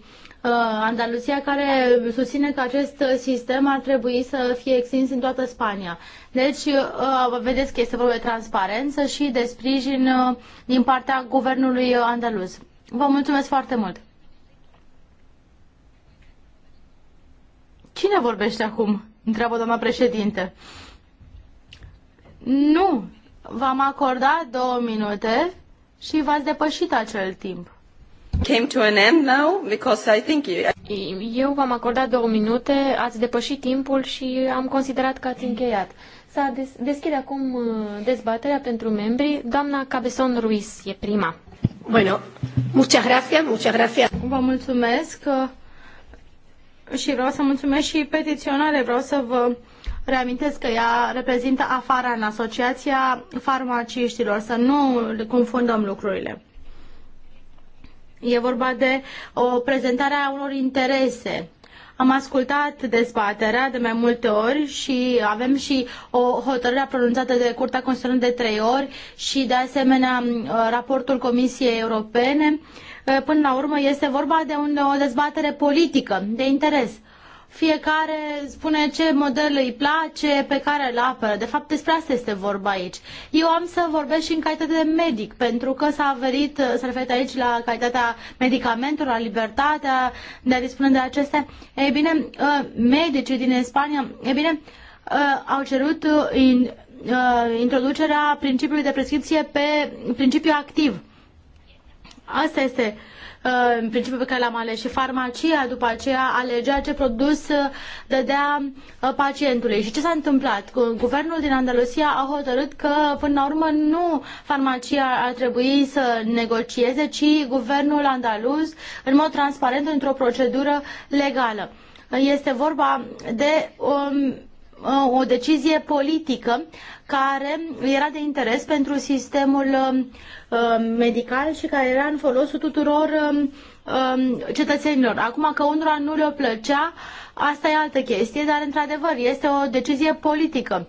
Andalusia, care susține că acest sistem ar trebui să fie extins în toată Spania. Deci, uh, vedeți că este vorba de transparență și de sprijin uh, din partea guvernului andaluz. Vă mulțumesc foarte mult! Cine vorbește acum? Întreabă doamna președinte. Nu, v-am acordat două minute și v-ați depășit acel timp. Came to an end now because I think you... Eu v-am acordat două minute, ați depășit timpul și am considerat că ați încheiat. S-a des- deschide acum uh, dezbaterea pentru membri. Doamna Cabezon Ruiz e prima. Bueno, muchas gracias, muchas gracias. Vă mulțumesc și vreau să mulțumesc și petiționare. Vreau să vă reamintesc că ea reprezintă afara în Asociația Farmaciștilor, să nu confundăm lucrurile. E vorba de o prezentare a unor interese. Am ascultat dezbaterea de mai multe ori și avem și o hotărâre pronunțată de Curtea Constituțională de trei ori și de asemenea raportul Comisiei Europene uh, Eh, până la urmă este vorba de un, o dezbatere politică, de interes. Fiecare spune ce model îi place, pe care îl apără. De fapt, despre asta este vorba aici. Eu am să vorbesc și în calitate de medic, pentru că s-a verit, eh, să referit aici la calitatea medicamentului, la libertatea de a dispune de acestea. Ei bine, eh, medicii din Spania, ei bine, au cerut introducerea principiului de prescripție pe principiu activ. Asta este uh, în principiu pe care l-am ales și farmacia după aceea alegea ce produs uh, dădea uh, pacientului. Și ce s-a întâmplat? Guvernul din Andalusia a hotărât că până la urmă nu farmacia ar trebui să negocieze, ci guvernul andaluz în mod transparent într-o procedură legală. Este vorba de um, Uh, o decizie politică care era de interes pentru sistemul uh, uh, medical și care era în folosul tuturor cetățenilor. Acum că unora nu le plăcea, asta e altă chestie, dar într-adevăr este o decizie politică.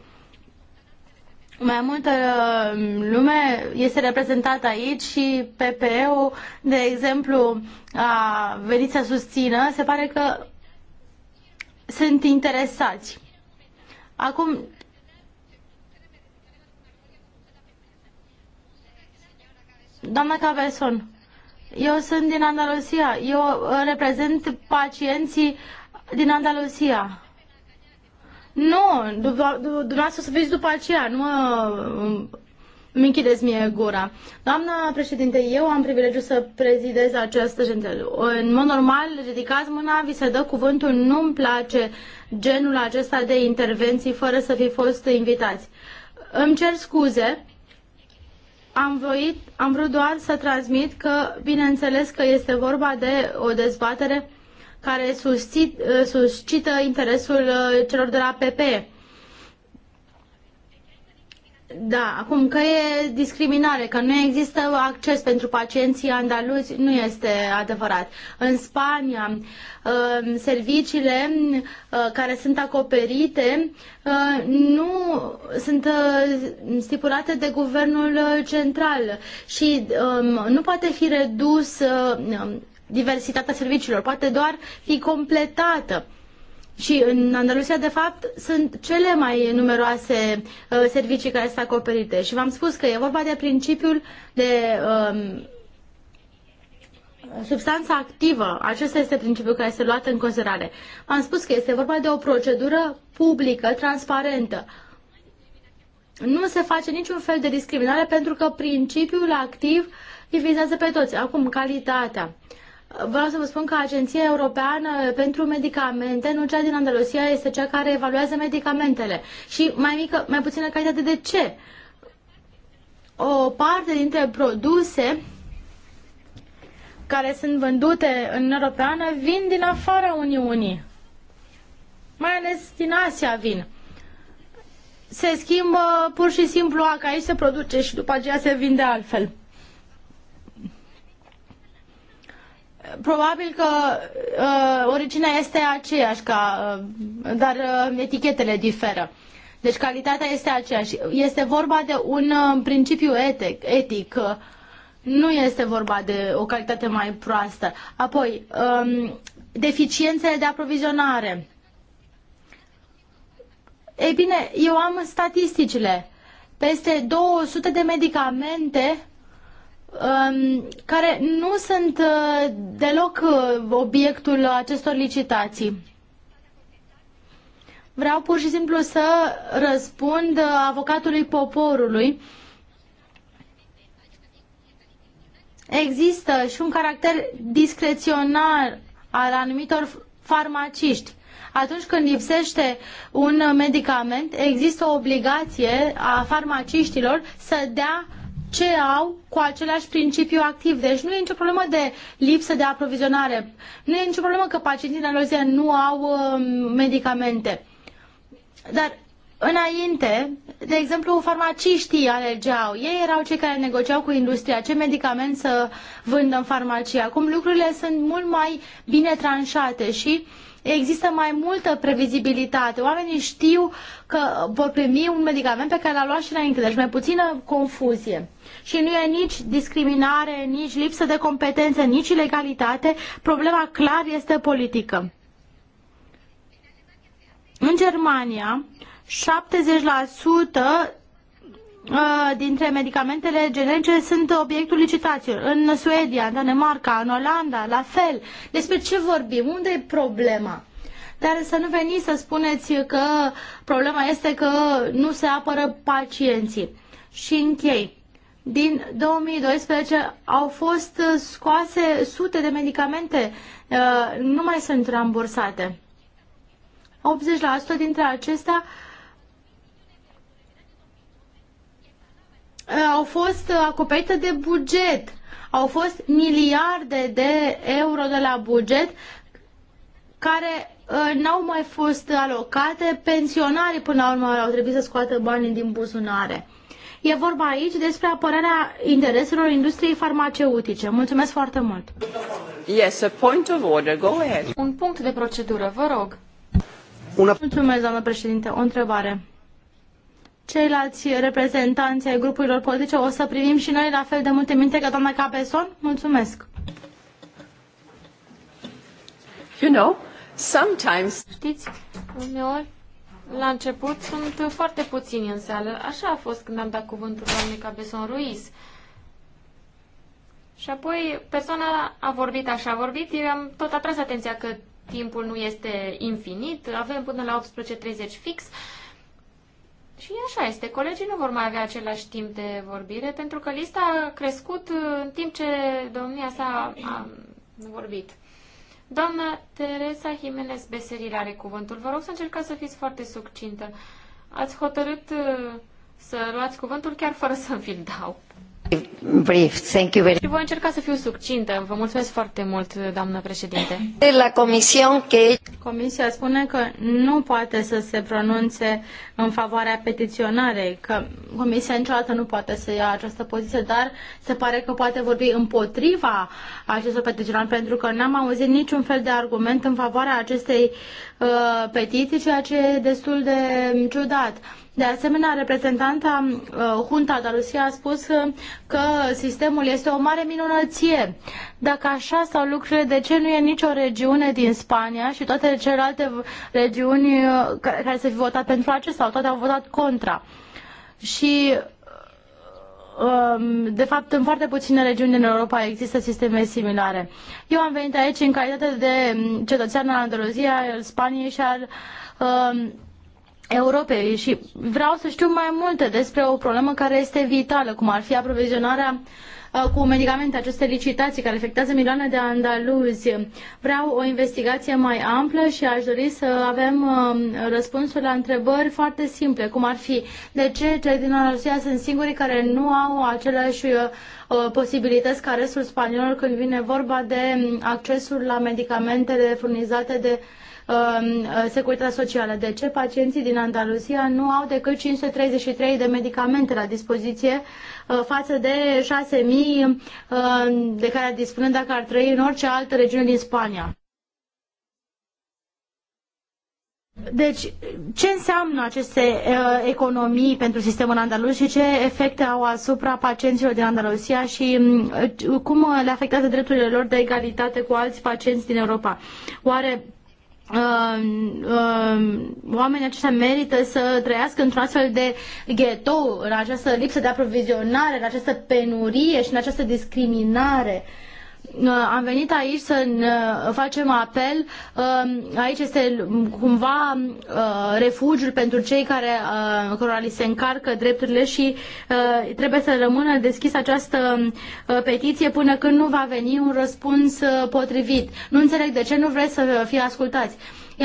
Mai multă lume este reprezentată aici și PPE-ul, de exemplu, a venit să susțină. Se pare că sunt interesați. Acum, doamna Caveson, eu sunt din Andalusia. Eu uh, reprezint pacienții din Andalusia. Nu, dumneavoastră să fiți după aceea, nu mă mi închideți mie gura. Doamna președinte, eu am privilegiu să prezidez această ședință. În mod normal, ridicați mâna, vi se dă cuvântul, nu-mi place genul acesta de intervenții fără să fi fost invitați. Îmi cer scuze, am, voit, am vrut doar să transmit că, bineînțeles că este vorba de o dezbatere care suscit, suscită interesul uh, celor de la PPE. Da, acum că e discriminare, că nu există acces pentru pacienții andaluzi, nu este adevărat. În Spania, uh, serviciile uh, care sunt acoperite uh, nu sunt stipulate de guvernul central și um, nu poate fi redus diversitatea serviciilor, poate doar fi completată. Și în Andalusia, de fapt, sunt cele mai numeroase uh, servicii care sunt acoperite. Și v-am spus că e vorba de principiul de um, substanța activă. Acesta este principiul care este luat în considerare. Am spus că este vorba de o procedură publică, transparentă. Nu se face niciun fel de discriminare pentru că principiul activ vizează pe toți. Acum, calitatea. Uh, Vreau să vă spun că Agenția Europeană pentru Medicamente, nu cea din Andalusia, este cea care evaluează medicamentele. Și mai mică, mai puțină calitate de ce? O parte dintre produse care sunt vândute în Europeană vin din afara Uniunii. Mai ales din Asia vin. Se schimbă pur și simplu că aici se produce și după aceea se vinde altfel. Probabil că uh, originea este aceeași, ca, uh, dar uh, etichetele diferă. Deci calitatea este aceeași. Este vorba de un uh, principiu etic. etic uh, nu este vorba de o calitate mai proastă. Apoi, um, deficiențele de aprovizionare. Ei bine, eu am statisticile. Peste 200 de medicamente Um, care nu sunt uh, deloc uh, obiectul acestor licitații. Vreau pur și simplu să răspund uh, avocatului poporului. Există și un caracter discreționar al anumitor farmaciști. Atunci când lipsește un medicament, există o obligație a farmaciștilor să dea ce au cu același principiu activ. Deci nu e nicio problemă de lipsă de aprovizionare. Nu e nicio problemă că pacienții în alozia nu au uh, medicamente. Dar înainte, de exemplu, farmaciștii alegeau. Ei erau cei care negociau cu industria ce medicament să vândă în farmacie. Acum lucrurile sunt mult mai bine tranșate și uh, există mai multă previzibilitate. Oamenii știu că vor primi un medicament pe care l-au luat și înainte, deci mai puțină confuzie. Și nu e nici discriminare, nici lipsă de competențe, nici ilegalitate. Problema clar este politică. În Germania, 70% dintre medicamentele generice sunt obiectul licitațiilor. În Suedia, în Danemarca, în Olanda, la fel. Despre ce vorbim? Unde e problema? Dar să nu veniți să spuneți că problema este că nu se apără pacienții. Și închei. Din 2012 au fost scoase sute de medicamente, uh, nu mai sunt rambursate. 80% dintre acestea uh, Eh, au fost eh, acoperite de buget. Au fost miliarde de euro de la buget care eh, n-au mai fost alocate, pensionarii până la urmă au trebuit să scoată banii din buzunare. E vorba aici despre apărarea intereselor industriei farmaceutice. Mulțumesc foarte mult. Yes, a point of order. Go ahead. Un punct de procedură, vă rog. Una... Mulțumesc, doamnă președinte. O întrebare ceilalți reprezentanți ai grupurilor politice, o să primim și noi la fel de multe minte ca doamna Capeson? Mulțumesc! You know, sometimes... Știți, uneori, la început sunt foarte puțini în sală. Așa a fost când am dat cuvântul doamnei Cabeson Ruiz. Și apoi persoana a vorbit așa, a vorbit, eu am tot atras atenția că timpul nu este infinit, avem până la 18.30 fix și așa este, colegii nu vor mai avea același timp de vorbire, pentru că lista a crescut uh, în timp ce domnia sa a vorbit. Doamna Teresa Jimenez Beseril are cuvântul. Vă rog să încercați să fiți foarte succintă. Ați hotărât uh, să luați cuvântul chiar fără să mi l dau. Brief. Thank you very... much. voi încerca să fiu succintă. Vă mulțumesc foarte mult, doamnă președinte. la comision că... Comisia spune că nu poate să se pronunțe în favoarea petiționarei, că comisia niciodată nu poate să ia această poziție, dar se pare că poate vorbi împotriva acestor petiționari, pentru că n-am auzit niciun fel de argument în favoarea acestei Uh, petiții, ceea ce e destul de ciudat. De asemenea, reprezentanta uh, Junta Andalusia a spus uh, că sistemul este o mare minunăție. Dacă așa stau lucrurile, de ce nu e nicio regiune din Spania și toate celelalte regiuni uh, care, care să fi votat pentru acesta sau toate au votat contra? Și Um, de fapt, în foarte puține regiuni din Europa există sisteme similare. Eu am venit aici în calitate de um, cetățean al Andaluzia, al Spaniei și al uh, Europei și vreau să știu mai multe despre o problemă care este vitală, cum ar fi aprovizionarea uh, Uh, cu medicamente, aceste licitații care afectează milioane de andaluzi. Vreau o investigație mai amplă și aș dori să avem uh, răspunsuri la întrebări foarte simple, cum ar fi de ce cei din Andaluzia sunt singurii care nu au aceleași uh, posibilități ca restul spaniolilor când vine vorba de accesul la medicamentele furnizate de Um, uh, securitatea socială. De ce pacienții din Andalusia nu au decât 533 de medicamente la dispoziție uh, față de 6000 um, de care dispune dacă ar trăi în orice altă regiune din Spania? Deci, ce înseamnă aceste uh, economii pentru sistemul andaluz și ce efecte au asupra pacienților din Andalusia și um, uh, cum le afectează drepturile lor de egalitate cu alți pacienți din Europa? Oare Uh, uh, oamenii aceștia merită să trăiască într-un astfel de ghetou, în această lipsă de aprovizionare, în această penurie și în această discriminare. Uh, am venit aici să uh, facem apel. Um, aici este cumva uh, refugiul pentru cei care uh, cărora li se încarcă drepturile și trebuie să rămână deschis această petiție până când nu va veni un răspuns potrivit. Nu înțeleg de ce nu vreți să fie ascultați.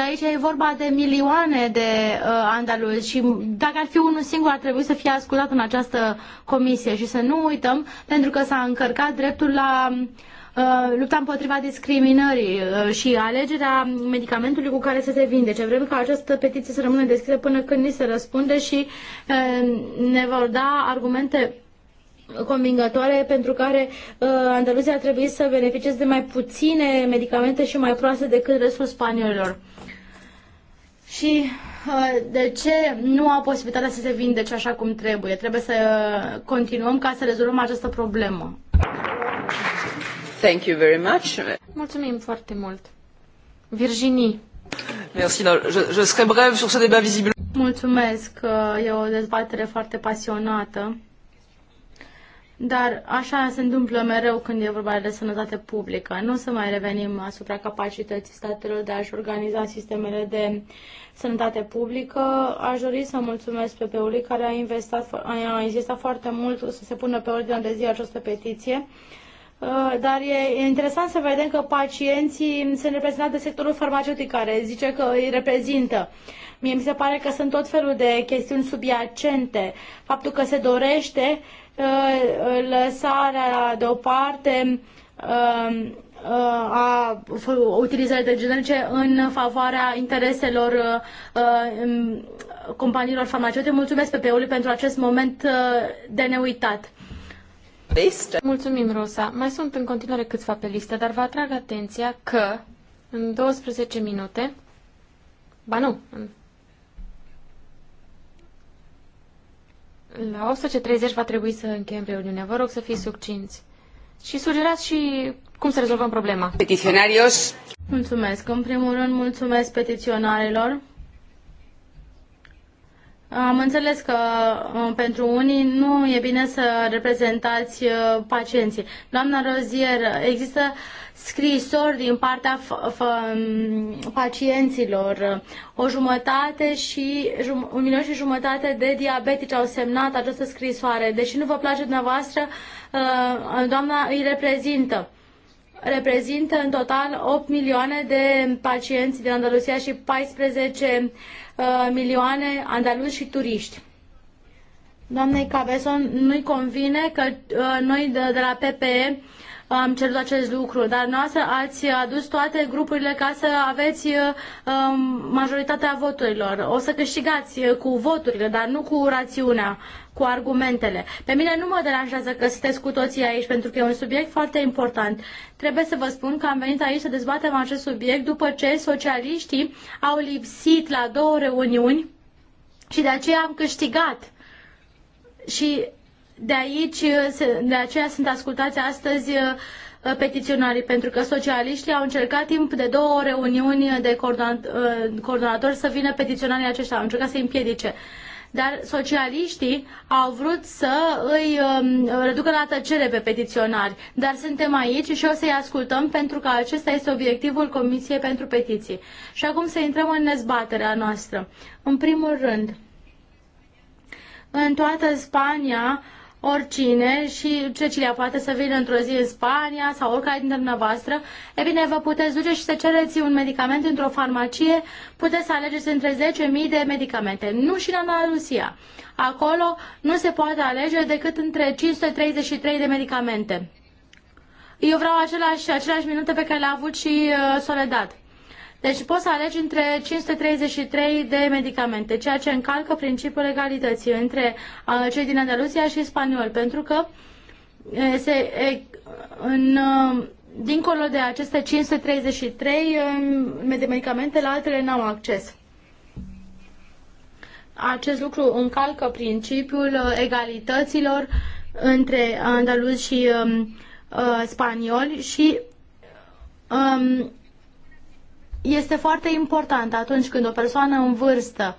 Aici e vorba de milioane de uh, andaluzi și dacă ar fi unul singur ar trebui să fie ascultat în această comisie și să nu uităm pentru că s-a încărcat dreptul la uh, Uh, lupta împotriva discriminării uh, și alegerea medicamentului cu care să se vindece. Vrem ca această petiție să rămână deschisă până când ni se răspunde și uh, ne vor da argumente convingătoare pentru care uh, Andaluzia ar trebui să beneficieze de mai puține medicamente și mai proaste decât restul spaniolilor. Și uh, de ce nu au posibilitatea să se vindece așa cum trebuie? Trebuie să continuăm ca să rezolvăm această problemă. Thank you very much. Mulțumim foarte mult. Virginie. Merci, no, je, je serai brève sur ce débat visible. Mulțumesc, uh, e o dezbatere foarte pasionată. Dar așa se întâmplă mereu când e vorba de sănătate publică. Nu să mai revenim asupra capacității statelor de a-și organiza sistemele de sănătate publică. Aș dori să mulțumesc PP-ului care a, investat, a insistat foarte mult să se pună pe ordinea de zi această petiție Uh, dar e interesant să vedem că pacienții sunt reprezentați de sectorul farmaceutic care zice că îi reprezintă. Mie mi se pare că sunt tot felul de chestiuni subiacente. Faptul că se dorește uh, lăsarea deoparte uh, a utilizării de generice în favoarea intereselor um, companiilor farmaceutice. Mulțumesc pe ului pentru acest moment de neuitat listă. Mulțumim, Rosa. Mai sunt în continuare câțiva pe listă, dar vă atrag atenția că în 12 minute, ba nu, la 8.30 va trebui să încheiem reuniunea. Vă rog să fiți succinți. Și sugerați și cum să rezolvăm problema. Petiționarios. Mulțumesc. În primul rând, mulțumesc petiționarilor am înțeles că uh, pentru unii nu e bine să reprezentați uh, pacienții. Doamna Rozier, există scrisori din partea um, pacienților. O jumătate și un milion și jumătate de diabetici au semnat această scrisoare. Deși nu vă place dumneavoastră, uh, doamna îi reprezintă reprezintă în total 8 milioane de pacienți din Andalusia și 14 uh, milioane andaluzi și turiști. Doamnei Cabeson, nu-i convine că uh, noi de, de la PPE am cerut acest lucru, dar noastră ați adus toate grupurile ca să aveți uh, um, majoritatea voturilor. O să câștigați cu voturile, dar nu cu rațiunea cu argumentele. Pe mine nu mă deranjează că sunteți cu toții aici, pentru că e un subiect foarte important. Trebuie să vă spun că am venit aici să dezbatem acest subiect după ce socialiștii au lipsit la două reuniuni și de aceea am câștigat. Și de aici, de aceea sunt ascultați astăzi uh, petiționarii, pentru că socialiștii au încercat timp de două reuniuni de uh, coordonatori să vină petiționarii aceștia, au încercat să îi împiedice dar socialiștii au vrut să îi um, reducă la tăcere pe petiționari. Dar suntem aici și o să-i ascultăm pentru că acesta este obiectivul Comisiei pentru Petiții. Și acum să intrăm în nezbaterea noastră. În primul rând, în toată Spania, oricine și Cecilia poate să vină într-o zi în Spania sau oricare dintre dumneavoastră, e bine, vă puteți duce și să cereți un medicament într-o farmacie, puteți să alegeți între 10.000 de medicamente. Nu și în Andalusia. Acolo nu se poate alege decât între 533 de medicamente. Eu vreau același, aceleași minute pe care le-a avut și uh, Soledad. Deci poți să alegi între 533 de medicamente, ceea ce încalcă principiul legalității între uh, cei din Andaluzia și spaniol, pentru că se, în, uh, dincolo de aceste 533 de um, medicamente, la altele n-au acces. Acest lucru încalcă principiul uh, egalităților între andaluzi și um, uh, spanioli și um, este foarte important atunci când o persoană în vârstă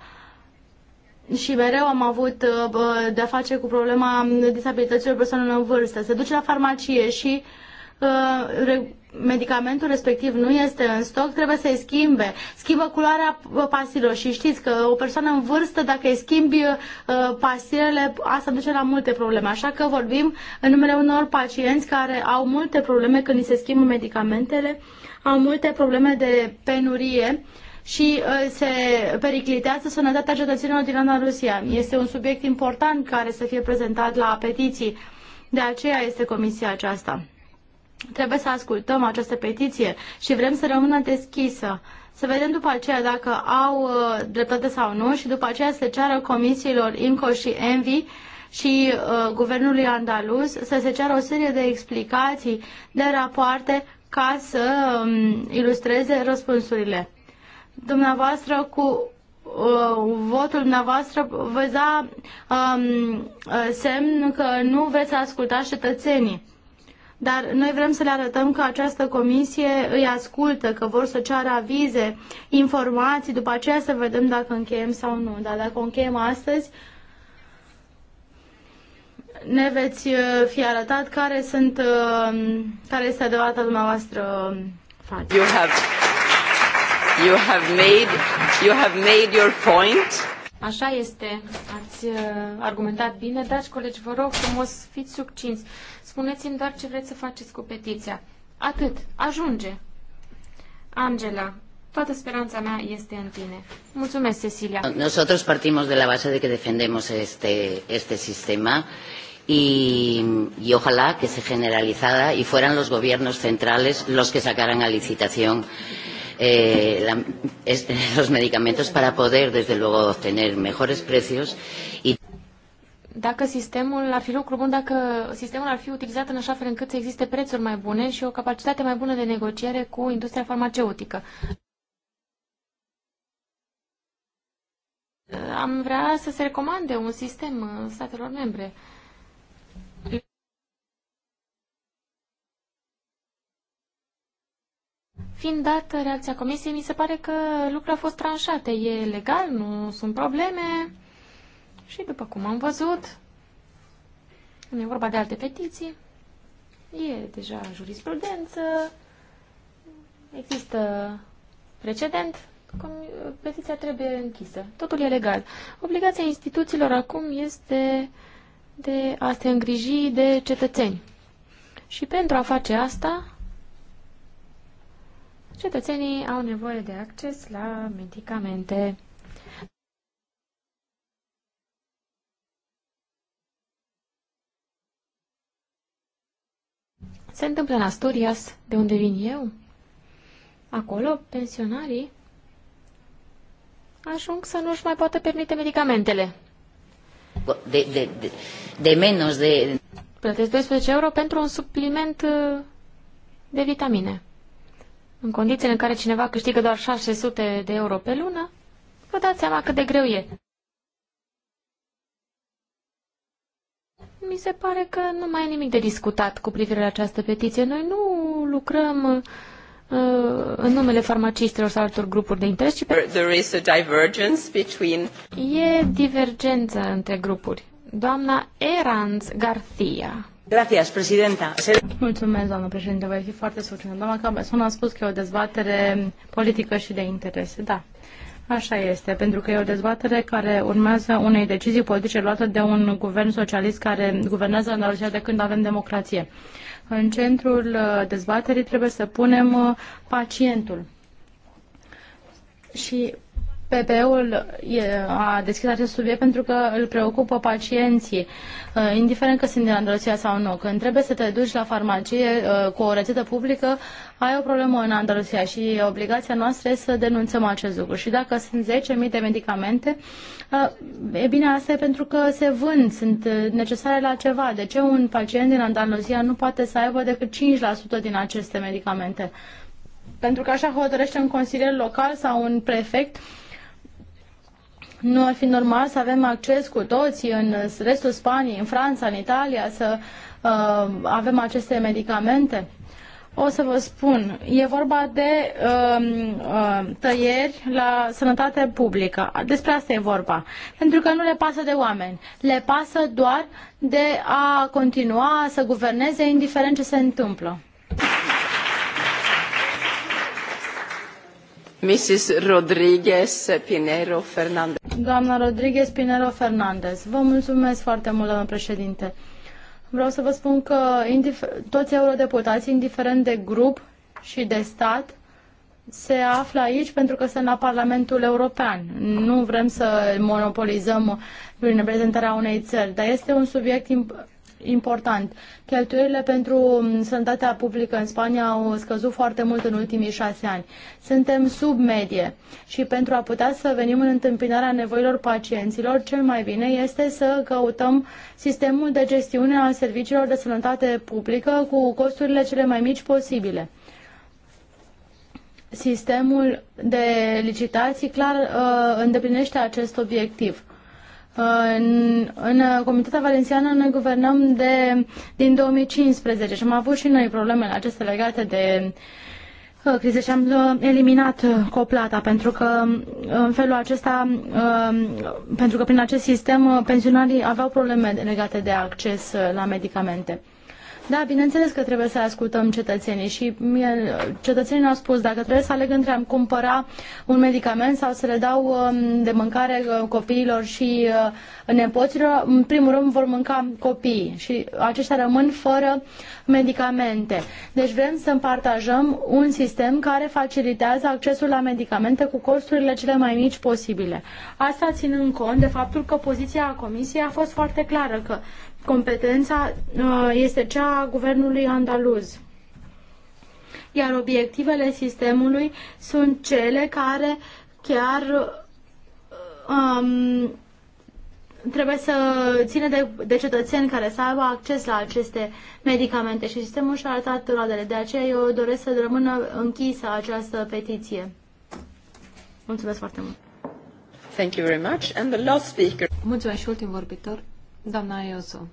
și mereu am avut uh, de-a face cu problema disabilităților persoanelor în vârstă. Se duce la farmacie și uh, medicamentul respectiv nu este în stoc, trebuie să-i schimbe. Schimbă culoarea uh, pastilor și știți că o persoană în vârstă, dacă îi schimbi pastilele, asta duce la multe probleme. Așa că vorbim în numele unor pacienți care au multe probleme când îi se schimbă medicamentele au multe probleme de penurie și uh, se periclitează sănătatea cetățenilor din Andalusia. Este un subiect important care să fie prezentat la petiții. De aceea este comisia aceasta. Trebuie să ascultăm această petiție și vrem să rămână deschisă. Să vedem după aceea dacă au uh, dreptate sau nu și după aceea se ceară comisiilor INCO și ENVI și uh, guvernului andaluz să se ceară o serie de explicații, de rapoarte ca să um, ilustreze răspunsurile. Dumneavoastră cu uh, votul dumneavoastră veți da um, uh, semn că nu veți asculta cetățenii. Dar noi vrem să le arătăm că această comisie îi ascultă, că vor să ceară avize, informații, după aceea să vedem dacă încheiem sau nu. Dar dacă o încheiem astăzi, ne veți uh, fi arătat care sunt uh, care este adevărata dumneavoastră um, față. You have you have made you have made your point. Așa este. Ați uh, argumentat bine, dragi colegi, vă rog frumos, fiți succinți. Spuneți-mi doar ce vreți să faceți cu petiția. Atât. Ajunge. Angela, Toată speranța mea este în tine. Mulțumesc, Cecilia. Nosotros partimos de la base de que defendemos este, este sistema y, y ojalá que se generalizara y fueran los gobiernos centrales los que sacaran a licitación eh, la, es, los medicamentos para poder, desde luego, obtener mejores precios y dacă sistemul ar fi lucru bun, dacă sistemul ar fi utilizat în așa fel încât să existe prețuri mai bune și o capacitate mai bună de negociere cu industria farmaceutică. Am vrea să se recomande un sistem statelor membre. Fiind dată reacția comisiei, mi se pare că lucrurile au fost tranșate. E legal, nu sunt probleme. Și după cum am văzut, nu e vorba de alte petiții, e deja jurisprudență, există precedent, petiția trebuie închisă. Totul e legal. Obligația instituțiilor acum este de a se îngriji de cetățeni. Și pentru a face asta, cetățenii au nevoie de acces la medicamente. Se întâmplă în Asturias, de unde vin eu. Acolo, pensionarii ajung să nu-și mai poată permite medicamentele. De, de, de, de menos de... Plătesc 12 euro pentru un supliment uh, de vitamine în condițiile în care cineva câștigă doar 600 de euro pe lună, vă dați seama cât de greu e. Mi se pare că nu mai e nimic de discutat cu privire la această petiție. Noi nu lucrăm uh, în numele farmacistelor sau altor grupuri de interes, ci There is a divergence between... E divergență între grupuri. Doamna Erans Garcia Mulțumesc, doamnă președinte. Voi fi foarte succintă. Doamna Cabeson a spus că e o dezbatere politică și de interese. Da, așa este, pentru că e o dezbatere care urmează unei decizii politice luate de un guvern socialist care guvernează în Rusia de când avem democrație. În centrul uh, dezbaterii trebuie să punem uh, pacientul. Și PPE-ul a deschis acest subiect pentru că îl preocupă pacienții, uh, indiferent că sunt din Andalusia sau nu. Când trebuie să te duci la farmacie uh, cu o rețetă publică, ai o problemă în Andalusia și obligația noastră este să denunțăm acest lucru. Și dacă sunt 10.000 de medicamente, uh, e bine, asta e pentru că se vând, sunt necesare la ceva. De ce un pacient din Andalusia nu poate să aibă decât 5% din aceste medicamente? Pentru că așa hotărăște un consilier local sau un prefect nu ar fi normal să avem acces cu toții în restul Spaniei, în Franța, în Italia, să uh, avem aceste medicamente? O să vă spun, e vorba de uh, uh, tăieri la sănătate publică. Despre asta e vorba. Pentru că nu le pasă de oameni. Le pasă doar de a continua să guverneze indiferent ce se întâmplă. Mrs. Rodriguez Pinero Fernandez. Doamna Rodriguez Pinero Fernandez, vă mulțumesc foarte mult, doamnă președinte. Vreau să vă spun că toți eurodeputații, indiferent de grup și de stat, se află aici pentru că sunt la Parlamentul European. Nu vrem să monopolizăm prin reprezentarea unei țări, dar este un subiect important important. Cheltuielile pentru mm, sănătatea publică în Spania au scăzut foarte mult în ultimii șase ani. Suntem sub medie și pentru a putea să venim în întâmpinarea nevoilor pacienților, cel mai bine este să căutăm sistemul de gestiune a serviciilor de sănătate publică cu costurile cele mai mici posibile sistemul de licitații clar uh, îndeplinește acest obiectiv. În, în uh, Comunitatea Valențiană noi guvernăm de, din 2015 și am avut și noi problemele acestea legate de uh, crize și am uh, eliminat coplata pentru că în felul acesta, pentru că prin acest sistem pensionarii aveau probleme legate de acces la medicamente. Da, bineînțeles că trebuie să ascultăm cetățenii și mie, cetățenii au spus dacă trebuie să aleg între a-mi cumpăra un medicament sau să le dau um, de mâncare uh, copiilor și uh, nepoților, în primul rând vor mânca copiii și aceștia rămân fără medicamente. Deci vrem să împartajăm un sistem care facilitează accesul la medicamente cu costurile cele mai mici posibile. Asta ținând cont de faptul că poziția Comisiei a fost foarte clară că competența uh, este cea a guvernului andaluz iar obiectivele sistemului sunt cele care chiar um, trebuie să ține de, de cetățeni care să aibă acces la aceste medicamente și sistemul și-a arătat roadele. De aceea eu doresc să rămână închisă această petiție. Mulțumesc foarte mult. Thank you very much. And the last speaker. Mulțumesc și ultim vorbitor, doamna Iosu.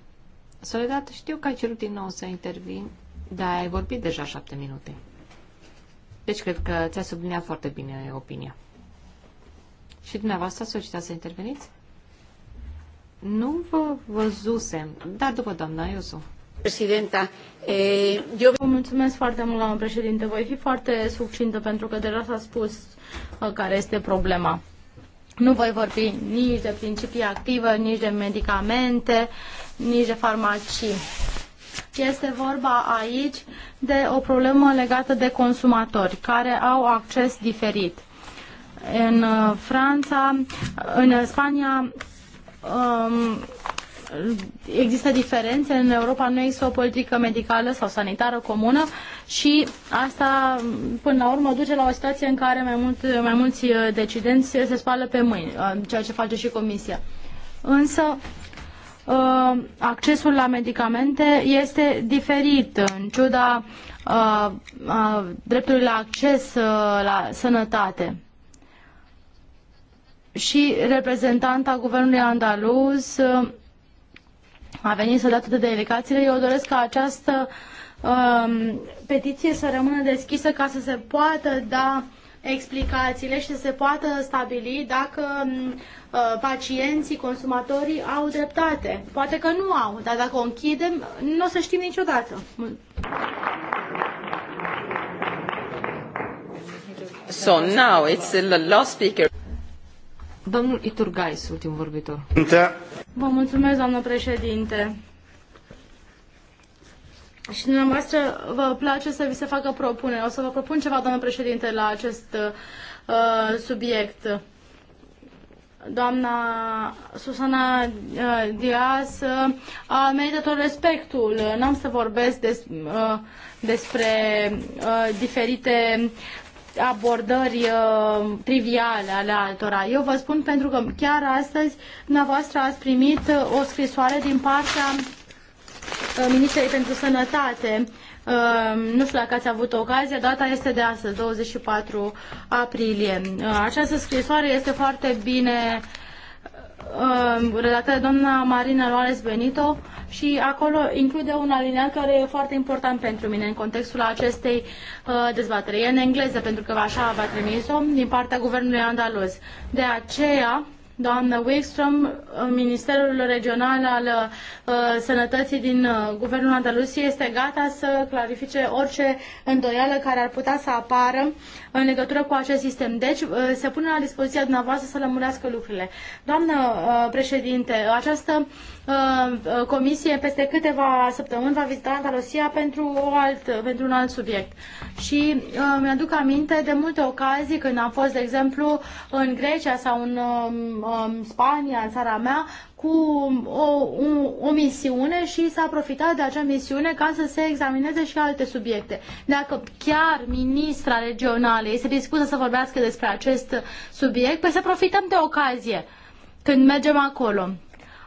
Soledad, știu că ai cerut din nou să intervin, dar ai vorbit deja șapte minute. Deci cred că ți-a subliniat foarte bine opinia. Și dumneavoastră solicitați să interveniți? Nu vă văzusem. Da, după doamna Iosu. Președinta, eh, eu... Vă mulțumesc foarte mult, doamnă președinte. Voi fi foarte succintă pentru că deja s-a spus uh, care este problema. Nu voi vorbi nici de principii active, nici de medicamente, nici de farmacii. Este vorba aici de o problemă legată de consumatori care au acces diferit. În uh, Franța, în Spania, um, există diferențe, în Europa nu există o politică medicală sau sanitară comună și asta până la urmă duce la o situație în care mai, mult, mai mulți uh, decidenți se spală pe mâini, uh, ceea ce face și Comisia. Însă uh, accesul la medicamente este diferit în ciuda dreptului la acces la sănătate și reprezentanta guvernului andaluz uh, a venit să dea toate delegațiile. Eu doresc ca această um, petiție să rămână deschisă ca să se poată da explicațiile și să se poată stabili dacă um, uh, pacienții, consumatorii au dreptate. Poate că nu au, dar dacă o închidem, nu o să știm niciodată. So now it's the last speaker. Domnul Iturgais, ultim vorbitor. Vă mulțumesc, doamnă președinte. Și dumneavoastră vă place să vi se facă propunere. O să vă propun ceva, doamnă președinte, la acest uh, subiect. Doamna Susana uh, Diaz uh, a meritat tot respectul. N-am să vorbesc des, uh, despre uh, diferite abordări uh, triviale ale altora. Eu vă spun pentru că chiar astăzi dumneavoastră ați primit uh, o scrisoare din partea uh, Ministrei pentru Sănătate. Uh, nu știu dacă ați avut ocazia, data este de astăzi, 24 aprilie. Uh, această scrisoare este foarte bine uh, Um, redactat de doamna Marina Loares Benito și acolo include un alineat care e foarte important pentru mine în contextul acestei uh, dezbatere. E în engleză, pentru că așa va trimis-o din partea guvernului andaluz. De aceea, doamna Wickstrom, uh, Ministerul Regional al uh, Sănătății din uh, Guvernul Andalusiei este gata să clarifice orice îndoială care ar putea să apară în legătură cu acest sistem. Deci, uh, se pune la dispoziția dumneavoastră să lămurească lucrurile. Doamnă uh, președinte, această uh, comisie peste câteva săptămâni va vizita Andalusia pentru, o alt, pentru un alt subiect. Și mi-aduc aminte de multe ocazii când am fost, de exemplu, în Grecia sau în um, um, Spania, în țara mea, cu o, o, o misiune și s-a profitat de acea misiune ca să se examineze și alte subiecte. Dacă chiar ministra regională este dispusă să vorbească despre acest subiect, păi să profităm de ocazie când mergem acolo.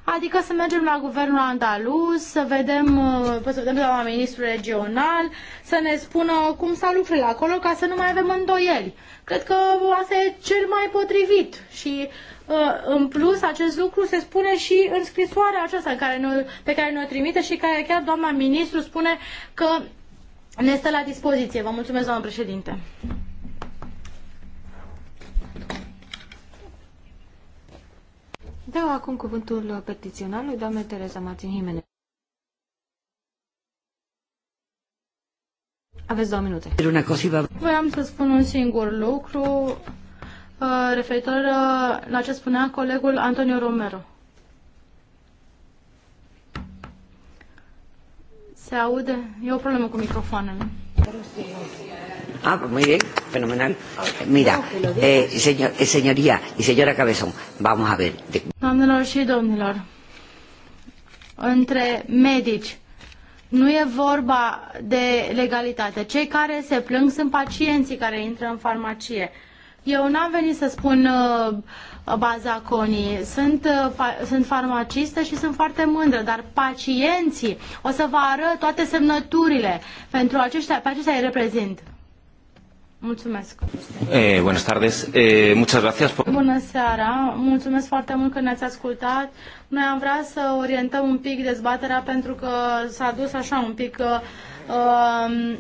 Adică să mergem la guvernul andaluz, să vedem, uh, să vedem la ministrul regional, să ne spună cum s-a lucrat acolo ca să nu mai avem îndoieli. Cred că asta e cel mai potrivit și uh, în plus acest lucru se spune și în scrisoarea aceasta în care noi, pe care ne-o trimite și care chiar doamna ministru spune că ne stă la dispoziție. Vă mulțumesc, doamnă președinte. Dau acum cuvântul petiționalului doamne Tereza Martin Jimenez. Aveți două minute. Vreau să spun un singur lucru uh, referitor uh, la ce spunea colegul Antonio Romero. Se aude? E o problemă cu microfonul. Ah, pues muy bien, fenomenal. Mira, eh, señor, eh, señoría y señora Cabezón, vamos a ver. De... Doamnelor și domnilor, între medici nu e vorba de legalitate. Cei care se plâng sunt pacienții care intră în farmacie. Eu n-am venit să spun uh, baza conii. Sunt, uh, fa- sunt farmacistă și sunt foarte mândră, dar pacienții, o să vă arăt toate semnăturile. Pentru aceștia, pe aceștia îi reprezint. Mulțumesc. Eh, buenas tardes. Eh, muchas gracias por... Bună seara. Mulțumesc foarte mult că ne-ați ascultat. Noi am vrea să orientăm un pic dezbaterea pentru că s-a dus așa un pic uh,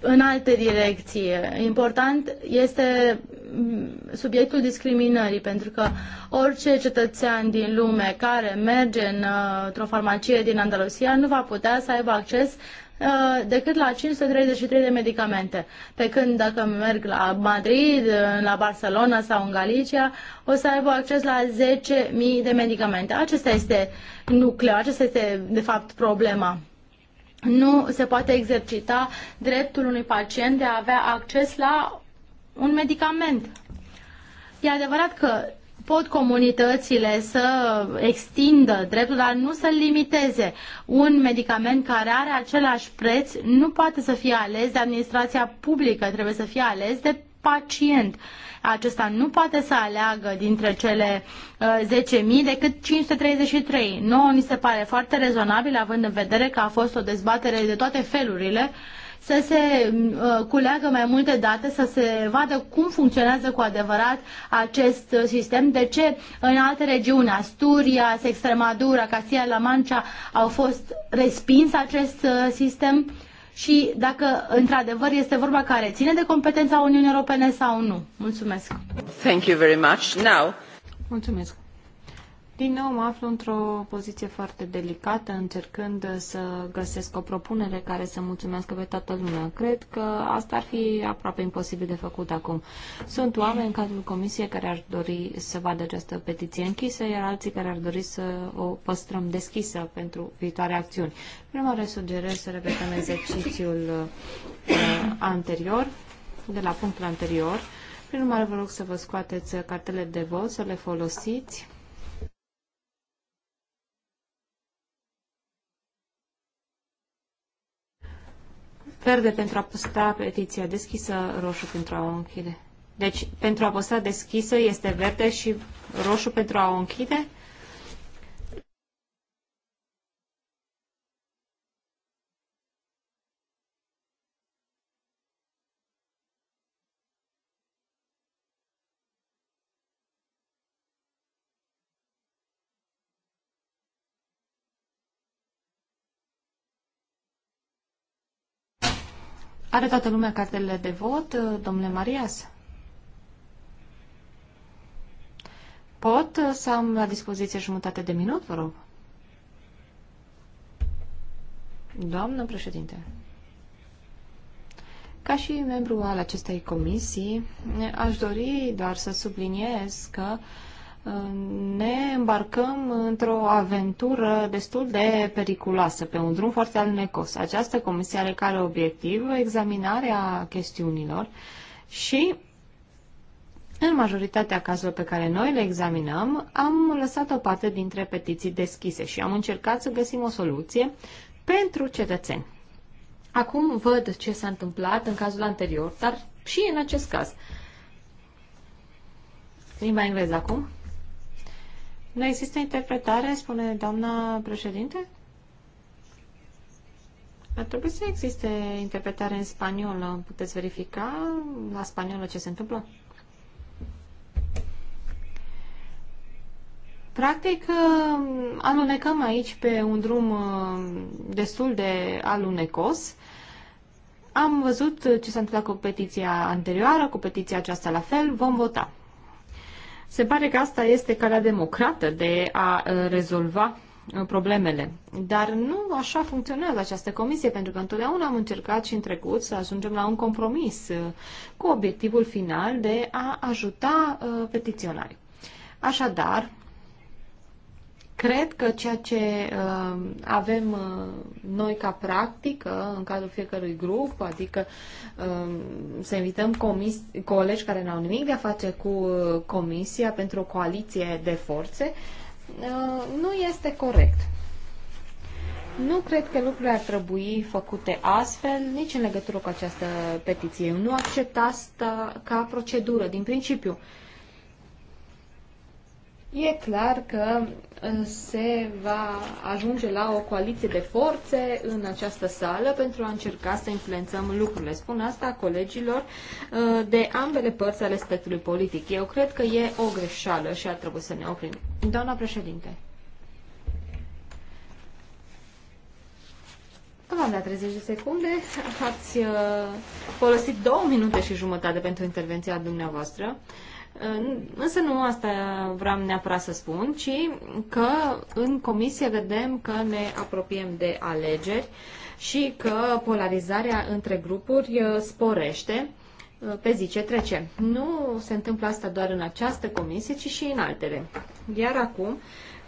în alte direcții. Important este mm, subiectul discriminării, pentru că orice cetățean din lume care merge în, uh, într-o farmacie din Andalusia nu va putea să aibă acces Uh, decât la 533 de medicamente. Pe când dacă merg la Madrid, uh, la Barcelona sau în Galicia, o să aibă acces la 10.000 de medicamente. Acesta este nucleul, acesta este de fapt problema. Nu se poate exercita dreptul unui pacient de a avea acces la un medicament. E adevărat că pot comunitățile să extindă dreptul, dar nu să-l limiteze. Un medicament care are același preț nu poate să fie ales de administrația publică, trebuie să fie ales de pacient. Acesta nu poate să aleagă dintre cele uh, 10.000 decât 533. Nouă ni se pare foarte rezonabil, având în vedere că a fost o dezbatere de toate felurile să se mm, uh, culeagă mai multe date, să se vadă cum funcționează cu adevărat acest uh, sistem, de ce în alte regiuni, Asturias, Extremadura, Castilla-La Mancha, au fost respins acest uh, sistem și dacă într-adevăr este vorba care ține de competența Uniunii Europene sau nu. Mulțumesc. Thank you very much. Now. Mulțumesc. Din nou mă aflu într-o poziție foarte delicată, încercând să găsesc o propunere care să mulțumească pe toată lumea. Cred că asta ar fi aproape imposibil de făcut acum. Sunt oameni în cadrul comisiei care ar dori să vadă această petiție închisă, iar alții care ar dori să o păstrăm deschisă pentru viitoare acțiuni. Prima sugerez să repetăm exercițiul uh, anterior, de la punctul anterior. Prin urmare, vă rog să vă scoateți cartele de vot, să le folosiți verde pentru a posta petiția deschisă, roșu pentru a o închide. Deci, pentru a posta deschisă este verde și roșu pentru a o închide? Are toată lumea cartelele de vot, uh, domnule Marias? Pot uh, să am la dispoziție jumătate de minut, vă rog? Doamnă președinte, ca și membru al acestei comisii, aș dori doar să subliniez că uh, ne îmbarcăm într-o aventură destul de periculoasă, pe un drum foarte alunecos. Această comisie are care obiectiv examinarea chestiunilor și în majoritatea cazurilor pe care noi le examinăm, am lăsat o parte dintre petiții deschise și am încercat să găsim o soluție pentru cetățeni. Acum văd ce s-a întâmplat în cazul anterior, dar și în acest caz. Limba engleză acum. Nu există interpretare, spune doamna președinte? Ar trebui să existe interpretare în spaniolă. Puteți verifica la spaniolă ce se întâmplă? Practic, alunecăm aici pe un drum uh, destul de alunecos. Am văzut ce s-a întâmplat cu petiția anterioară, cu petiția aceasta la fel, vom vota. Se pare că asta este calea democrată de a uh, rezolva uh, problemele. Dar nu așa funcționează această comisie, pentru că întotdeauna am încercat și în trecut să ajungem la un compromis uh, cu obiectivul final de a ajuta petiționarii. Așadar, Cred că ceea ce uh, avem uh, noi ca practică în cadrul fiecărui grup, adică uh, să invităm comis- colegi care n-au nimic de a face cu uh, comisia pentru o coaliție de forțe, uh, nu este corect. Nu cred că lucrurile ar trebui făcute astfel, nici în legătură cu această petiție. Eu nu accept asta ca procedură, din principiu. Uh, E clar că uh, se va ajunge la o coaliție de forțe în această sală pentru a încerca să influențăm lucrurile. Spun asta colegilor uh, de ambele părți ale spectrului politic. Eu cred că e o greșeală și ar trebui să ne oprim. Doamna președinte. Vă am dat 30 de secunde. Ați uh, folosit două minute și jumătate pentru intervenția dumneavoastră. Însă nu asta vreau neapărat să spun, ci că în comisie vedem că ne apropiem de alegeri și că polarizarea între grupuri uh, sporește uh, pe zi ce trece. Nu se întâmplă asta doar în această comisie, ci și în altele. Iar acum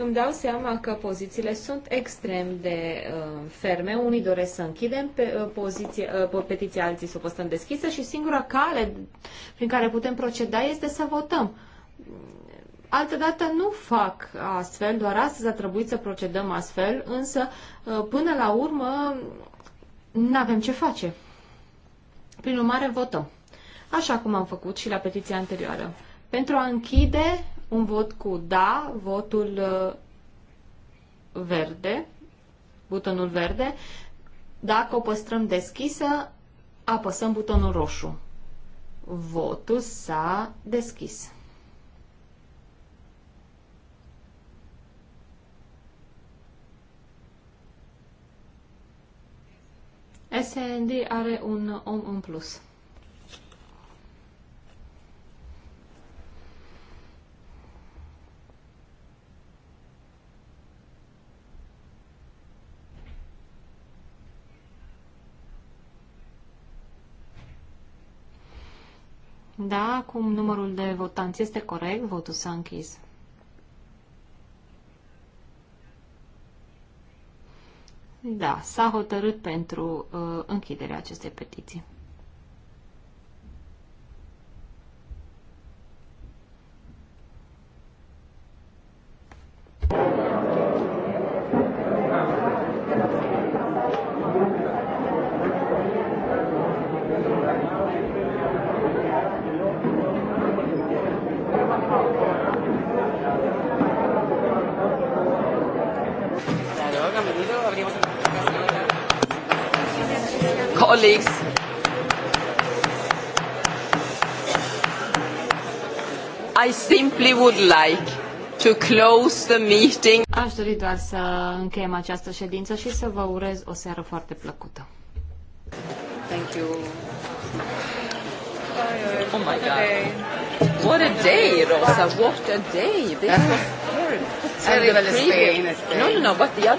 îmi dau seama că pozițiile sunt extrem de uh, ferme. Unii doresc să închidem pe, uh, poziție, uh, petiția, alții să o păstrăm deschisă și singura cale prin care putem proceda este să votăm. Altădată nu fac astfel, doar astăzi a trebuit să procedăm astfel, însă uh, până la urmă nu avem ce face. Prin urmare, votăm. Așa cum am făcut și la petiția anterioară. Pentru a închide un vot cu da, votul uh, verde, butonul verde. Dacă o păstrăm deschisă, apăsăm butonul roșu. Votul s-a deschis. SND are un om în plus. Da, acum numărul de votanți este corect, votul s-a închis. Da, s-a hotărât pentru uh, închiderea acestei petiții. Thank you. colleagues. I simply would like to close the meeting. Aș dori doar să încheiem această ședință și să vă urez o seară foarte plăcută. Thank you. Oh my God. What a day, Rosa. What a day. This was terrible. And the No, no, no, but the other